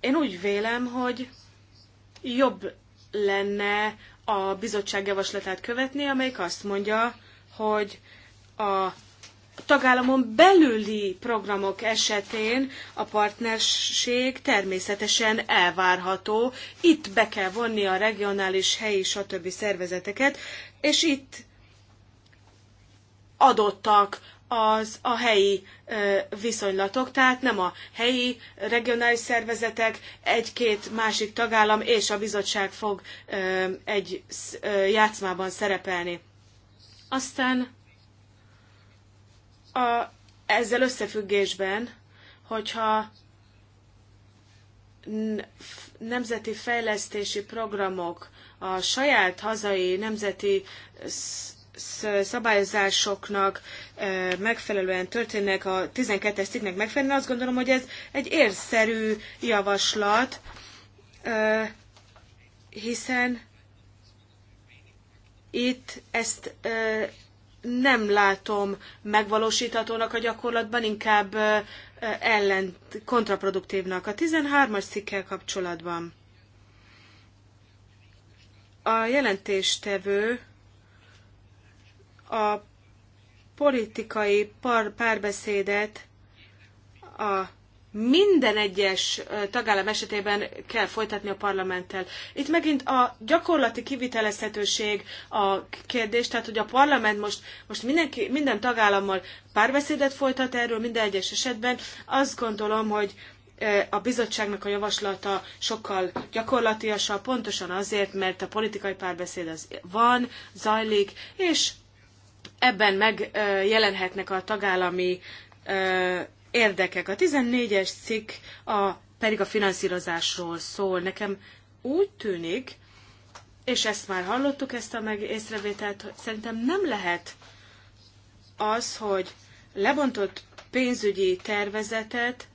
Én úgy vélem, hogy jobb lenne a bizottság javaslatát követni, amelyik azt mondja, hogy a tagállamon belüli programok esetén a partnerség természetesen elvárható. Itt be kell vonni a regionális, helyi, stb. szervezeteket, és itt adottak az a helyi viszonylatok, tehát nem a helyi regionális szervezetek, egy-két másik tagállam és a bizottság fog egy játszmában szerepelni. Aztán a, ezzel összefüggésben, hogyha nemzeti fejlesztési programok a saját hazai nemzeti szabályozásoknak megfelelően történnek, a 12-es cikknek megfelelően, azt gondolom, hogy ez egy érszerű javaslat, hiszen itt ezt nem látom megvalósíthatónak a gyakorlatban, inkább ellen kontraproduktívnak. A 13-as cikkel kapcsolatban a jelentéstevő a politikai par, párbeszédet a minden egyes tagállam esetében kell folytatni a parlamenttel. Itt megint a gyakorlati kivitelezhetőség a kérdés, tehát hogy a parlament most, most mindenki, minden tagállammal párbeszédet folytat erről minden egyes esetben, azt gondolom, hogy a bizottságnak a javaslata sokkal gyakorlatiasabb, pontosan azért, mert a politikai párbeszéd az van, zajlik, és ebben megjelenhetnek a tagállami érdekek. A 14-es cikk a, pedig a finanszírozásról szól. Nekem úgy tűnik, és ezt már hallottuk, ezt a meg észrevételt, hogy szerintem nem lehet az, hogy lebontott pénzügyi tervezetet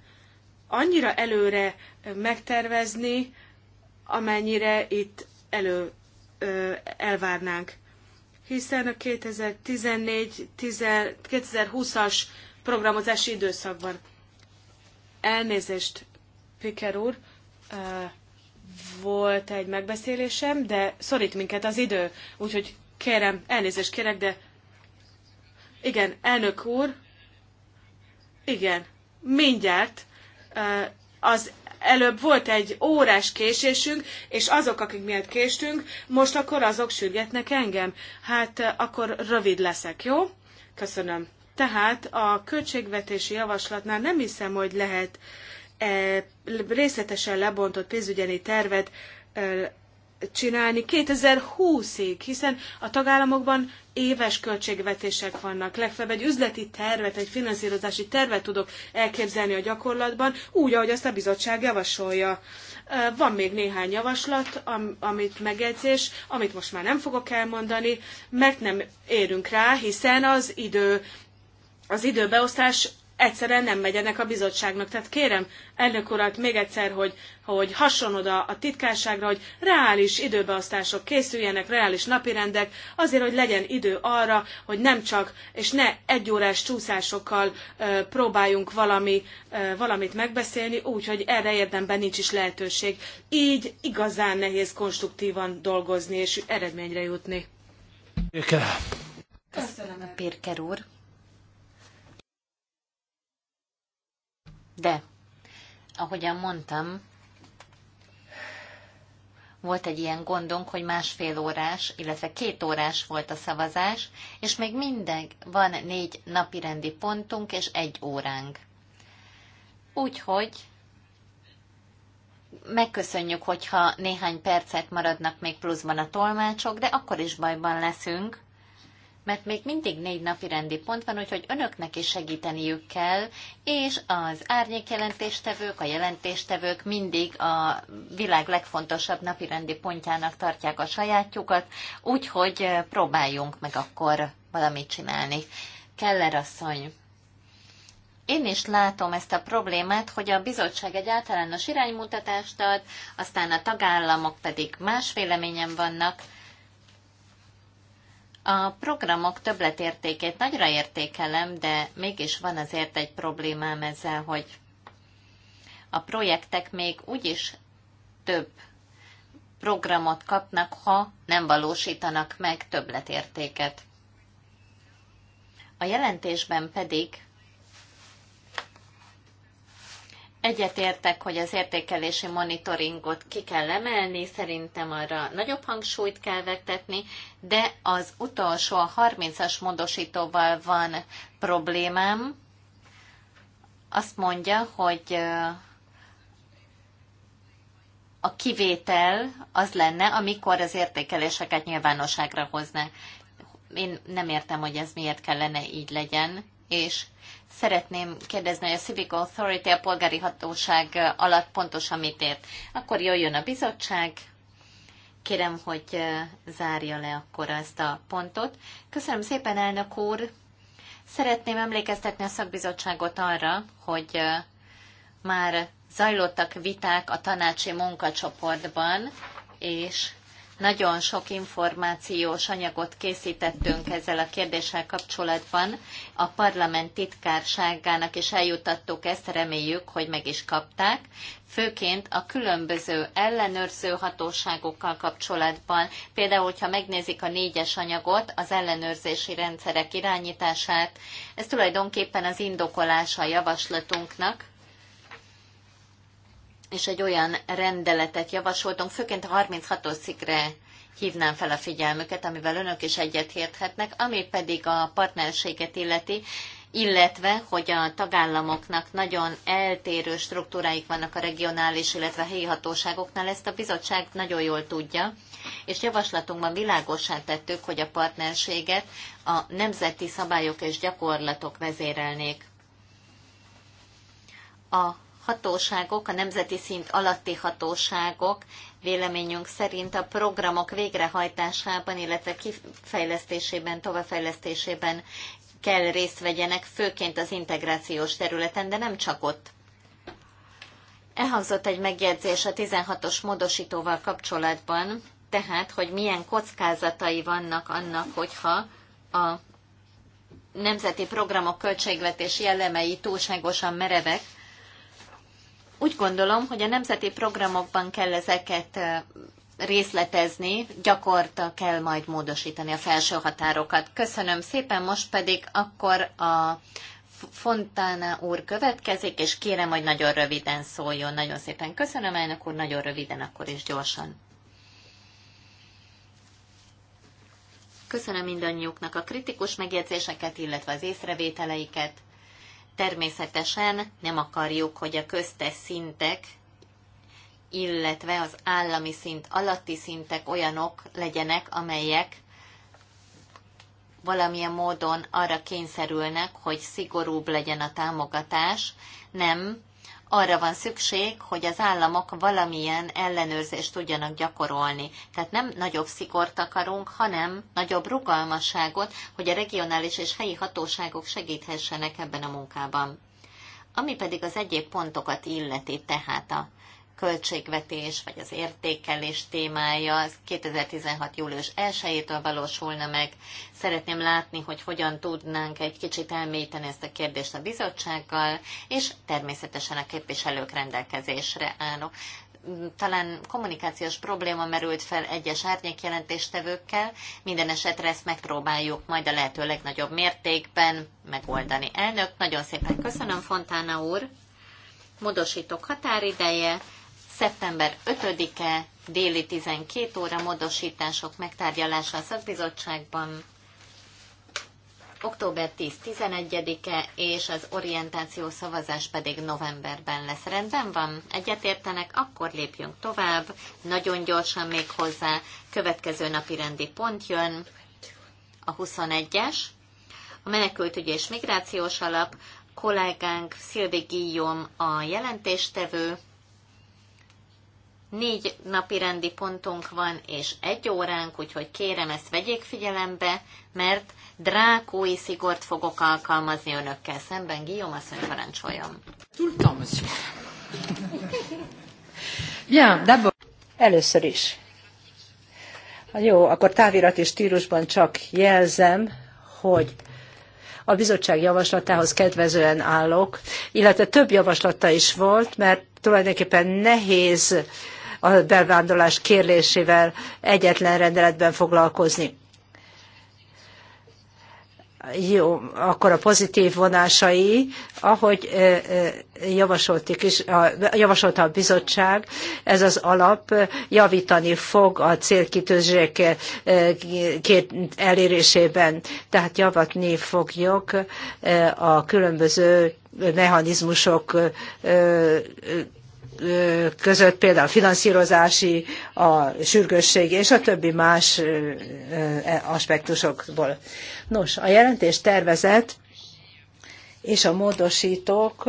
annyira előre megtervezni, amennyire itt elő elvárnánk hiszen a 2014-2020-as programozási időszakban. Elnézést, Piker úr, volt egy megbeszélésem, de szorít minket az idő, úgyhogy kérem, elnézést kérek, de igen, elnök úr, igen, mindjárt az előbb volt egy órás késésünk, és azok, akik miatt késtünk, most akkor azok sürgetnek engem. Hát eh, akkor rövid leszek, jó? Köszönöm. Tehát a költségvetési javaslatnál nem hiszem, hogy lehet e, részletesen lebontott pénzügyeni tervet e, csinálni 2020-ig, hiszen a tagállamokban éves költségvetések vannak. Legfeljebb egy üzleti tervet, egy finanszírozási tervet tudok elképzelni a gyakorlatban, úgy, ahogy azt a bizottság javasolja. Van még néhány javaslat, amit megjegyzés, amit most már nem fogok elmondani, mert nem érünk rá, hiszen az idő az időbeosztás egyszerűen nem megy ennek a bizottságnak. Tehát kérem elnök urat még egyszer, hogy, hogy hasson oda a titkárságra, hogy reális időbeosztások készüljenek, reális napirendek, azért, hogy legyen idő arra, hogy nem csak, és ne egyórás csúszásokkal ö, próbáljunk valami, ö, valamit megbeszélni, úgyhogy erre érdemben nincs is lehetőség. Így igazán nehéz konstruktívan dolgozni és eredményre jutni. Köszönöm, Pirker úr. De, ahogyan mondtam, volt egy ilyen gondunk, hogy másfél órás, illetve két órás volt a szavazás, és még mindig van négy napi rendi pontunk és egy óránk. Úgyhogy megköszönjük, hogyha néhány percet maradnak még pluszban a tolmácsok, de akkor is bajban leszünk, mert még mindig négy napi rendi pont van, úgyhogy önöknek is segíteniük kell, és az árnyék jelentéstevők, a jelentéstevők mindig a világ legfontosabb napi rendi pontjának tartják a sajátjukat, úgyhogy próbáljunk meg akkor valamit csinálni. Keller asszony, én is látom ezt a problémát, hogy a bizottság egy általános iránymutatást ad, aztán a tagállamok pedig más véleményen vannak, a programok többletértékét nagyra értékelem, de mégis van azért egy problémám ezzel, hogy a projektek még úgyis több programot kapnak, ha nem valósítanak meg többletértéket. A jelentésben pedig Egyetértek, hogy az értékelési monitoringot ki kell emelni, szerintem arra nagyobb hangsúlyt kell vektetni, de az utolsó, a 30-as módosítóval van problémám. Azt mondja, hogy a kivétel az lenne, amikor az értékeléseket nyilvánosságra hozná én nem értem, hogy ez miért kellene így legyen, és szeretném kérdezni, hogy a Civic Authority, a polgári hatóság alatt pontosan mit ért. Akkor jöjjön a bizottság, kérem, hogy zárja le akkor ezt a pontot. Köszönöm szépen, elnök úr! Szeretném emlékeztetni a szakbizottságot arra, hogy már zajlottak viták a tanácsi munkacsoportban, és nagyon sok információs anyagot készítettünk ezzel a kérdéssel kapcsolatban. A parlament titkárságának is eljutattuk ezt, reméljük, hogy meg is kapták. Főként a különböző ellenőrző hatóságokkal kapcsolatban, például, hogyha megnézik a négyes anyagot, az ellenőrzési rendszerek irányítását, ez tulajdonképpen az indokolása a javaslatunknak, és egy olyan rendeletet javasoltunk, főként a 36-os szikre hívnám fel a figyelmüket, amivel önök is egyetérthetnek, ami pedig a partnerséget illeti, illetve hogy a tagállamoknak nagyon eltérő struktúráik vannak a regionális, illetve a helyi hatóságoknál, ezt a bizottság nagyon jól tudja, és javaslatunkban világosá tettük, hogy a partnerséget a nemzeti szabályok és gyakorlatok vezérelnék. A hatóságok, a nemzeti szint alatti hatóságok véleményünk szerint a programok végrehajtásában, illetve kifejlesztésében, továbbfejlesztésében kell részt vegyenek, főként az integrációs területen, de nem csak ott. Elhangzott egy megjegyzés a 16-os módosítóval kapcsolatban, tehát, hogy milyen kockázatai vannak annak, hogyha a nemzeti programok költségvetési elemei túlságosan merevek, úgy gondolom, hogy a nemzeti programokban kell ezeket részletezni, gyakorta kell majd módosítani a felső határokat. Köszönöm szépen, most pedig akkor a Fontana úr következik, és kérem, hogy nagyon röviden szóljon. Nagyon szépen köszönöm, elnök úr, nagyon röviden akkor is gyorsan. Köszönöm mindannyiuknak a kritikus megjegyzéseket, illetve az észrevételeiket. Természetesen nem akarjuk, hogy a köztes szintek, illetve az állami szint alatti szintek olyanok legyenek, amelyek valamilyen módon arra kényszerülnek, hogy szigorúbb legyen a támogatás. Nem, arra van szükség, hogy az államok valamilyen ellenőrzést tudjanak gyakorolni. Tehát nem nagyobb szigort akarunk, hanem nagyobb rugalmasságot, hogy a regionális és helyi hatóságok segíthessenek ebben a munkában. Ami pedig az egyéb pontokat illeti, tehát a költségvetés vagy az értékelés témája az 2016. július 1-től valósulna meg. Szeretném látni, hogy hogyan tudnánk egy kicsit elmélyíteni ezt a kérdést a bizottsággal, és természetesen a képviselők rendelkezésre állok talán kommunikációs probléma merült fel egyes árnyékjelentéstevőkkel, minden esetre ezt megpróbáljuk majd a lehető legnagyobb mértékben megoldani. Elnök, nagyon szépen köszönöm, Fontána úr! Módosítok határideje Szeptember 5-e déli 12 óra módosítások megtárgyalása a szakbizottságban, október 10-11-e és az orientáció szavazás pedig novemberben lesz. Rendben van? Egyetértenek? Akkor lépjünk tovább. Nagyon gyorsan még hozzá. Következő napi rendi pont jön. A 21-es. A menekültügyi és migrációs alap kollégánk Szilvi Guillaume a jelentéstevő. Négy napi rendi pontunk van, és egy óránk, úgyhogy kérem ezt vegyék figyelembe, mert drákói szigort fogok alkalmazni önökkel szemben. Guillaume mondja, parancsoljon. Tudtam, monsieur. Bien, d'abord. Először is. Jó, akkor távirat és stílusban csak jelzem, hogy a bizottság javaslatához kedvezően állok, illetve több javaslata is volt, mert tulajdonképpen nehéz a bevándorlás kérlésével egyetlen rendeletben foglalkozni. Jó, akkor a pozitív vonásai, ahogy javasoltik is, javasolta a bizottság, ez az alap javítani fog a célkitűzések elérésében. Tehát javatni fogjuk a különböző mechanizmusok között, például finanszírozási, a sürgősségi és a többi más aspektusokból. Nos, a jelentés tervezet és a módosítók,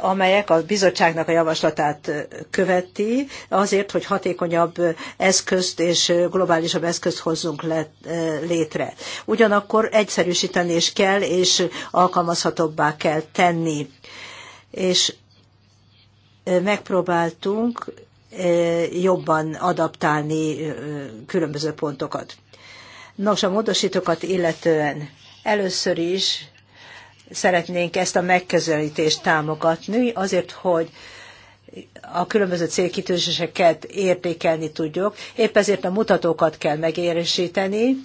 amelyek a bizottságnak a javaslatát követi, azért, hogy hatékonyabb eszközt és globálisabb eszközt hozzunk létre. Ugyanakkor egyszerűsíteni is kell, és alkalmazhatóbbá kell tenni és megpróbáltunk jobban adaptálni különböző pontokat. Nos, a módosítókat illetően először is szeretnénk ezt a megközelítést támogatni, azért, hogy a különböző célkitűzéseket értékelni tudjuk. Épp ezért a mutatókat kell megérésíteni,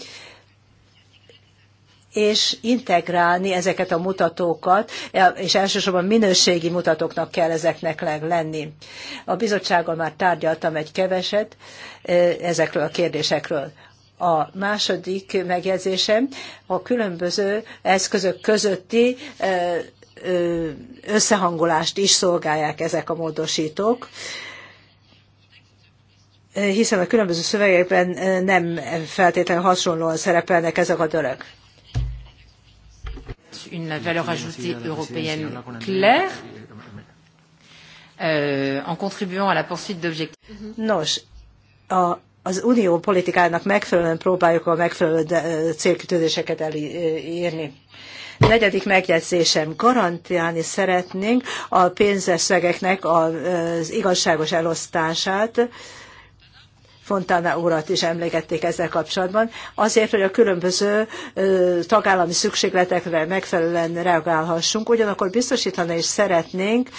és integrálni ezeket a mutatókat, e, és elsősorban minőségi mutatóknak kell ezeknek lenni. A bizottsággal már tárgyaltam egy keveset e, ezekről a kérdésekről. A második megjegyzésem a különböző eszközök közötti e, összehangolást is szolgálják ezek a módosítók hiszen a különböző szövegekben nem feltétlenül hasonlóan szerepelnek ezek a dörök une valeur ajoutée européenne claire, euh, en contribuant à la poursuite d'objectifs. Mhm. Nos, a, az unió politikának megfelelően próbáljuk a megfelelő célkütődéseket elérni. Negyedik megjegyzésem, garantálni szeretnénk a pénzeszegeknek az igazságos elosztását, Fontana urat is emlékezték ezzel kapcsolatban, azért, hogy a különböző tagállami szükségletekre megfelelően reagálhassunk, ugyanakkor biztosítani is szeretnénk,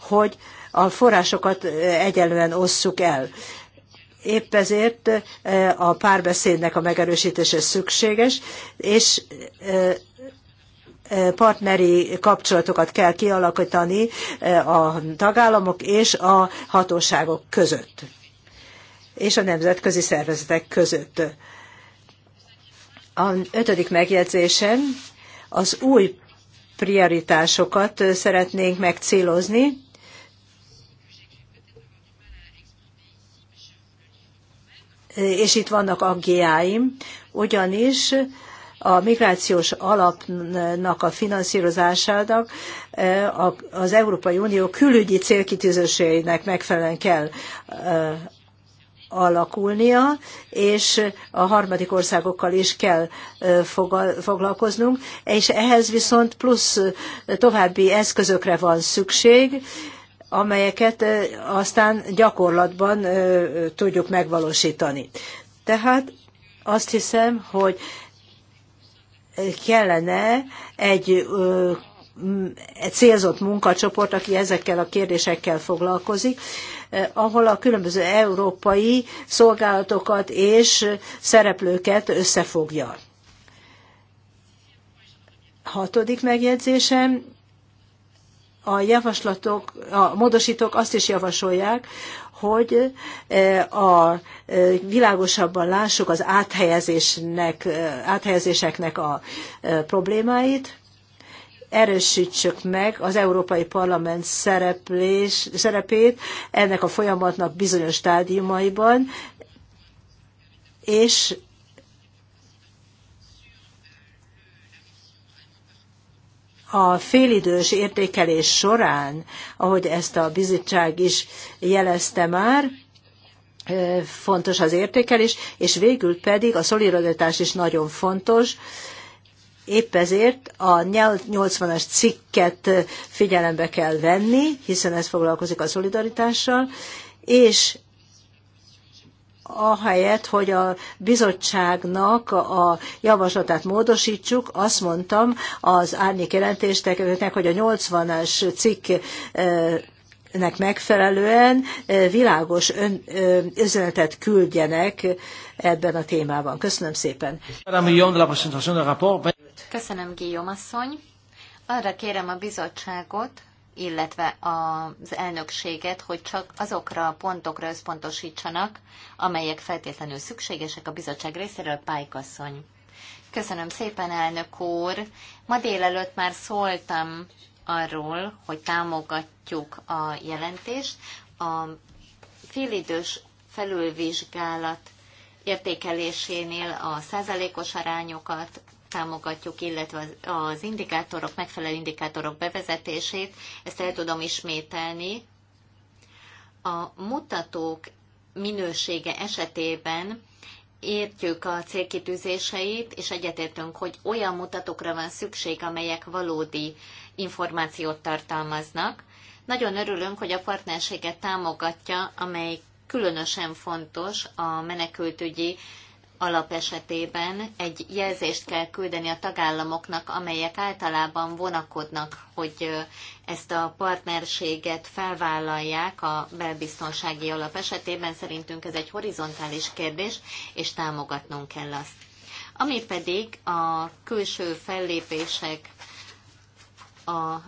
hogy a forrásokat egyenlően osszuk el. Épp ezért a párbeszédnek a megerősítése szükséges, és partneri kapcsolatokat kell kialakítani a tagállamok és a hatóságok között és a nemzetközi szervezetek között. A ötödik megjegyzésem az új prioritásokat szeretnénk megcélozni. És itt vannak aggiáim, ugyanis a migrációs alapnak a finanszírozásának e, az Európai Unió külügyi célkitűzéseinek megfelelően kell e, alakulnia, és a harmadik országokkal is kell foglalkoznunk, és ehhez viszont plusz további eszközökre van szükség, amelyeket aztán gyakorlatban tudjuk megvalósítani. Tehát azt hiszem, hogy kellene egy célzott munkacsoport, aki ezekkel a kérdésekkel foglalkozik, Eh, ahol a különböző európai szolgálatokat és szereplőket összefogja. Hatodik megjegyzésem, a javaslatok, a módosítók azt is javasolják, hogy eh, a eh, világosabban lássuk az áthelyezésnek, áthelyezéseknek a problémáit, erősítsük meg az Európai Parlament szereplés, szerepét ennek a folyamatnak bizonyos stádiumaiban, és a félidős értékelés során, ahogy ezt a bizottság is jelezte már, fontos az értékelés, és végül pedig a szolidaritás is nagyon fontos, Épp ezért a 80-as cikket figyelembe kell venni, hiszen ez foglalkozik a szolidaritással, és ahelyett, hogy a bizottságnak a javaslatát módosítsuk, azt mondtam az árnyék jelentésteknek, hogy a 80-as cikk eh, nek megfelelően eh, világos ön, eh, üzenetet küldjenek ebben a témában. Köszönöm szépen. Köszönöm, Guillaume asszony. Arra kérem a bizottságot, illetve az elnökséget, hogy csak azokra a pontokra összpontosítsanak, amelyek feltétlenül szükségesek a bizottság részéről, Pálykasszony. Köszönöm szépen, elnök úr. Ma délelőtt már szóltam arról, hogy támogatjuk a jelentést. A félidős felülvizsgálat értékelésénél a százalékos arányokat támogatjuk, illetve az indikátorok, megfelelő indikátorok bevezetését, ezt el tudom ismételni. A mutatók minősége esetében értjük a célkitűzéseit, és egyetértünk, hogy olyan mutatókra van szükség, amelyek valódi információt tartalmaznak. Nagyon örülünk, hogy a partnerséget támogatja, amely különösen fontos a menekültügyi alap esetében egy jelzést kell küldeni a tagállamoknak, amelyek általában vonakodnak, hogy ezt a partnerséget felvállalják a belbiztonsági alap esetében. Szerintünk ez egy horizontális kérdés, és támogatnunk kell azt. Ami pedig a külső fellépések az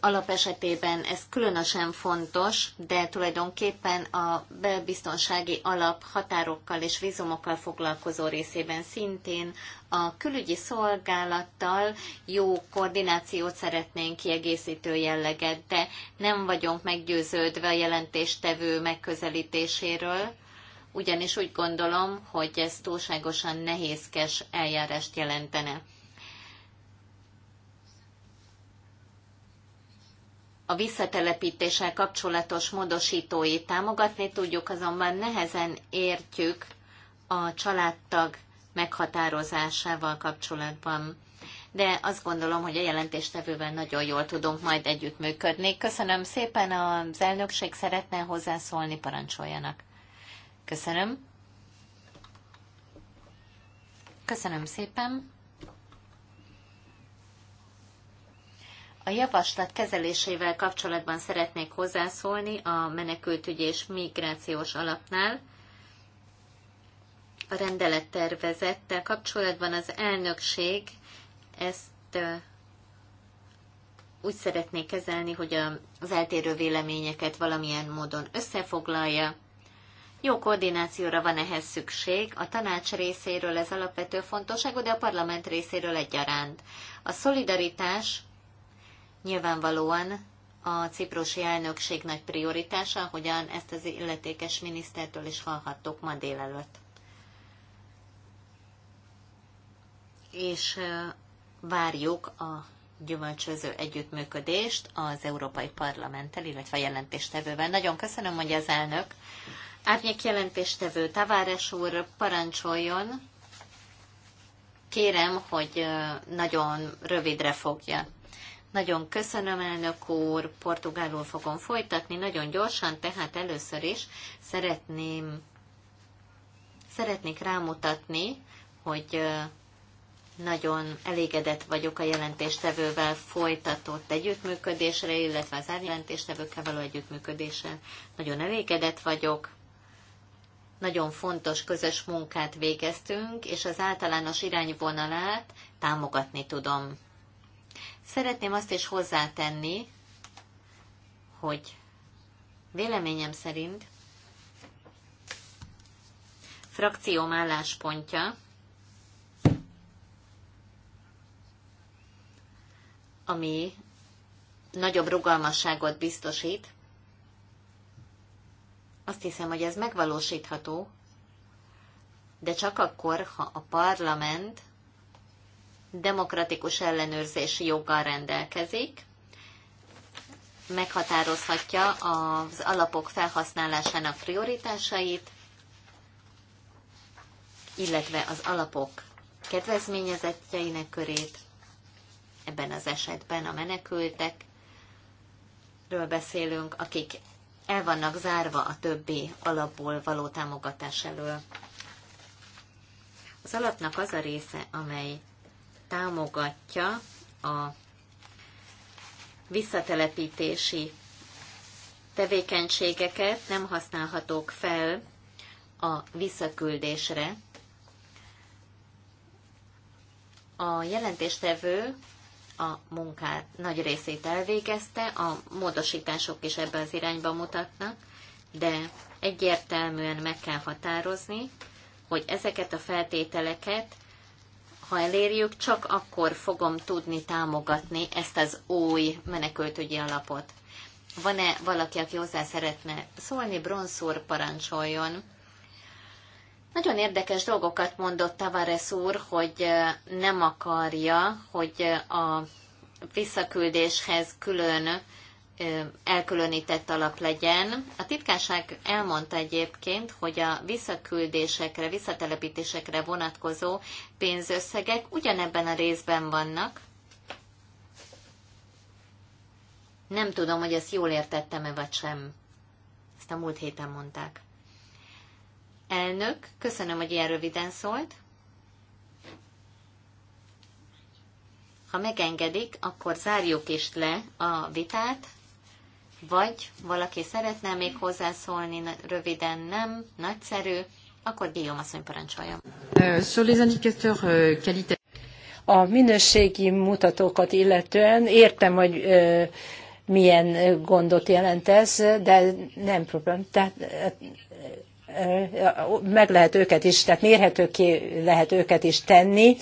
alap esetében ez különösen fontos, de tulajdonképpen a belbiztonsági alap határokkal és vízumokkal foglalkozó részében szintén a külügyi szolgálattal jó koordinációt szeretnénk kiegészítő jelleget, de nem vagyunk meggyőződve a jelentéstevő megközelítéséről, ugyanis úgy gondolom, hogy ez túlságosan nehézkes eljárást jelentene. a visszatelepítéssel kapcsolatos módosítóit támogatni tudjuk, azonban nehezen értjük a családtag meghatározásával kapcsolatban. De azt gondolom, hogy a jelentéstevővel nagyon jól tudunk majd együttműködni. Köszönöm szépen, az elnökség szeretne hozzászólni, parancsoljanak. Köszönöm. Köszönöm szépen. A javaslat kezelésével kapcsolatban szeretnék hozzászólni a menekültügy és migrációs alapnál. A rendelettervezettel kapcsolatban az elnökség ezt úgy szeretné kezelni, hogy az eltérő véleményeket valamilyen módon összefoglalja. Jó koordinációra van ehhez szükség, a tanács részéről ez alapvető fontosságú, de a parlament részéről egyaránt. A szolidaritás Nyilvánvalóan a ciprusi elnökség nagy prioritása, hogyan ezt az illetékes minisztertől is hallhattuk ma délelőtt. És várjuk a gyümölcsöző együttműködést az Európai Parlamenttel, illetve a jelentéstevővel. Nagyon köszönöm, hogy az elnök. Árnyék jelentéstevő Taváres úr parancsoljon. Kérem, hogy nagyon rövidre fogja. Nagyon köszönöm, elnök úr, portugálul fogom folytatni, nagyon gyorsan, tehát először is szeretném, szeretnék rámutatni, hogy nagyon elégedett vagyok a jelentéstevővel folytatott együttműködésre, illetve az árjelentéstevőkkel való együttműködésre. Nagyon elégedett vagyok. Nagyon fontos közös munkát végeztünk, és az általános irányvonalát támogatni tudom. Szeretném azt is hozzátenni, hogy véleményem szerint frakcióm álláspontja ami nagyobb rugalmasságot biztosít. Azt hiszem, hogy ez megvalósítható, de csak akkor, ha a parlament demokratikus ellenőrzési joggal rendelkezik, meghatározhatja az alapok felhasználásának prioritásait, illetve az alapok kedvezményezettjeinek körét, ebben az esetben a menekültekről beszélünk, akik el vannak zárva a többi alapból való támogatás elől. Az alapnak az a része, amely támogatja a visszatelepítési tevékenységeket, nem használhatók fel a visszaküldésre. A jelentéstevő a munkát nagy részét elvégezte, a módosítások is ebbe az irányba mutatnak, de egyértelműen meg kell határozni, hogy ezeket a feltételeket ha elérjük, csak akkor fogom tudni támogatni ezt az új menekültügyi alapot. Van-e valaki, aki hozzá szeretne szólni? Bronzúr parancsoljon. Nagyon érdekes dolgokat mondott Tavares úr, hogy nem akarja, hogy a visszaküldéshez külön elkülönített alap legyen. A titkárság elmondta egyébként, hogy a visszaküldésekre, visszatelepítésekre vonatkozó pénzösszegek ugyanebben a részben vannak. Nem tudom, hogy ezt jól értettem-e vagy sem. Ezt a múlt héten mondták. Elnök, köszönöm, hogy ilyen röviden szólt. Ha megengedik, akkor zárjuk is le a vitát. Vagy valaki szeretne még hozzászólni, röviden nem, nagyszerű, akkor Guillaume asszony parancsoljon. Euh, euh, a minőségi mutatókat illetően értem, hogy milyen gondot jelent ez, de nem problém. Tehát meg lehet őket is, tehát ki lehet őket is tenni,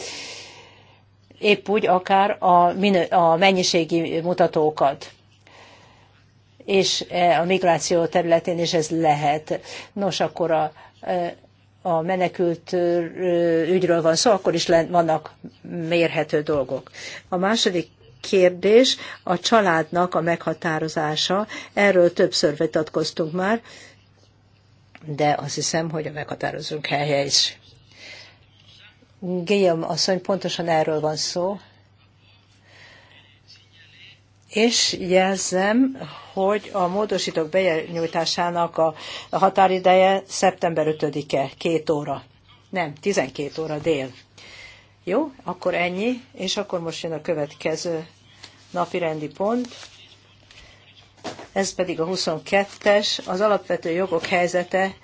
épp úgy akár a, minő, a mennyiségi mutatókat és e, a migráció területén is ez lehet. Nos, akkor a, e, a menekült e, ügyről van szó, akkor is vannak mérhető dolgok. A második kérdés a családnak a meghatározása. Erről többször vitatkoztunk már, de azt hiszem, hogy a meghatározunk helye is. Guillaume asszony, pontosan erről van szó és jelzem, hogy a módosítók benyújtásának a határideje szeptember 5-e, két óra. Nem, 12 óra dél. Jó, akkor ennyi, és akkor most jön a következő napi rendi pont. Ez pedig a 22-es, az alapvető jogok helyzete,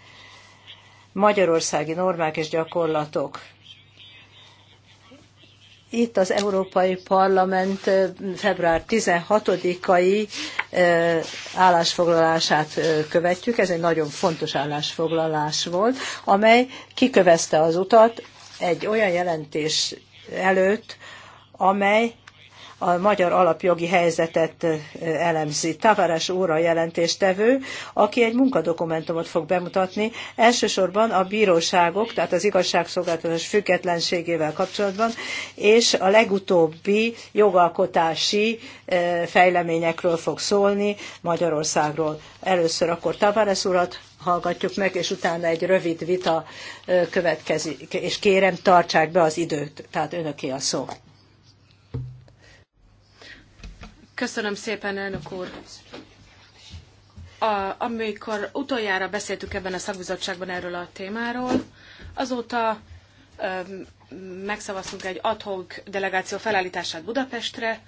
magyarországi normák és gyakorlatok itt az Európai Parlament február 16-ai állásfoglalását követjük. Ez egy nagyon fontos állásfoglalás volt, amely kikövezte az utat egy olyan jelentés előtt, amely a magyar alapjogi helyzetet elemzi. Tavares úr a jelentéstevő, aki egy munkadokumentumot fog bemutatni, elsősorban a bíróságok, tehát az igazságszolgáltatás függetlenségével kapcsolatban, és a legutóbbi jogalkotási fejleményekről fog szólni Magyarországról. Először akkor Tavares urat hallgatjuk meg, és utána egy rövid vita következik, és kérem, tartsák be az időt, tehát önöké a szó. Köszönöm szépen, elnök úr. A, amikor utoljára beszéltük ebben a szakbizottságban erről a témáról, azóta ö, megszavaztunk egy adhok delegáció felállítását Budapestre,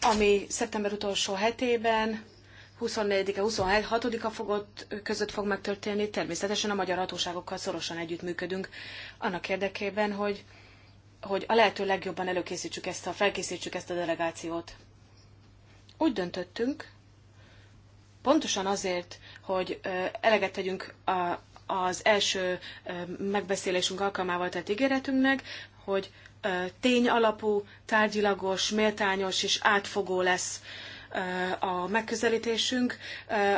ami szeptember utolsó hetében 24-e, 26-a fogott, között fog megtörténni. Természetesen a magyar hatóságokkal szorosan együttműködünk annak érdekében, hogy hogy a lehető legjobban előkészítsük ezt a, felkészítsük ezt a delegációt. Úgy döntöttünk, pontosan azért, hogy eleget tegyünk a, az első megbeszélésünk alkalmával tett ígéretünknek, hogy tényalapú, tárgyilagos, méltányos és átfogó lesz a megközelítésünk,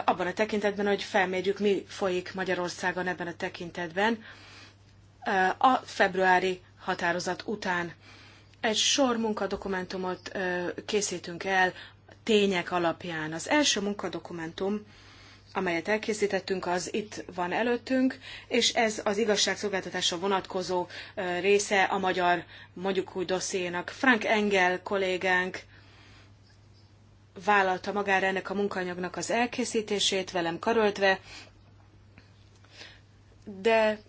abban a tekintetben, hogy felmérjük, mi folyik Magyarországon ebben a tekintetben a februári határozat után. Egy sor munkadokumentumot készítünk el tények alapján. Az első munkadokumentum, amelyet elkészítettünk, az itt van előttünk, és ez az igazságszolgáltatásra vonatkozó része a magyar, mondjuk úgy dossziénak. Frank Engel kollégánk vállalta magára ennek a munkanyagnak az elkészítését, velem karöltve, de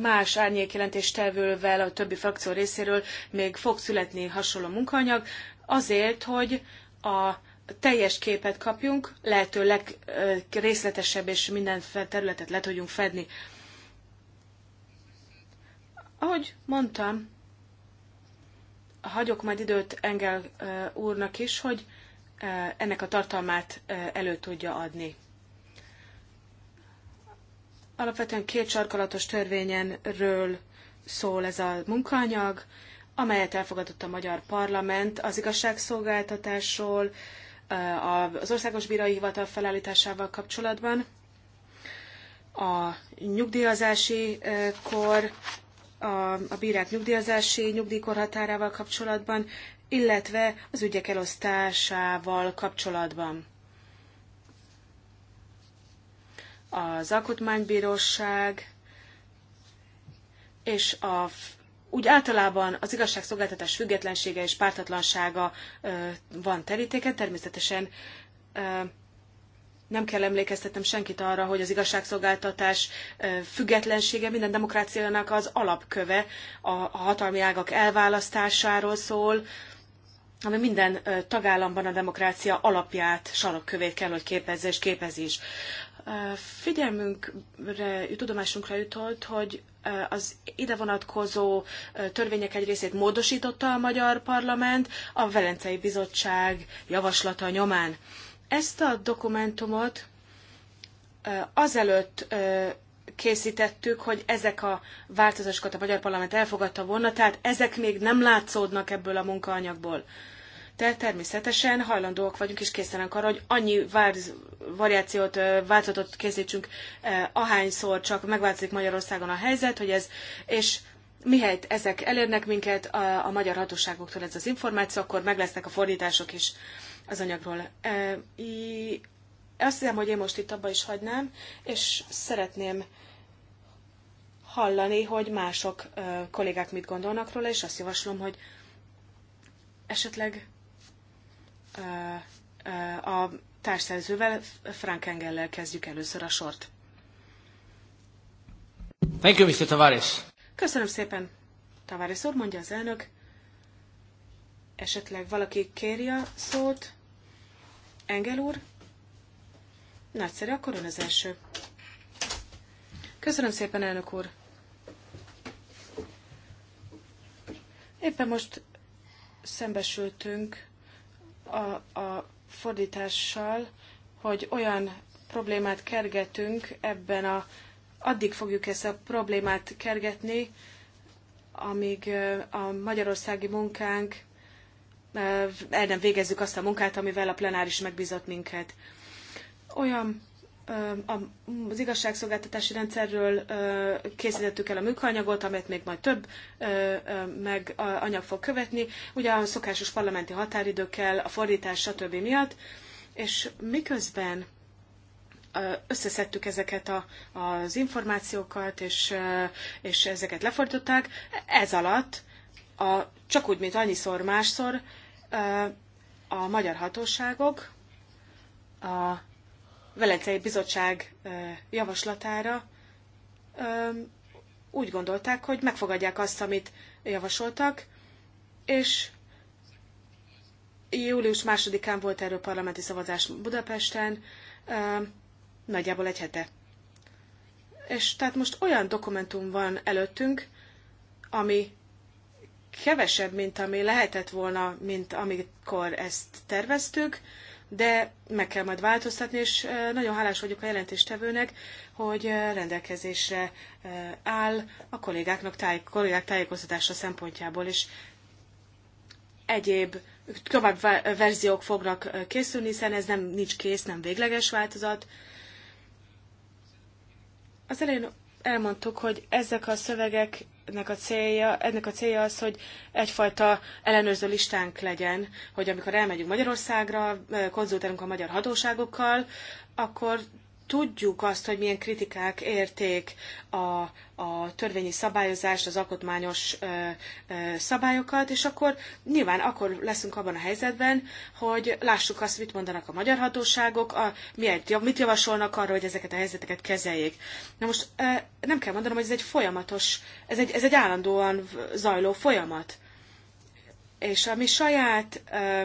más árnyékjelentéstevővel a többi frakció részéről még fog születni hasonló munkanyag, azért, hogy a teljes képet kapjunk, lehető legrészletesebb és minden területet le tudjunk fedni. Ahogy mondtam, hagyok majd időt Engel úrnak is, hogy ennek a tartalmát elő tudja adni. Alapvetően két sarkalatos törvényenről szól ez a munkaanyag, amelyet elfogadott a Magyar Parlament az igazságszolgáltatásról, az Országos Bírói Hivatal felállításával kapcsolatban, a nyugdíjazási kor, a, a bírák nyugdíjazási nyugdíjkorhatárával kapcsolatban, illetve az ügyek elosztásával kapcsolatban. az alkotmánybíróság és a, úgy általában az igazságszolgáltatás függetlensége és pártatlansága van terítéken, természetesen nem kell emlékeztetnem senkit arra, hogy az igazságszolgáltatás függetlensége minden demokráciának az alapköve, a hatalmi ágak elválasztásáról szól, ami minden tagállamban a demokrácia alapját, sarokkövét kell, hogy képezze és képezés figyelmünkre, tudomásunkra jutott, hogy az ide vonatkozó törvények egy részét módosította a Magyar Parlament a Velencei Bizottság javaslata nyomán. Ezt a dokumentumot azelőtt készítettük, hogy ezek a változásokat a Magyar Parlament elfogadta volna, tehát ezek még nem látszódnak ebből a munkaanyagból de természetesen hajlandóak vagyunk és készenek arra, hogy annyi várz, variációt, változatot készítsünk, ahányszor csak megváltozik Magyarországon a helyzet, hogy ez, és mihelyt ezek elérnek minket a, a magyar hatóságoktól ez az információ, akkor meg lesznek a fordítások is az anyagról. E, í, azt hiszem, hogy én most itt abba is hagynám, és szeretném hallani, hogy mások e, kollégák mit gondolnak róla, és azt javaslom, hogy esetleg a társszerzővel, Frank Engellel kezdjük először a sort. Thank you, Mr. Tavares. Köszönöm szépen, Tavares úr, mondja az elnök. Esetleg valaki kéri a szót? Engel úr? Nagyszerű, akkor ön az első. Köszönöm szépen, elnök úr. Éppen most szembesültünk a, a fordítással, hogy olyan problémát kergetünk ebben a, addig fogjuk ezt a problémát kergetni, amíg a magyarországi munkánk, el nem végezzük azt a munkát, amivel a plenáris megbízott minket. Olyan az igazságszolgáltatási rendszerről készítettük el a műkanyagot, amit még majd több meg anyag fog követni, ugye a szokásos parlamenti határidőkkel, a fordítás, stb. miatt, és miközben összeszedtük ezeket a, az információkat, és, és ezeket lefordították, ez alatt a, csak úgy, mint annyiszor másszor a magyar hatóságok a Velencei Bizottság javaslatára úgy gondolták, hogy megfogadják azt, amit javasoltak, és július másodikán volt erről parlamenti szavazás Budapesten, nagyjából egy hete. És tehát most olyan dokumentum van előttünk, ami kevesebb, mint ami lehetett volna, mint amikor ezt terveztük, de meg kell majd változtatni, és nagyon hálás vagyok a jelentéstevőnek, hogy rendelkezésre áll a kollégáknak táj, kollégák tájékoztatása szempontjából, és egyéb tovább verziók fognak készülni, hiszen ez nem nincs kész, nem végleges változat. Az elején elmondtuk, hogy ezek a szövegek ennek a célja, ennek a célja az, hogy egyfajta ellenőrző listánk legyen, hogy amikor elmegyünk Magyarországra, eh, konzultálunk a magyar hatóságokkal, akkor tudjuk azt, hogy milyen kritikák érték a, a törvényi szabályozást, az alkotmányos ö, ö, szabályokat, és akkor nyilván akkor leszünk abban a helyzetben, hogy lássuk azt, mit mondanak a magyar hatóságok, a, miért, mit javasolnak arra, hogy ezeket a helyzeteket kezeljék. Na most ö, nem kell mondanom, hogy ez egy folyamatos, ez egy, ez egy állandóan zajló folyamat. És ami saját ö,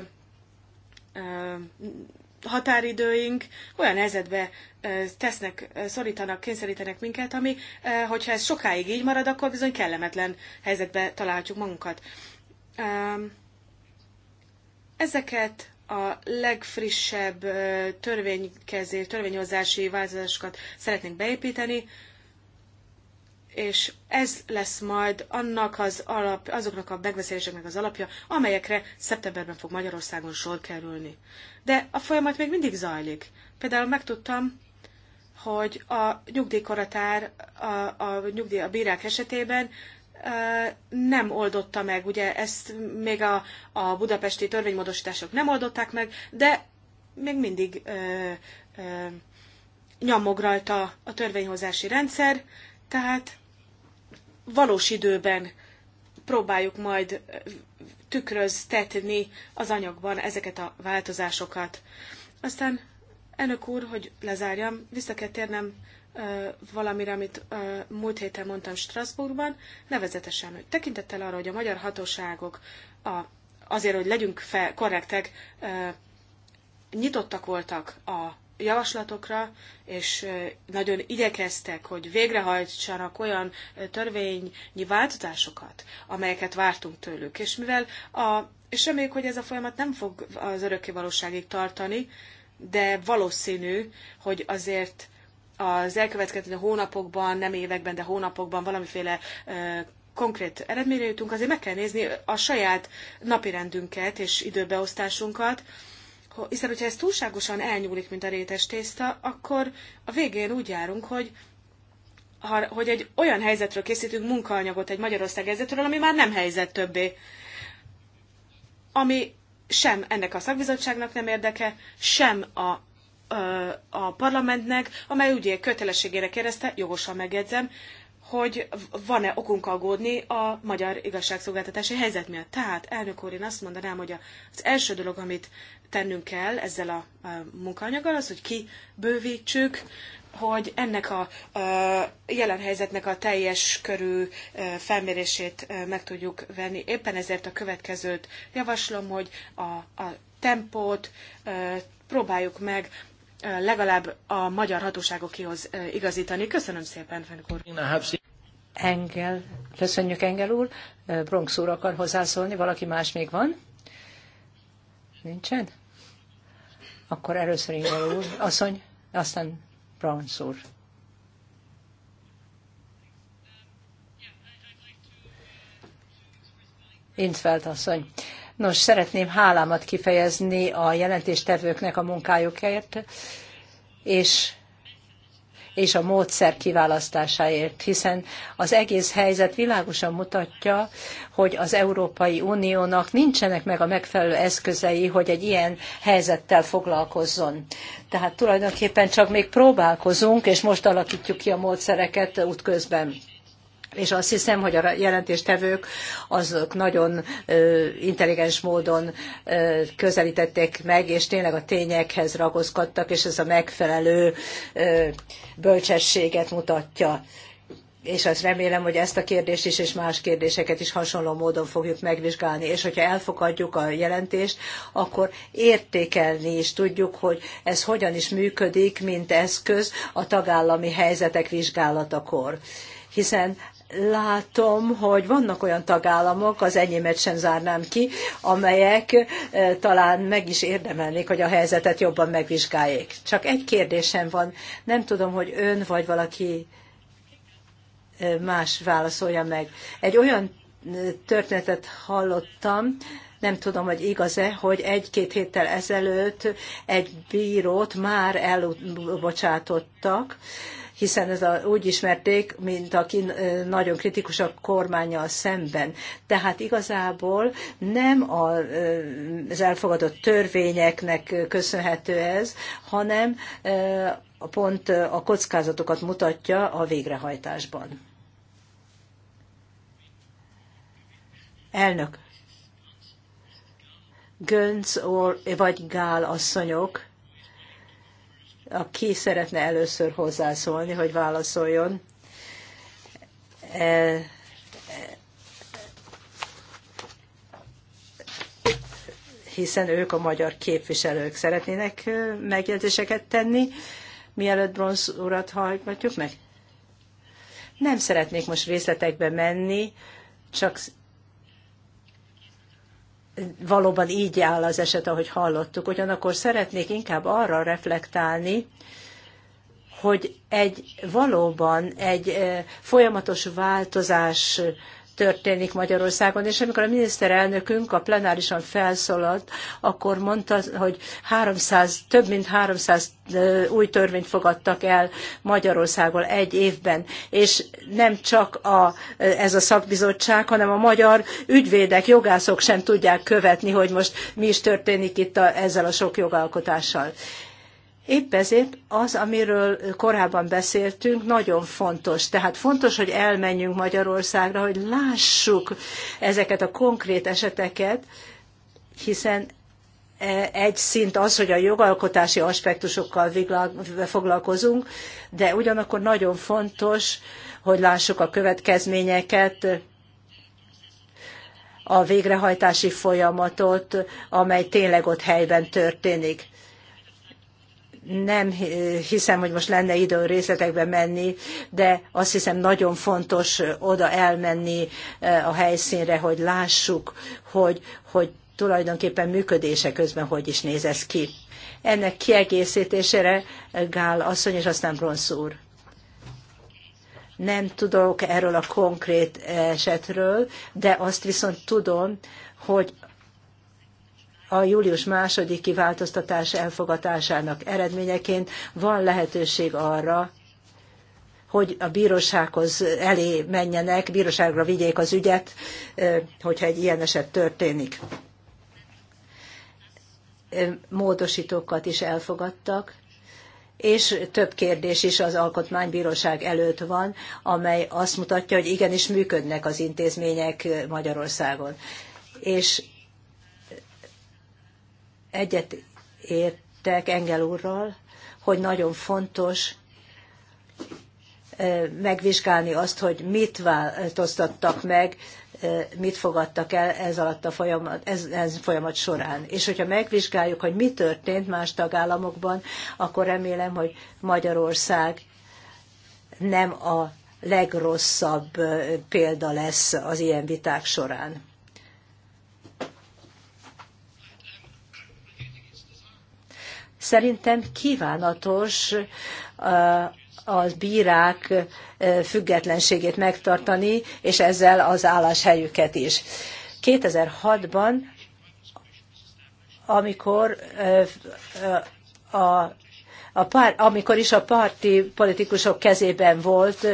határidőink olyan helyzetbe tesznek, szorítanak, kényszerítenek minket, ami, hogyha ez sokáig így marad, akkor bizony kellemetlen helyzetbe találhatjuk magunkat. Ezeket a legfrissebb törvénykezés, törvényhozási változásokat szeretnénk beépíteni, és ez lesz majd annak az alap, azoknak a megbeszéléseknek az alapja, amelyekre szeptemberben fog Magyarországon sor kerülni. De a folyamat még mindig zajlik. Például megtudtam, hogy a nyugdíjkoratár a, a, nyugdíj, a bírák esetében nem oldotta meg, ugye ezt még a, a budapesti törvénymódosítások nem oldották meg, de még mindig ö, nyomog rajta a törvényhozási rendszer, tehát valós időben próbáljuk majd tükröztetni az anyagban ezeket a változásokat. Aztán elnök úr, hogy lezárjam, vissza kell térnem ö, valamire, amit ö, múlt héten mondtam Strasbourgban, nevezetesen, hogy tekintettel arra, hogy a magyar hatóságok a, azért, hogy legyünk fel, korrektek, ö, nyitottak voltak a javaslatokra, és nagyon igyekeztek, hogy végrehajtsanak olyan törvényi változásokat, amelyeket vártunk tőlük. És mivel a, és reméljük, hogy ez a folyamat nem fog az örökké valóságig tartani, de valószínű, hogy azért az elkövetkező hónapokban, nem években, de hónapokban valamiféle konkrét eredményre jutunk, azért meg kell nézni a saját napirendünket és időbeosztásunkat, hiszen hogyha ez túlságosan elnyúlik, mint a rétes tészta, akkor a végén úgy járunk, hogy ha, hogy egy olyan helyzetről készítünk munkaanyagot egy Magyarország helyzetről, ami már nem helyzet többé. Ami sem ennek a szakbizottságnak nem érdeke, sem a, a, a parlamentnek, amely ugye kötelességére kérdezte, jogosan megjegyzem, hogy van-e okunk aggódni a magyar igazságszolgáltatási helyzet miatt. Tehát, elnök úr, én azt mondanám, hogy az első dolog, amit tennünk kell ezzel a munkaanyaggal, az, hogy kibővítsük, hogy ennek a, jelen helyzetnek a teljes körű felmérését meg tudjuk venni. Éppen ezért a következőt javaslom, hogy a, a tempót próbáljuk meg legalább a magyar hatóságokhoz igazítani. Köszönöm szépen, Fenk úr. Engel, köszönjük Engel úr. Bronx úr akar hozzászólni, valaki más még van? Nincsen? Akkor először Engel úr, asszony, aztán Bronx úr. Intfeld asszony. Nos, szeretném hálámat kifejezni a jelentéstevőknek a munkájukért, és és a módszer kiválasztásáért, hiszen az egész helyzet világosan mutatja, hogy az Európai Uniónak nincsenek meg a megfelelő eszközei, hogy egy ilyen helyzettel foglalkozzon. Tehát tulajdonképpen csak még próbálkozunk, és most alakítjuk ki a módszereket útközben és azt hiszem, hogy a jelentéstevők azok nagyon intelligens módon közelítették meg, és tényleg a tényekhez ragozkodtak, és ez a megfelelő bölcsességet mutatja. És azt remélem, hogy ezt a kérdést is, és más kérdéseket is hasonló módon fogjuk megvizsgálni. És hogyha elfogadjuk a jelentést, akkor értékelni is tudjuk, hogy ez hogyan is működik, mint eszköz a tagállami helyzetek vizsgálatakor hiszen látom, hogy vannak olyan tagállamok, az enyémet sem zárnám ki, amelyek eh, talán meg is érdemelnék, hogy a helyzetet jobban megvizsgáljék. Csak egy kérdésem van, nem tudom, hogy ön vagy valaki eh, más válaszolja meg. Egy olyan eh, történetet hallottam, nem tudom, hogy igaz-e, hogy egy-két héttel ezelőtt egy bírót már elbocsátottak, hiszen ez a, úgy ismerték, mint aki nagyon kritikus a kormányjal szemben. Tehát igazából nem a, az elfogadott törvényeknek köszönhető ez, hanem pont a kockázatokat mutatja a végrehajtásban. Elnök. Gönc or, vagy Gál asszonyok aki szeretne először hozzászólni, hogy válaszoljon? E, hiszen ők a magyar képviselők szeretnének megjegyzéseket tenni, mielőtt bronz urat hallgatjuk meg. Nem szeretnék most részletekbe menni, csak valóban így áll az eset, ahogy hallottuk. Ugyanakkor szeretnék inkább arra reflektálni, hogy egy valóban egy eh, folyamatos változás történik Magyarországon, és amikor a miniszterelnökünk a plenárisan felszólalt, akkor mondta, hogy 300, több mint 300 új törvényt fogadtak el Magyarországon egy évben, és nem csak a, ez a szakbizottság, hanem a magyar ügyvédek, jogászok sem tudják követni, hogy most mi is történik itt a, ezzel a sok jogalkotással. Épp ezért az, amiről korábban beszéltünk, nagyon fontos. Tehát fontos, hogy elmenjünk Magyarországra, hogy lássuk ezeket a konkrét eseteket, hiszen e, egy szint az, hogy a jogalkotási aspektusokkal foglalkozunk, de ugyanakkor nagyon fontos, hogy lássuk a következményeket, a végrehajtási folyamatot, amely tényleg ott helyben történik nem hiszem, hogy most lenne idő részletekbe menni, de azt hiszem nagyon fontos oda elmenni a helyszínre, hogy lássuk, hogy, hogy tulajdonképpen működése közben hogy is néz ez ki. Ennek kiegészítésére Gál asszony és aztán Bronsz úr. Nem tudok erről a konkrét esetről, de azt viszont tudom, hogy a július második kiváltoztatás elfogatásának eredményeként van lehetőség arra, hogy a bírósághoz elé menjenek, bíróságra vigyék az ügyet, hogyha egy ilyen eset történik. Módosítókat is elfogadtak, és több kérdés is az Alkotmánybíróság előtt van, amely azt mutatja, hogy igenis működnek az intézmények Magyarországon. És egyet értek Engel úrral, hogy nagyon fontos megvizsgálni azt, hogy mit változtattak meg, mit fogadtak el ez alatt a folyamat, ez, ez folyamat során. És hogyha megvizsgáljuk, hogy mi történt más tagállamokban, akkor remélem, hogy Magyarország nem a legrosszabb példa lesz az ilyen viták során. Szerintem kívánatos uh, a bírák uh, függetlenségét megtartani, és ezzel az álláshelyüket is. 2006-ban, amikor uh, a a pár, amikor is a párti politikusok kezében volt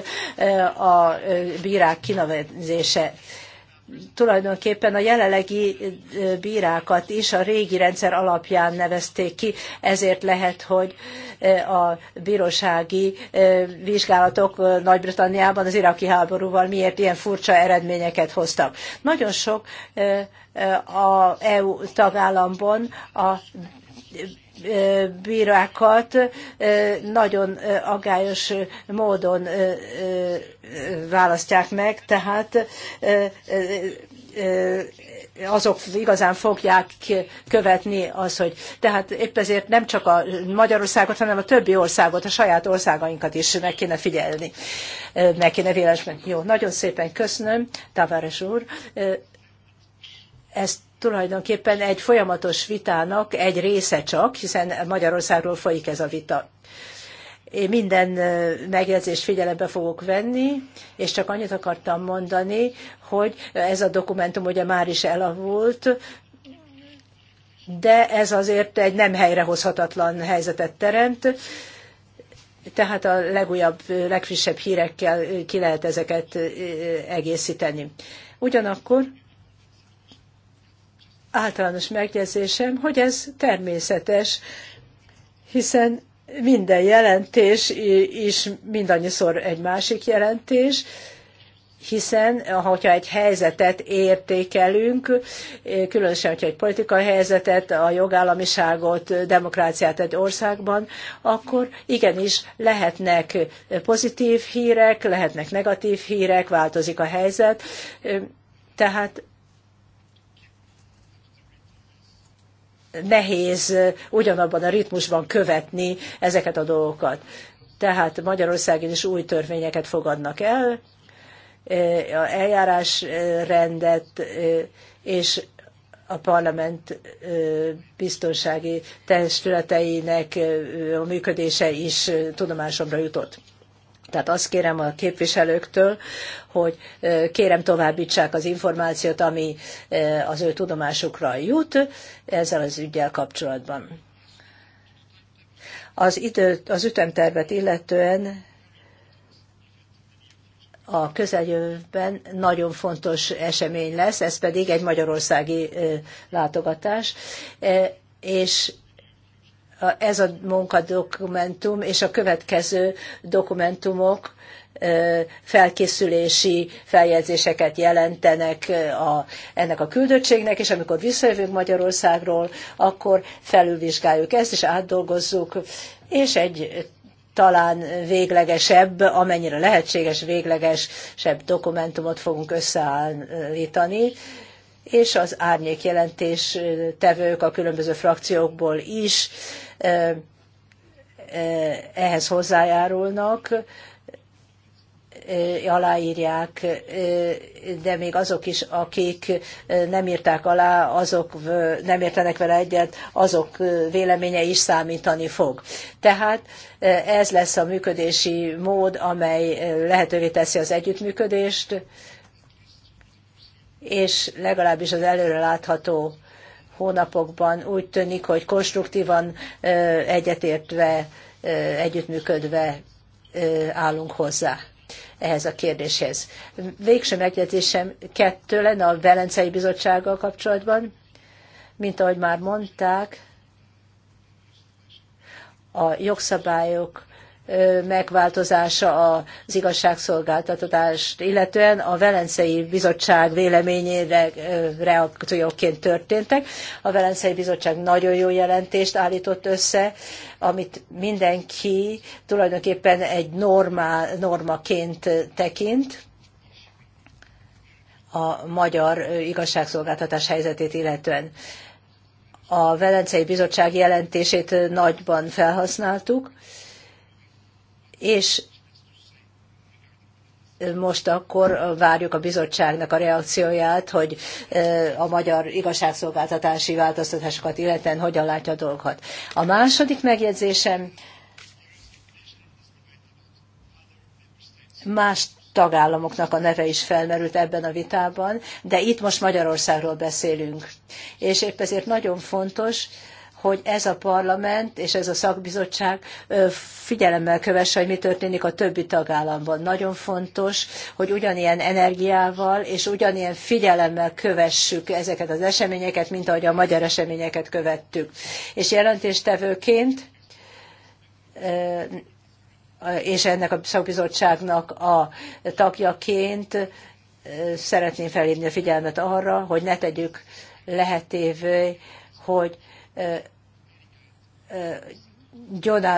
a bírák kinevezése tulajdonképpen a jelenlegi bírákat is a régi rendszer alapján nevezték ki, ezért lehet, hogy a bírósági vizsgálatok Nagy-Britanniában az iraki háborúval miért ilyen furcsa eredményeket hoztak. Nagyon sok a EU tagállamban a bírákat nagyon agályos módon választják meg, tehát azok igazán fogják követni az, hogy tehát épp ezért nem csak a Magyarországot, hanem a többi országot, a saját országainkat is meg kéne figyelni, meg kéne vélesben. Jó, nagyon szépen köszönöm, Tavares úr. Ezt tulajdonképpen egy folyamatos vitának egy része csak, hiszen Magyarországról folyik ez a vita. Én minden megjegyzést figyelembe fogok venni, és csak annyit akartam mondani, hogy ez a dokumentum ugye már is elavult, de ez azért egy nem helyrehozhatatlan helyzetet teremt, tehát a legújabb, legfrissebb hírekkel ki lehet ezeket egészíteni. Ugyanakkor általános megjegyzésem, hogy ez természetes, hiszen minden jelentés is mindannyiszor egy másik jelentés, hiszen ha egy helyzetet értékelünk, különösen, hogyha egy politikai helyzetet, a jogállamiságot, demokráciát egy országban, akkor igenis lehetnek pozitív hírek, lehetnek negatív hírek, változik a helyzet, tehát nehéz ugyanabban a ritmusban követni ezeket a dolgokat. Tehát Magyarországon is új törvényeket fogadnak el, a eljárásrendet és a parlament biztonsági testületeinek a működése is tudomásomra jutott. Tehát azt kérem a képviselőktől, hogy kérem továbbítsák az információt, ami az ő tudomásukra jut ezzel az ügyel kapcsolatban. Az, időt, az ütemtervet illetően a közeljövőben nagyon fontos esemény lesz, ez pedig egy magyarországi látogatás, és ez a munkadokumentum és a következő dokumentumok felkészülési feljegyzéseket jelentenek a, ennek a küldöttségnek, és amikor visszajövünk Magyarországról, akkor felülvizsgáljuk ezt, és átdolgozzuk, és egy talán véglegesebb, amennyire lehetséges, véglegesebb dokumentumot fogunk összeállítani, és az árnyék jelentés tevők a különböző frakciókból is ehhez hozzájárulnak, aláírják, de még azok is, akik nem írták alá, azok nem értenek vele egyet, azok véleménye is számítani fog. Tehát ez lesz a működési mód, amely lehetővé teszi az együttműködést, és legalábbis az előre látható hónapokban úgy tűnik, hogy konstruktívan egyetértve, együttműködve állunk hozzá ehhez a kérdéshez. Végső megjegyzésem kettő lenne a Velencei Bizottsággal kapcsolatban. Mint ahogy már mondták, a jogszabályok megváltozása az igazságszolgáltatást, illetően a Velencei Bizottság véleményére reakcióként történtek. A Velencei Bizottság nagyon jó jelentést állított össze, amit mindenki tulajdonképpen egy normál, normaként tekint a magyar igazságszolgáltatás helyzetét illetően. A Velencei Bizottság jelentését nagyban felhasználtuk, és most akkor várjuk a bizottságnak a reakcióját, hogy a magyar igazságszolgáltatási változtatásokat illetően hogyan látja a dolgokat. A második megjegyzésem más tagállamoknak a neve is felmerült ebben a vitában, de itt most Magyarországról beszélünk. És épp ezért nagyon fontos, hogy ez a parlament és ez a szakbizottság figyelemmel kövesse, hogy mi történik a többi tagállamban. Nagyon fontos, hogy ugyanilyen energiával és ugyanilyen figyelemmel kövessük ezeket az eseményeket, mint ahogy a magyar eseményeket követtük. És jelentéstevőként és ennek a szakbizottságnak a tagjaként szeretném felhívni a figyelmet arra, hogy ne tegyük lehetővé, hogy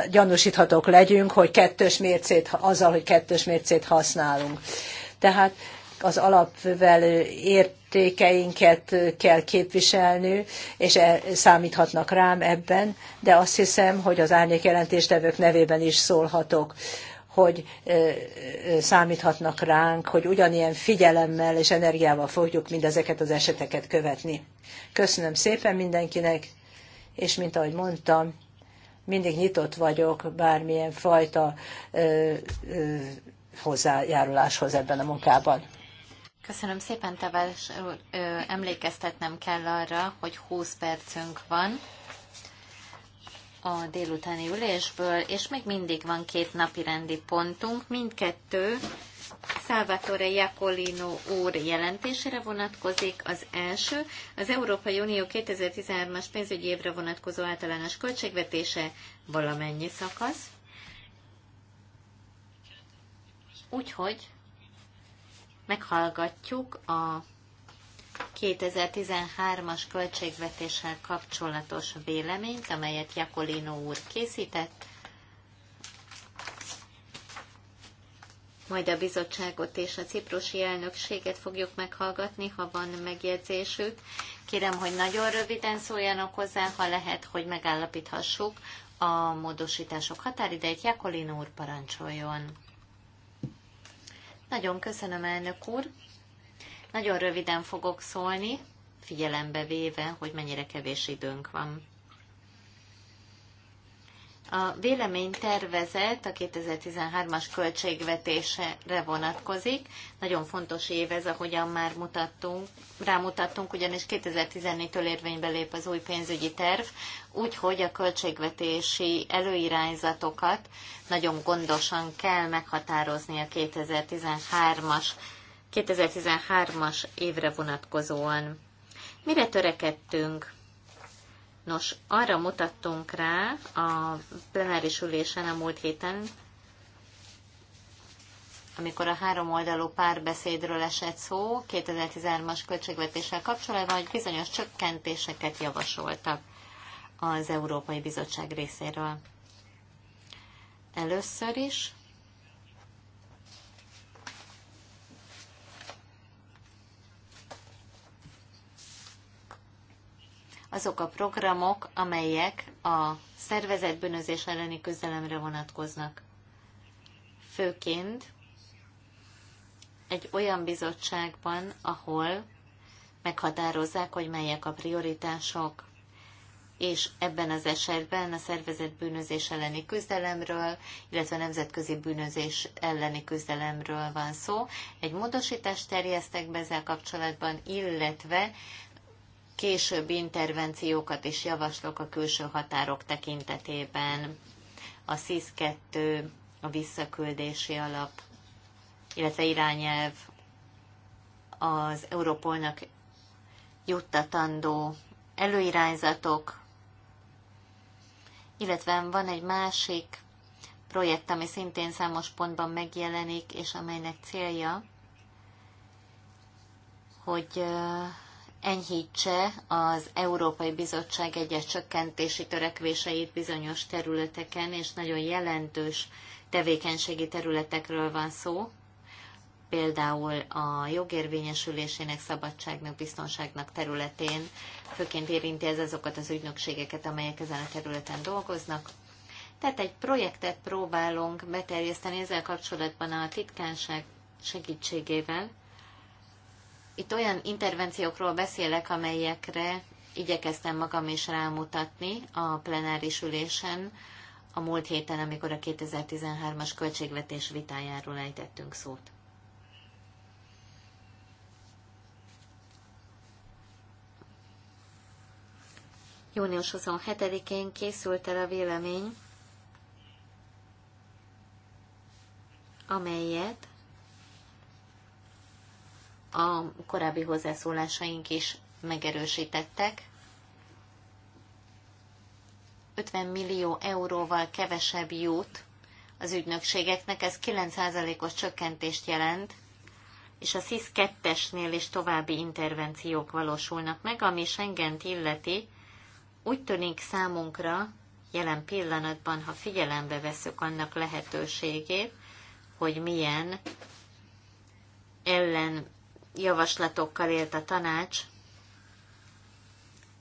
gyanúsíthatók legyünk, hogy kettős mércét, azzal, hogy kettős mércét használunk. Tehát az alapvelő értékeinket kell képviselni, és e, számíthatnak rám ebben, de azt hiszem, hogy az árnyék jelentéstevők nevében is szólhatok hogy számíthatnak ránk, hogy ugyanilyen figyelemmel és energiával fogjuk mindezeket az eseteket követni. Köszönöm szépen mindenkinek, és mint ahogy mondtam, mindig nyitott vagyok bármilyen fajta ö, ö, hozzájáruláshoz ebben a munkában. Köszönöm szépen, Tavás úr. Emlékeztetnem kell arra, hogy 20 percünk van a délutáni ülésből, és még mindig van két napi rendi pontunk, mindkettő Salvatore Iacolino úr jelentésére vonatkozik. Az első az Európai Unió 2013-as pénzügyi évre vonatkozó általános költségvetése valamennyi szakasz. Úgyhogy meghallgatjuk a 2013-as költségvetéssel kapcsolatos véleményt, amelyet Jakolino úr készített. majd a bizottságot és a ciprusi elnökséget fogjuk meghallgatni, ha van megjegyzésük. Kérem, hogy nagyon röviden szóljanak hozzá, ha lehet, hogy megállapíthassuk a módosítások határidejét. Jakolin úr parancsoljon. Nagyon köszönöm, elnök úr. Nagyon röviden fogok szólni, figyelembe véve, hogy mennyire kevés időnk van. A véleménytervezet a 2013-as költségvetésre vonatkozik. Nagyon fontos év ez, ahogyan már mutattunk, rámutattunk, ugyanis 2014-től érvénybe lép az új pénzügyi terv, úgyhogy a költségvetési előirányzatokat nagyon gondosan kell meghatározni a 2013-as 2013-as évre vonatkozóan. Mire törekedtünk? Nos, arra mutattunk rá a plenáris ülésen a múlt héten, amikor a három oldalú párbeszédről esett szó 2013-as költségvetéssel kapcsolatban, hogy bizonyos csökkentéseket javasoltak az Európai Bizottság részéről. Először is azok a programok, amelyek a bűnözés elleni közelemre vonatkoznak. Főként egy olyan bizottságban, ahol meghatározzák, hogy melyek a prioritások, és ebben az esetben a szervezett bűnözés elleni küzdelemről, illetve a nemzetközi bűnözés elleni küzdelemről van szó. Egy módosítást terjesztek be ezzel kapcsolatban, illetve későbbi intervenciókat is javaslok a külső határok tekintetében. A SZIS-2, a visszaküldési alap, illetve irányelv az Európolnak juttatandó előirányzatok, illetve van egy másik projekt, ami szintén számos pontban megjelenik, és amelynek célja, hogy enyhítse az Európai Bizottság egyes csökkentési törekvéseit bizonyos területeken, és nagyon jelentős tevékenységi területekről van szó, például a jogérvényesülésének, szabadságnak, biztonságnak területén, főként érinti ez azokat az ügynökségeket, amelyek ezen a területen dolgoznak. Tehát egy projektet próbálunk beterjeszteni ezzel kapcsolatban a titkánság segítségével, itt olyan intervenciókról beszélek, amelyekre igyekeztem magam is rámutatni a plenáris ülésen a múlt héten, amikor a 2013-as költségvetés vitájáról ejtettünk szót. Június 27-én készült el a vélemény, amelyet a korábbi hozzászólásaink is megerősítettek. 50 millió euróval kevesebb jut az ügynökségeknek, ez 9%-os csökkentést jelent, és a SIS 2-esnél is további intervenciók valósulnak meg, ami schengen illeti, úgy tűnik számunkra, jelen pillanatban, ha figyelembe veszük annak lehetőségét, hogy milyen ellen javaslatokkal élt a tanács,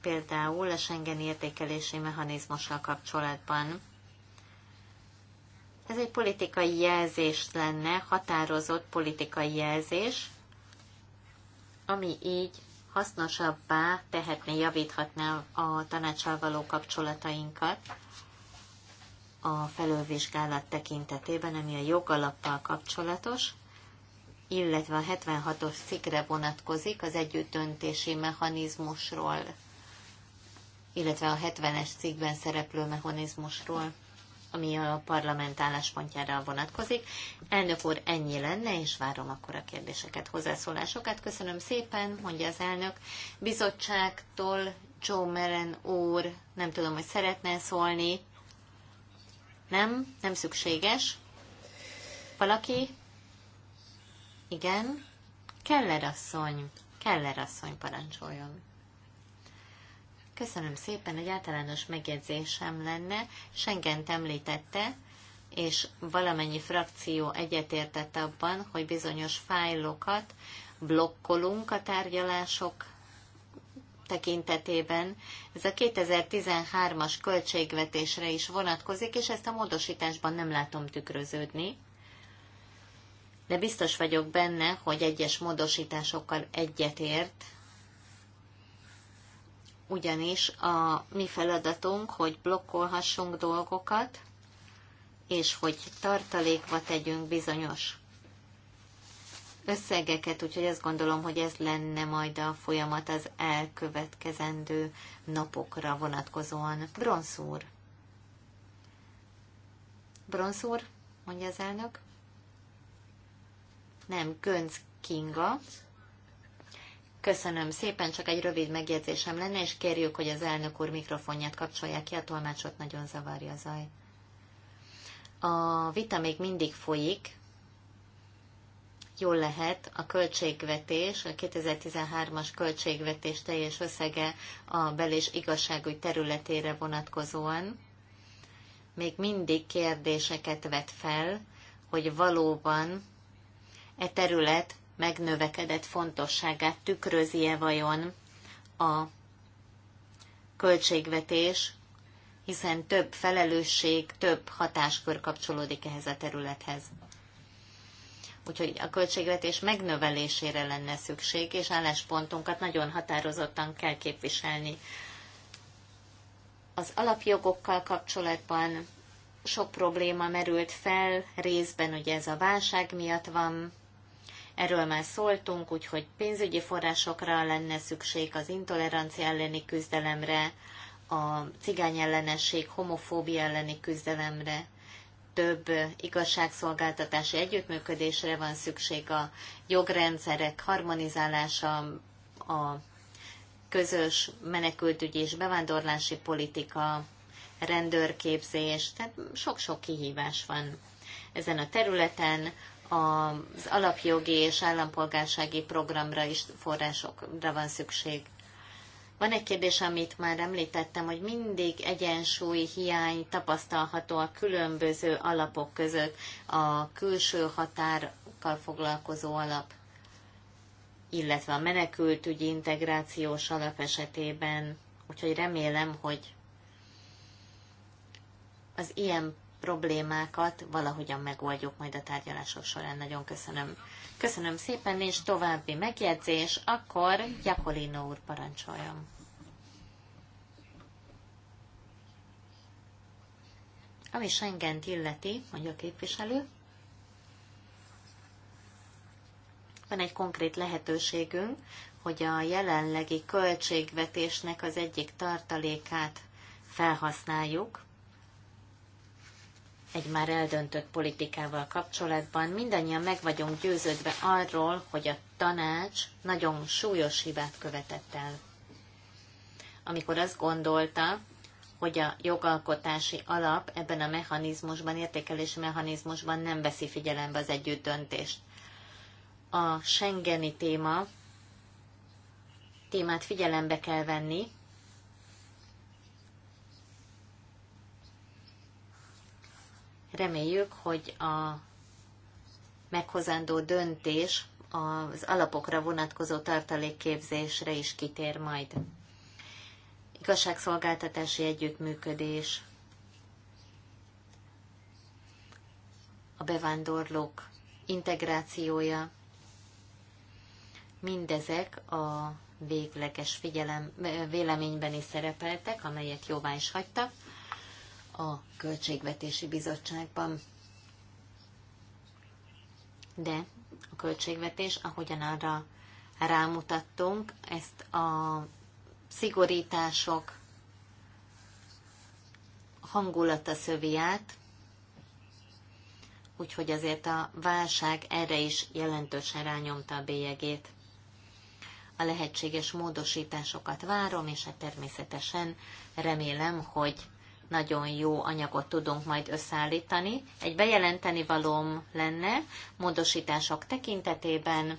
például a Schengen értékelési mechanizmussal kapcsolatban. Ez egy politikai jelzés lenne, határozott politikai jelzés, ami így hasznosabbá tehetné, javíthatná a tanácssal való kapcsolatainkat a felülvizsgálat tekintetében, ami a jogalappal kapcsolatos illetve a 76-os cikkre vonatkozik az együttöntési mechanizmusról, illetve a 70-es cikkben szereplő mechanizmusról, ami a parlament álláspontjára vonatkozik. Elnök úr, ennyi lenne, és várom akkor a kérdéseket, hozzászólásokat. Köszönöm szépen, mondja az elnök. Bizottságtól Joe Meren úr, nem tudom, hogy szeretne szólni. Nem, nem szükséges. Valaki? Igen. Keller asszony. Keller asszony parancsoljon. Köszönöm szépen, egy általános megjegyzésem lenne. Schengent említette, és valamennyi frakció egyetértett abban, hogy bizonyos fájlokat blokkolunk a tárgyalások tekintetében. Ez a 2013-as költségvetésre is vonatkozik, és ezt a módosításban nem látom tükröződni de biztos vagyok benne, hogy egyes módosításokkal egyetért, ugyanis a mi feladatunk, hogy blokkolhassunk dolgokat, és hogy tartalékba tegyünk bizonyos összegeket, úgyhogy azt gondolom, hogy ez lenne majd a folyamat az elkövetkezendő napokra vonatkozóan. Bronszúr. Bronszúr, mondja az elnök nem, Gönc Kinga. Köszönöm szépen, csak egy rövid megjegyzésem lenne, és kérjük, hogy az elnök úr mikrofonját kapcsolják ki, a tolmácsot nagyon zavarja a zaj. A vita még mindig folyik, jól lehet a költségvetés, a 2013-as költségvetés teljes összege a bel- és igazságügy területére vonatkozóan még mindig kérdéseket vet fel, hogy valóban e terület megnövekedett fontosságát tükrözi-e vajon a költségvetés, hiszen több felelősség, több hatáskör kapcsolódik ehhez a területhez. Úgyhogy a költségvetés megnövelésére lenne szükség, és álláspontunkat nagyon határozottan kell képviselni. Az alapjogokkal kapcsolatban sok probléma merült fel, részben ugye ez a válság miatt van, Erről már szóltunk, úgyhogy pénzügyi forrásokra lenne szükség az intolerancia elleni küzdelemre, a cigány ellenesség, homofóbia elleni küzdelemre, több igazságszolgáltatási együttműködésre van szükség, a jogrendszerek harmonizálása, a közös menekültügyi és bevándorlási politika, rendőrképzés, tehát sok-sok kihívás van ezen a területen az alapjogi és állampolgársági programra is forrásokra van szükség. Van egy kérdés, amit már említettem, hogy mindig egyensúly hiány tapasztalható a különböző alapok között, a külső határkal foglalkozó alap, illetve a menekültügyi integrációs alap esetében. Úgyhogy remélem, hogy az ilyen problémákat valahogyan megoldjuk majd a tárgyalások során. Nagyon köszönöm. Köszönöm szépen, és további megjegyzés, akkor Jakolino úr parancsoljon. Ami schengen illeti, mondja a képviselő, van egy konkrét lehetőségünk, hogy a jelenlegi költségvetésnek az egyik tartalékát felhasználjuk, egy már eldöntött politikával kapcsolatban. Mindannyian meg vagyunk győződve arról, hogy a tanács nagyon súlyos hibát követett el. Amikor azt gondolta, hogy a jogalkotási alap ebben a mechanizmusban, értékelési mechanizmusban nem veszi figyelembe az együtt döntést. A Schengeni téma témát figyelembe kell venni, Reméljük, hogy a meghozandó döntés az alapokra vonatkozó tartalékképzésre is kitér majd. Igazságszolgáltatási együttműködés, a bevándorlók integrációja, mindezek a végleges figyelem, véleményben is szerepeltek, amelyet jóvá is hagytak a Költségvetési Bizottságban. De a költségvetés, ahogyan arra rámutattunk, ezt a szigorítások hangulata szövi át, úgyhogy azért a válság erre is jelentősen rányomta a bélyegét. A lehetséges módosításokat várom, és hát természetesen remélem, hogy nagyon jó anyagot tudunk majd összeállítani. Egy bejelenteni valóm lenne módosítások tekintetében.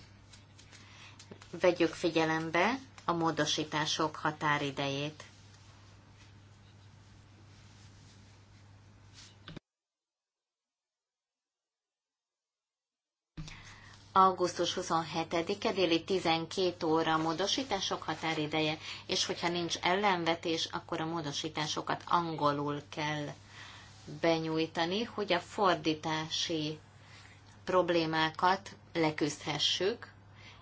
Vegyük figyelembe a módosítások határidejét. augusztus 27-e déli 12 óra a módosítások határideje, és hogyha nincs ellenvetés, akkor a módosításokat angolul kell benyújtani, hogy a fordítási problémákat leküzdhessük,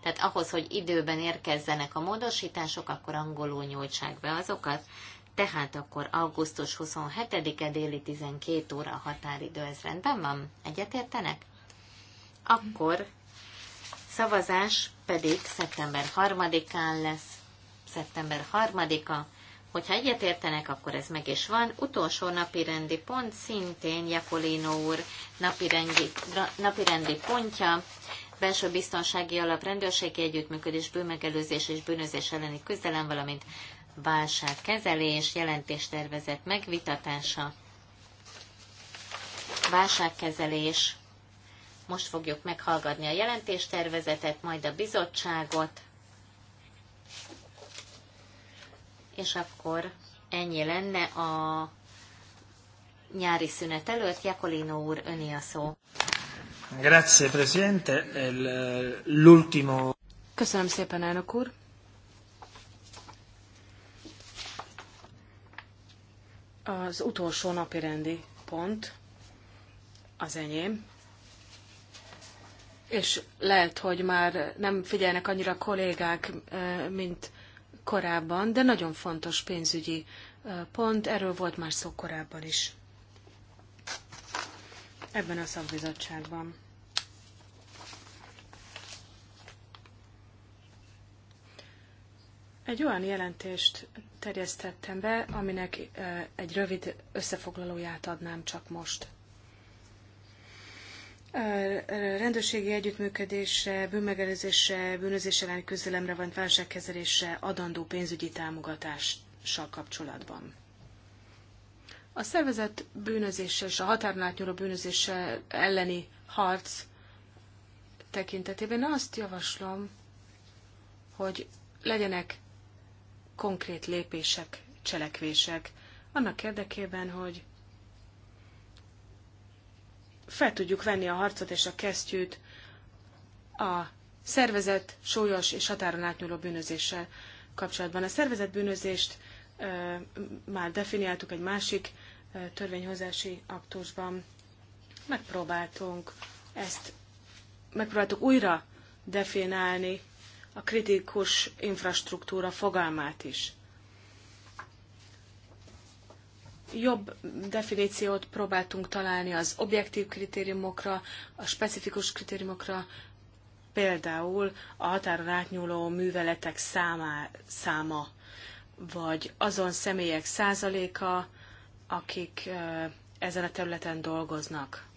tehát ahhoz, hogy időben érkezzenek a módosítások, akkor angolul nyújtsák be azokat, tehát akkor augusztus 27-e déli 12 óra a határidő, ez rendben van? Egyetértenek? Akkor szavazás pedig szeptember 3-án lesz. Szeptember 3-a. Hogyha egyetértenek, akkor ez meg is van. Utolsó napi rendi pont, szintén Jakolino úr napi rendi, napi rendi pontja, belső biztonsági alap, rendőrségi együttműködés, bőmegelőzés és bűnözés elleni küzdelem, valamint válságkezelés, jelentéstervezet megvitatása, válságkezelés, most fogjuk meghallgatni a jelentéstervezetet, majd a bizottságot, és akkor ennyi lenne a nyári szünet előtt. Jakolino úr, öné a szó. Grazie, Presidente. Eh, l'ultimo... Köszönöm szépen, elnök úr. Az utolsó napi rendi pont az enyém és lehet, hogy már nem figyelnek annyira kollégák, mint korábban, de nagyon fontos pénzügyi pont, erről volt már szó korábban is. Ebben a szakbizottságban. Egy olyan jelentést terjesztettem be, aminek egy rövid összefoglalóját adnám csak most rendőrségi együttműködésre, bűnmegelőzésre, bűnözés elleni küzdelemre, vagy válságkezelésre adandó pénzügyi támogatással kapcsolatban. A szervezet bűnözéssel és a határon átnyúló bűnözéssel elleni harc tekintetében azt javaslom, hogy legyenek konkrét lépések, cselekvések annak érdekében, hogy fel tudjuk venni a harcot és a kesztyűt a szervezet súlyos és határon átnyúló bűnözéssel kapcsolatban. A szervezet bűnözést e, már definiáltuk egy másik e, törvényhozási aktusban. Megpróbáltunk ezt, megpróbáltuk újra definálni a kritikus infrastruktúra fogalmát is. jobb definíciót próbáltunk találni az objektív kritériumokra, a specifikus kritériumokra, például a határon átnyúló műveletek számá, száma, vagy azon személyek százaléka, akik ezen a területen dolgoznak.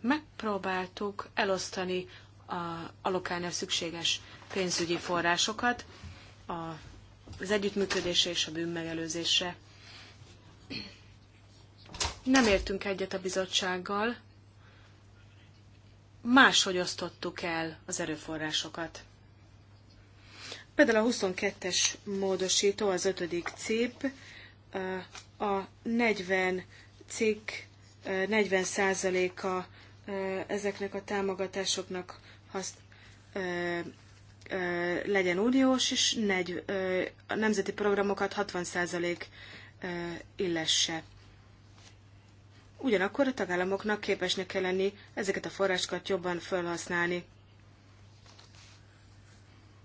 Megpróbáltuk elosztani, a, alokálni a szükséges pénzügyi forrásokat az együttműködésre és a bűnmegelőzésre nem értünk egyet a bizottsággal, máshogy osztottuk el az erőforrásokat. Például a 22-es módosító, az 5. cép, a 40 cikk 40%-a ezeknek a támogatásoknak haszt, legyen uniós, és negy, a nemzeti programokat 60% illesse. Ugyanakkor a tagállamoknak képesnek kell lenni ezeket a forrásokat jobban felhasználni.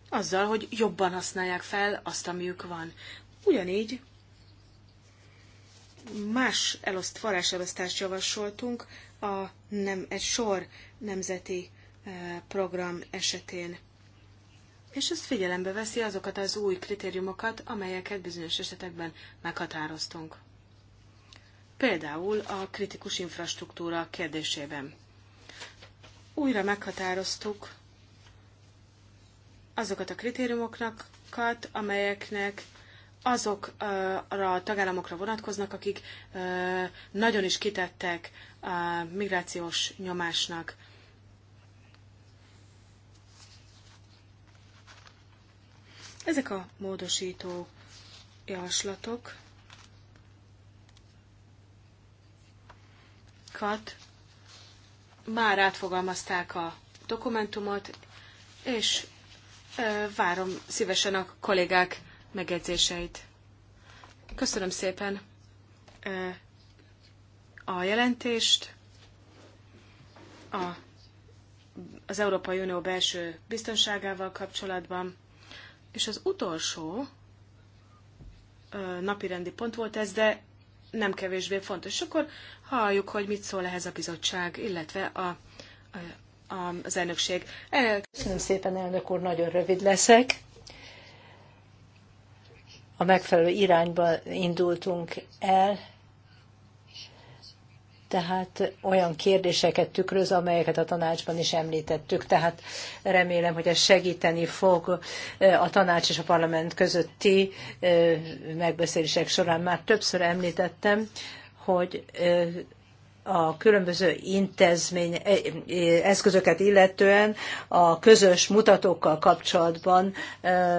Azzal, hogy jobban használják fel azt, amiük van. Ugyanígy más eloszt forráselosztást javasoltunk a nem, egy sor nemzeti program esetén és ez figyelembe veszi azokat az új kritériumokat, amelyeket bizonyos esetekben meghatároztunk. Például a kritikus infrastruktúra kérdésében. Újra meghatároztuk azokat a kritériumoknakat, amelyeknek azokra a tagállamokra vonatkoznak, akik nagyon is kitettek a migrációs nyomásnak Ezek a módosító javaslatok már átfogalmazták a dokumentumot, és várom szívesen a kollégák megjegyzéseit. Köszönöm szépen a jelentést, a, az Európai Unió belső biztonságával kapcsolatban. És az utolsó napirendi pont volt ez, de nem kevésbé fontos. És akkor halljuk, hogy mit szól ehhez a bizottság, illetve a, a, a, az elnökség. El... Köszönöm szépen, elnök úr, nagyon rövid leszek. A megfelelő irányba indultunk el, tehát olyan kérdéseket tükröz, amelyeket a tanácsban is említettük. Tehát remélem, hogy ez segíteni fog eh, a tanács és a parlament közötti eh, megbeszélések során. Már többször említettem, hogy eh, a különböző intézmény, eh, eh, eszközöket illetően a közös mutatókkal kapcsolatban eh,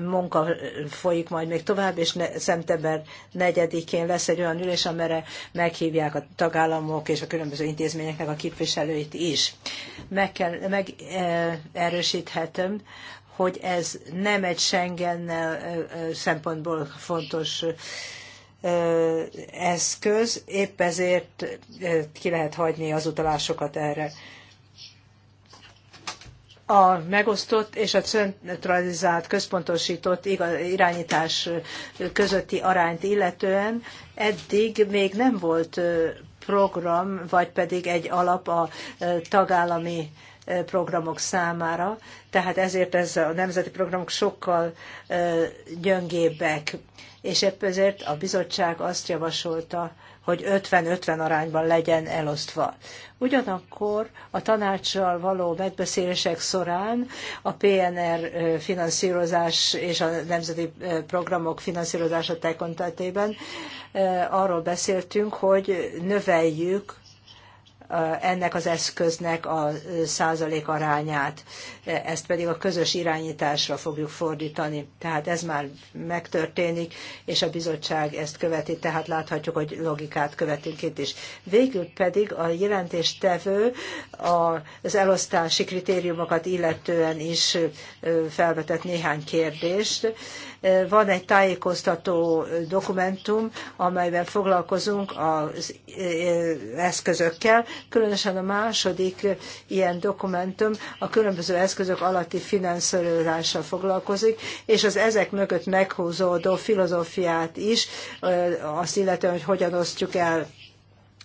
munka folyik majd még tovább, és szeptember 4-én lesz egy olyan ülés, amire meghívják a tagállamok és a különböző intézményeknek a képviselőit is. Meg kell, meg erősíthetem, hogy ez nem egy Schengen szempontból fontos eszköz, épp ezért ki lehet hagyni az utalásokat erre. A megosztott és a centralizált, központosított irányítás közötti arányt illetően eddig még nem volt program, vagy pedig egy alap a tagállami programok számára, tehát ezért ez a nemzeti programok sokkal gyöngébbek és ezért a bizottság azt javasolta, hogy 50-50 arányban legyen elosztva. Ugyanakkor a tanácssal való megbeszélések során a PNR finanszírozás és a nemzeti programok finanszírozása tekintetében arról beszéltünk, hogy növeljük ennek az eszköznek a százalék arányát. Ezt pedig a közös irányításra fogjuk fordítani. Tehát ez már megtörténik, és a bizottság ezt követi, tehát láthatjuk, hogy logikát követünk itt is. Végül pedig a jelentéstevő az elosztási kritériumokat illetően is felvetett néhány kérdést van egy tájékoztató dokumentum, amelyben foglalkozunk az e, eszközökkel, különösen a második ilyen dokumentum a különböző eszközök alatti finanszírozással foglalkozik, és az ezek mögött meghúzódó filozófiát is, e, azt illetően, hogy hogyan osztjuk el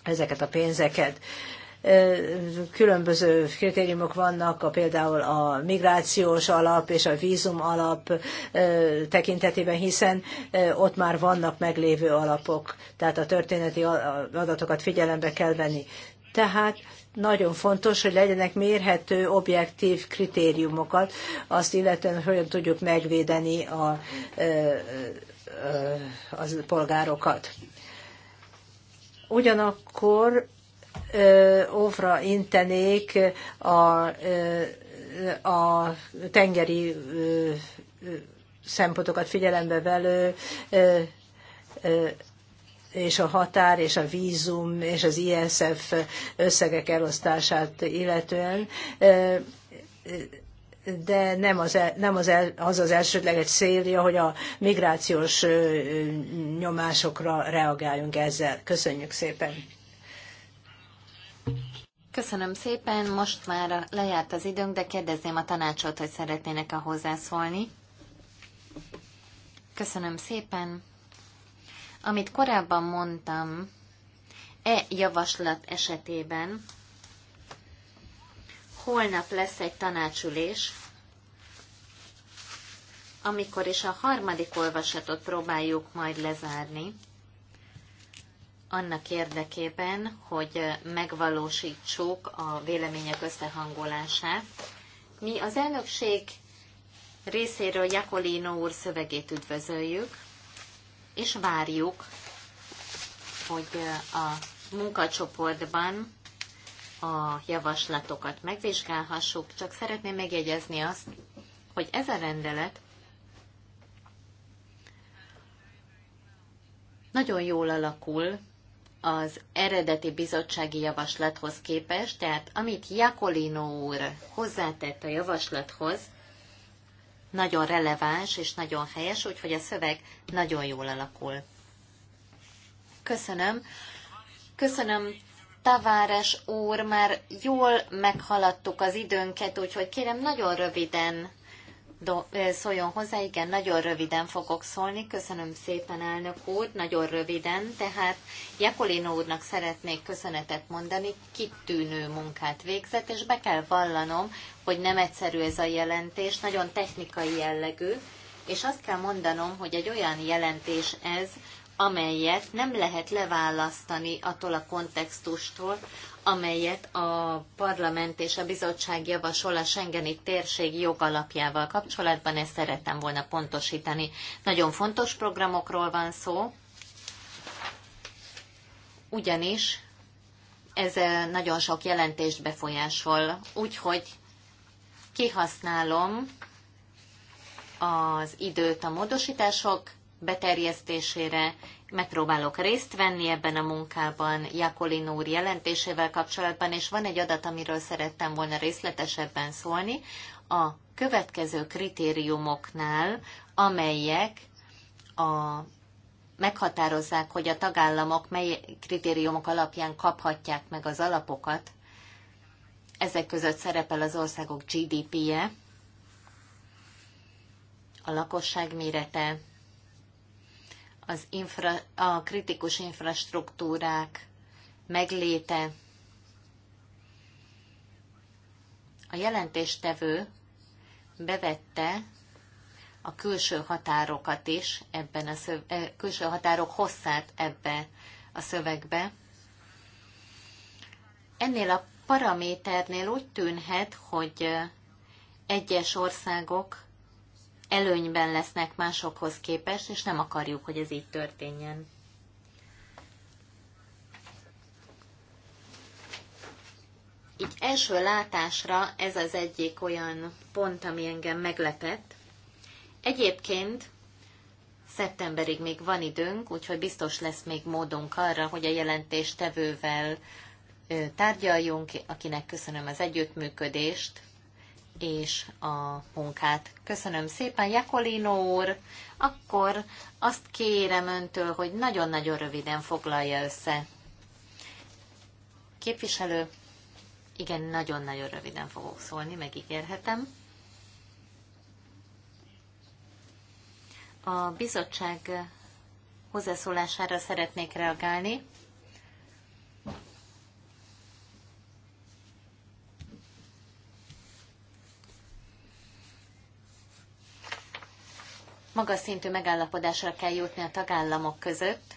ezeket a pénzeket. Különböző kritériumok vannak, a, például a migrációs alap és a vízum alap tekintetében, hiszen ott már vannak meglévő alapok, tehát a történeti adatokat figyelembe kell venni. Tehát nagyon fontos, hogy legyenek mérhető, objektív kritériumokat, azt illetően, hogy hogyan tudjuk megvédeni a, a, a polgárokat. Ugyanakkor óvra intenék a, a tengeri szempontokat figyelembe velő és a határ és a vízum és az ISF összegek elosztását illetően de nem az e- nem az, el, az, az elsődleges célja, hogy a migrációs nyomásokra reagáljunk ezzel. Köszönjük szépen! Köszönöm szépen, most már lejárt az időnk, de kérdezném a tanácsot, hogy szeretnének-e hozzászólni. Köszönöm szépen. Amit korábban mondtam, e javaslat esetében holnap lesz egy tanácsülés, amikor is a harmadik olvasatot próbáljuk majd lezárni annak érdekében, hogy megvalósítsuk a vélemények összehangolását. Mi az elnökség részéről Jakolino úr szövegét üdvözöljük, és várjuk, hogy a munkacsoportban a javaslatokat megvizsgálhassuk, csak szeretném megjegyezni azt, hogy ez a rendelet nagyon jól alakul, az eredeti bizottsági javaslathoz képest, tehát amit Jakolino úr hozzátett a javaslathoz, nagyon releváns és nagyon helyes, úgyhogy a szöveg nagyon jól alakul. Köszönöm. Köszönöm, Taváres úr, már jól meghaladtuk az időnket, úgyhogy kérem nagyon röviden do, szóljon hozzá. Igen, nagyon röviden fogok szólni. Köszönöm szépen, elnök úr, nagyon röviden. Tehát Jakolino úrnak szeretnék köszönetet mondani, kitűnő munkát végzett, és be kell vallanom, hogy nem egyszerű ez a jelentés, nagyon technikai jellegű, és azt kell mondanom, hogy egy olyan jelentés ez, amelyet nem lehet leválasztani attól a kontextustól, amelyet a parlament és a bizottság javasol a Schengeni térség jogalapjával kapcsolatban, ezt szerettem volna pontosítani. Nagyon fontos programokról van szó, ugyanis ez nagyon sok jelentést befolyásol, úgyhogy kihasználom az időt a módosítások beterjesztésére, megpróbálok részt venni ebben a munkában Jakolin úr jelentésével kapcsolatban, és van egy adat, amiről szerettem volna részletesebben szólni. A következő kritériumoknál, amelyek a meghatározzák, hogy a tagállamok mely kritériumok alapján kaphatják meg az alapokat. Ezek között szerepel az országok GDP-je, a lakosság mérete, az infra, a kritikus infrastruktúrák megléte. A jelentéstevő bevette a külső határokat is ebben a szöv, eh, külső határok hosszát ebbe a szövegbe. Ennél a paraméternél úgy tűnhet, hogy eh, egyes országok előnyben lesznek másokhoz képest, és nem akarjuk, hogy ez így történjen. Így első látásra ez az egyik olyan pont, ami engem meglepett. Egyébként szeptemberig még van időnk, úgyhogy biztos lesz még módunk arra, hogy a jelentéstevővel tárgyaljunk, akinek köszönöm az együttműködést, és a munkát. Köszönöm szépen, Jakolino úr! Akkor azt kérem öntől, hogy nagyon-nagyon röviden foglalja össze. Képviselő, igen, nagyon-nagyon röviden fogok szólni, megígérhetem. A bizottság hozzászólására szeretnék reagálni. magas szintű megállapodásra kell jutni a tagállamok között,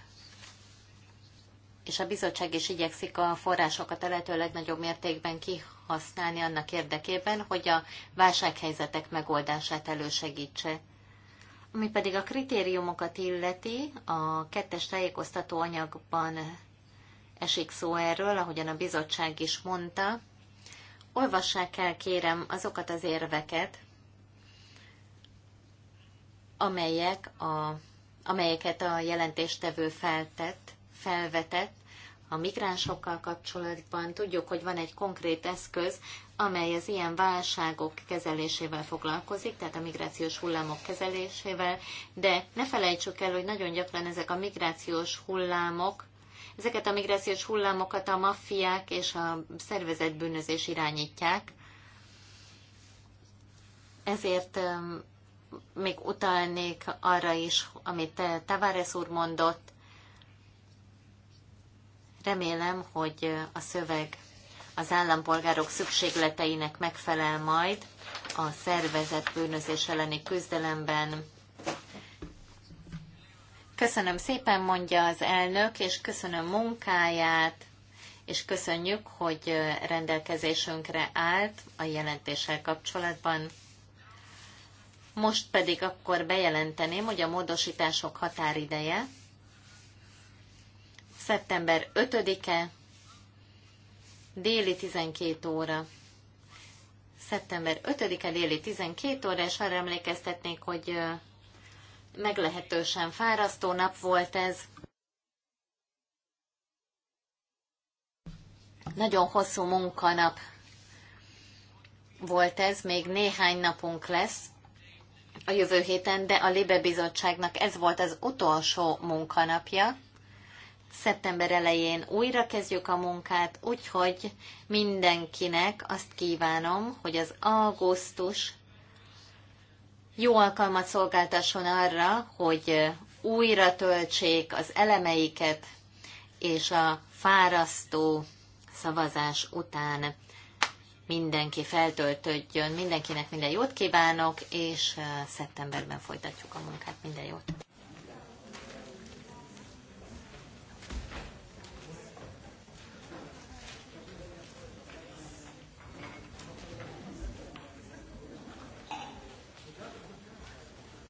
és a bizottság is igyekszik a forrásokat a lehető legnagyobb mértékben kihasználni annak érdekében, hogy a válsághelyzetek megoldását elősegítse. Ami pedig a kritériumokat illeti, a kettes tájékoztató anyagban esik szó erről, ahogyan a bizottság is mondta. Olvassák el, kérem, azokat az érveket, amelyek a, amelyeket a jelentéstevő feltett, felvetett a migránsokkal kapcsolatban. Tudjuk, hogy van egy konkrét eszköz, amely az ilyen válságok kezelésével foglalkozik, tehát a migrációs hullámok kezelésével, de ne felejtsük el, hogy nagyon gyakran ezek a migrációs hullámok, ezeket a migrációs hullámokat a maffiák és a szervezetbűnözés irányítják. Ezért még utalnék arra is, amit Tavares úr mondott. Remélem, hogy a szöveg az állampolgárok szükségleteinek megfelel majd a szervezet bűnözés elleni küzdelemben. Köszönöm szépen, mondja az elnök, és köszönöm munkáját, és köszönjük, hogy rendelkezésünkre állt a jelentéssel kapcsolatban. Most pedig akkor bejelenteném, hogy a módosítások határideje szeptember 5-e, déli 12 óra. Szeptember 5-e déli 12 óra, és arra emlékeztetnék, hogy meglehetősen fárasztó nap volt ez. Nagyon hosszú munkanap volt ez, még néhány napunk lesz, a jövő héten, de a Libe Bizottságnak ez volt az utolsó munkanapja. Szeptember elején újra kezdjük a munkát, úgyhogy mindenkinek azt kívánom, hogy az augusztus jó alkalmat szolgáltasson arra, hogy újra töltsék az elemeiket, és a fárasztó szavazás után mindenki feltöltődjön, mindenkinek minden jót kívánok, és szeptemberben folytatjuk a munkát. Minden jót!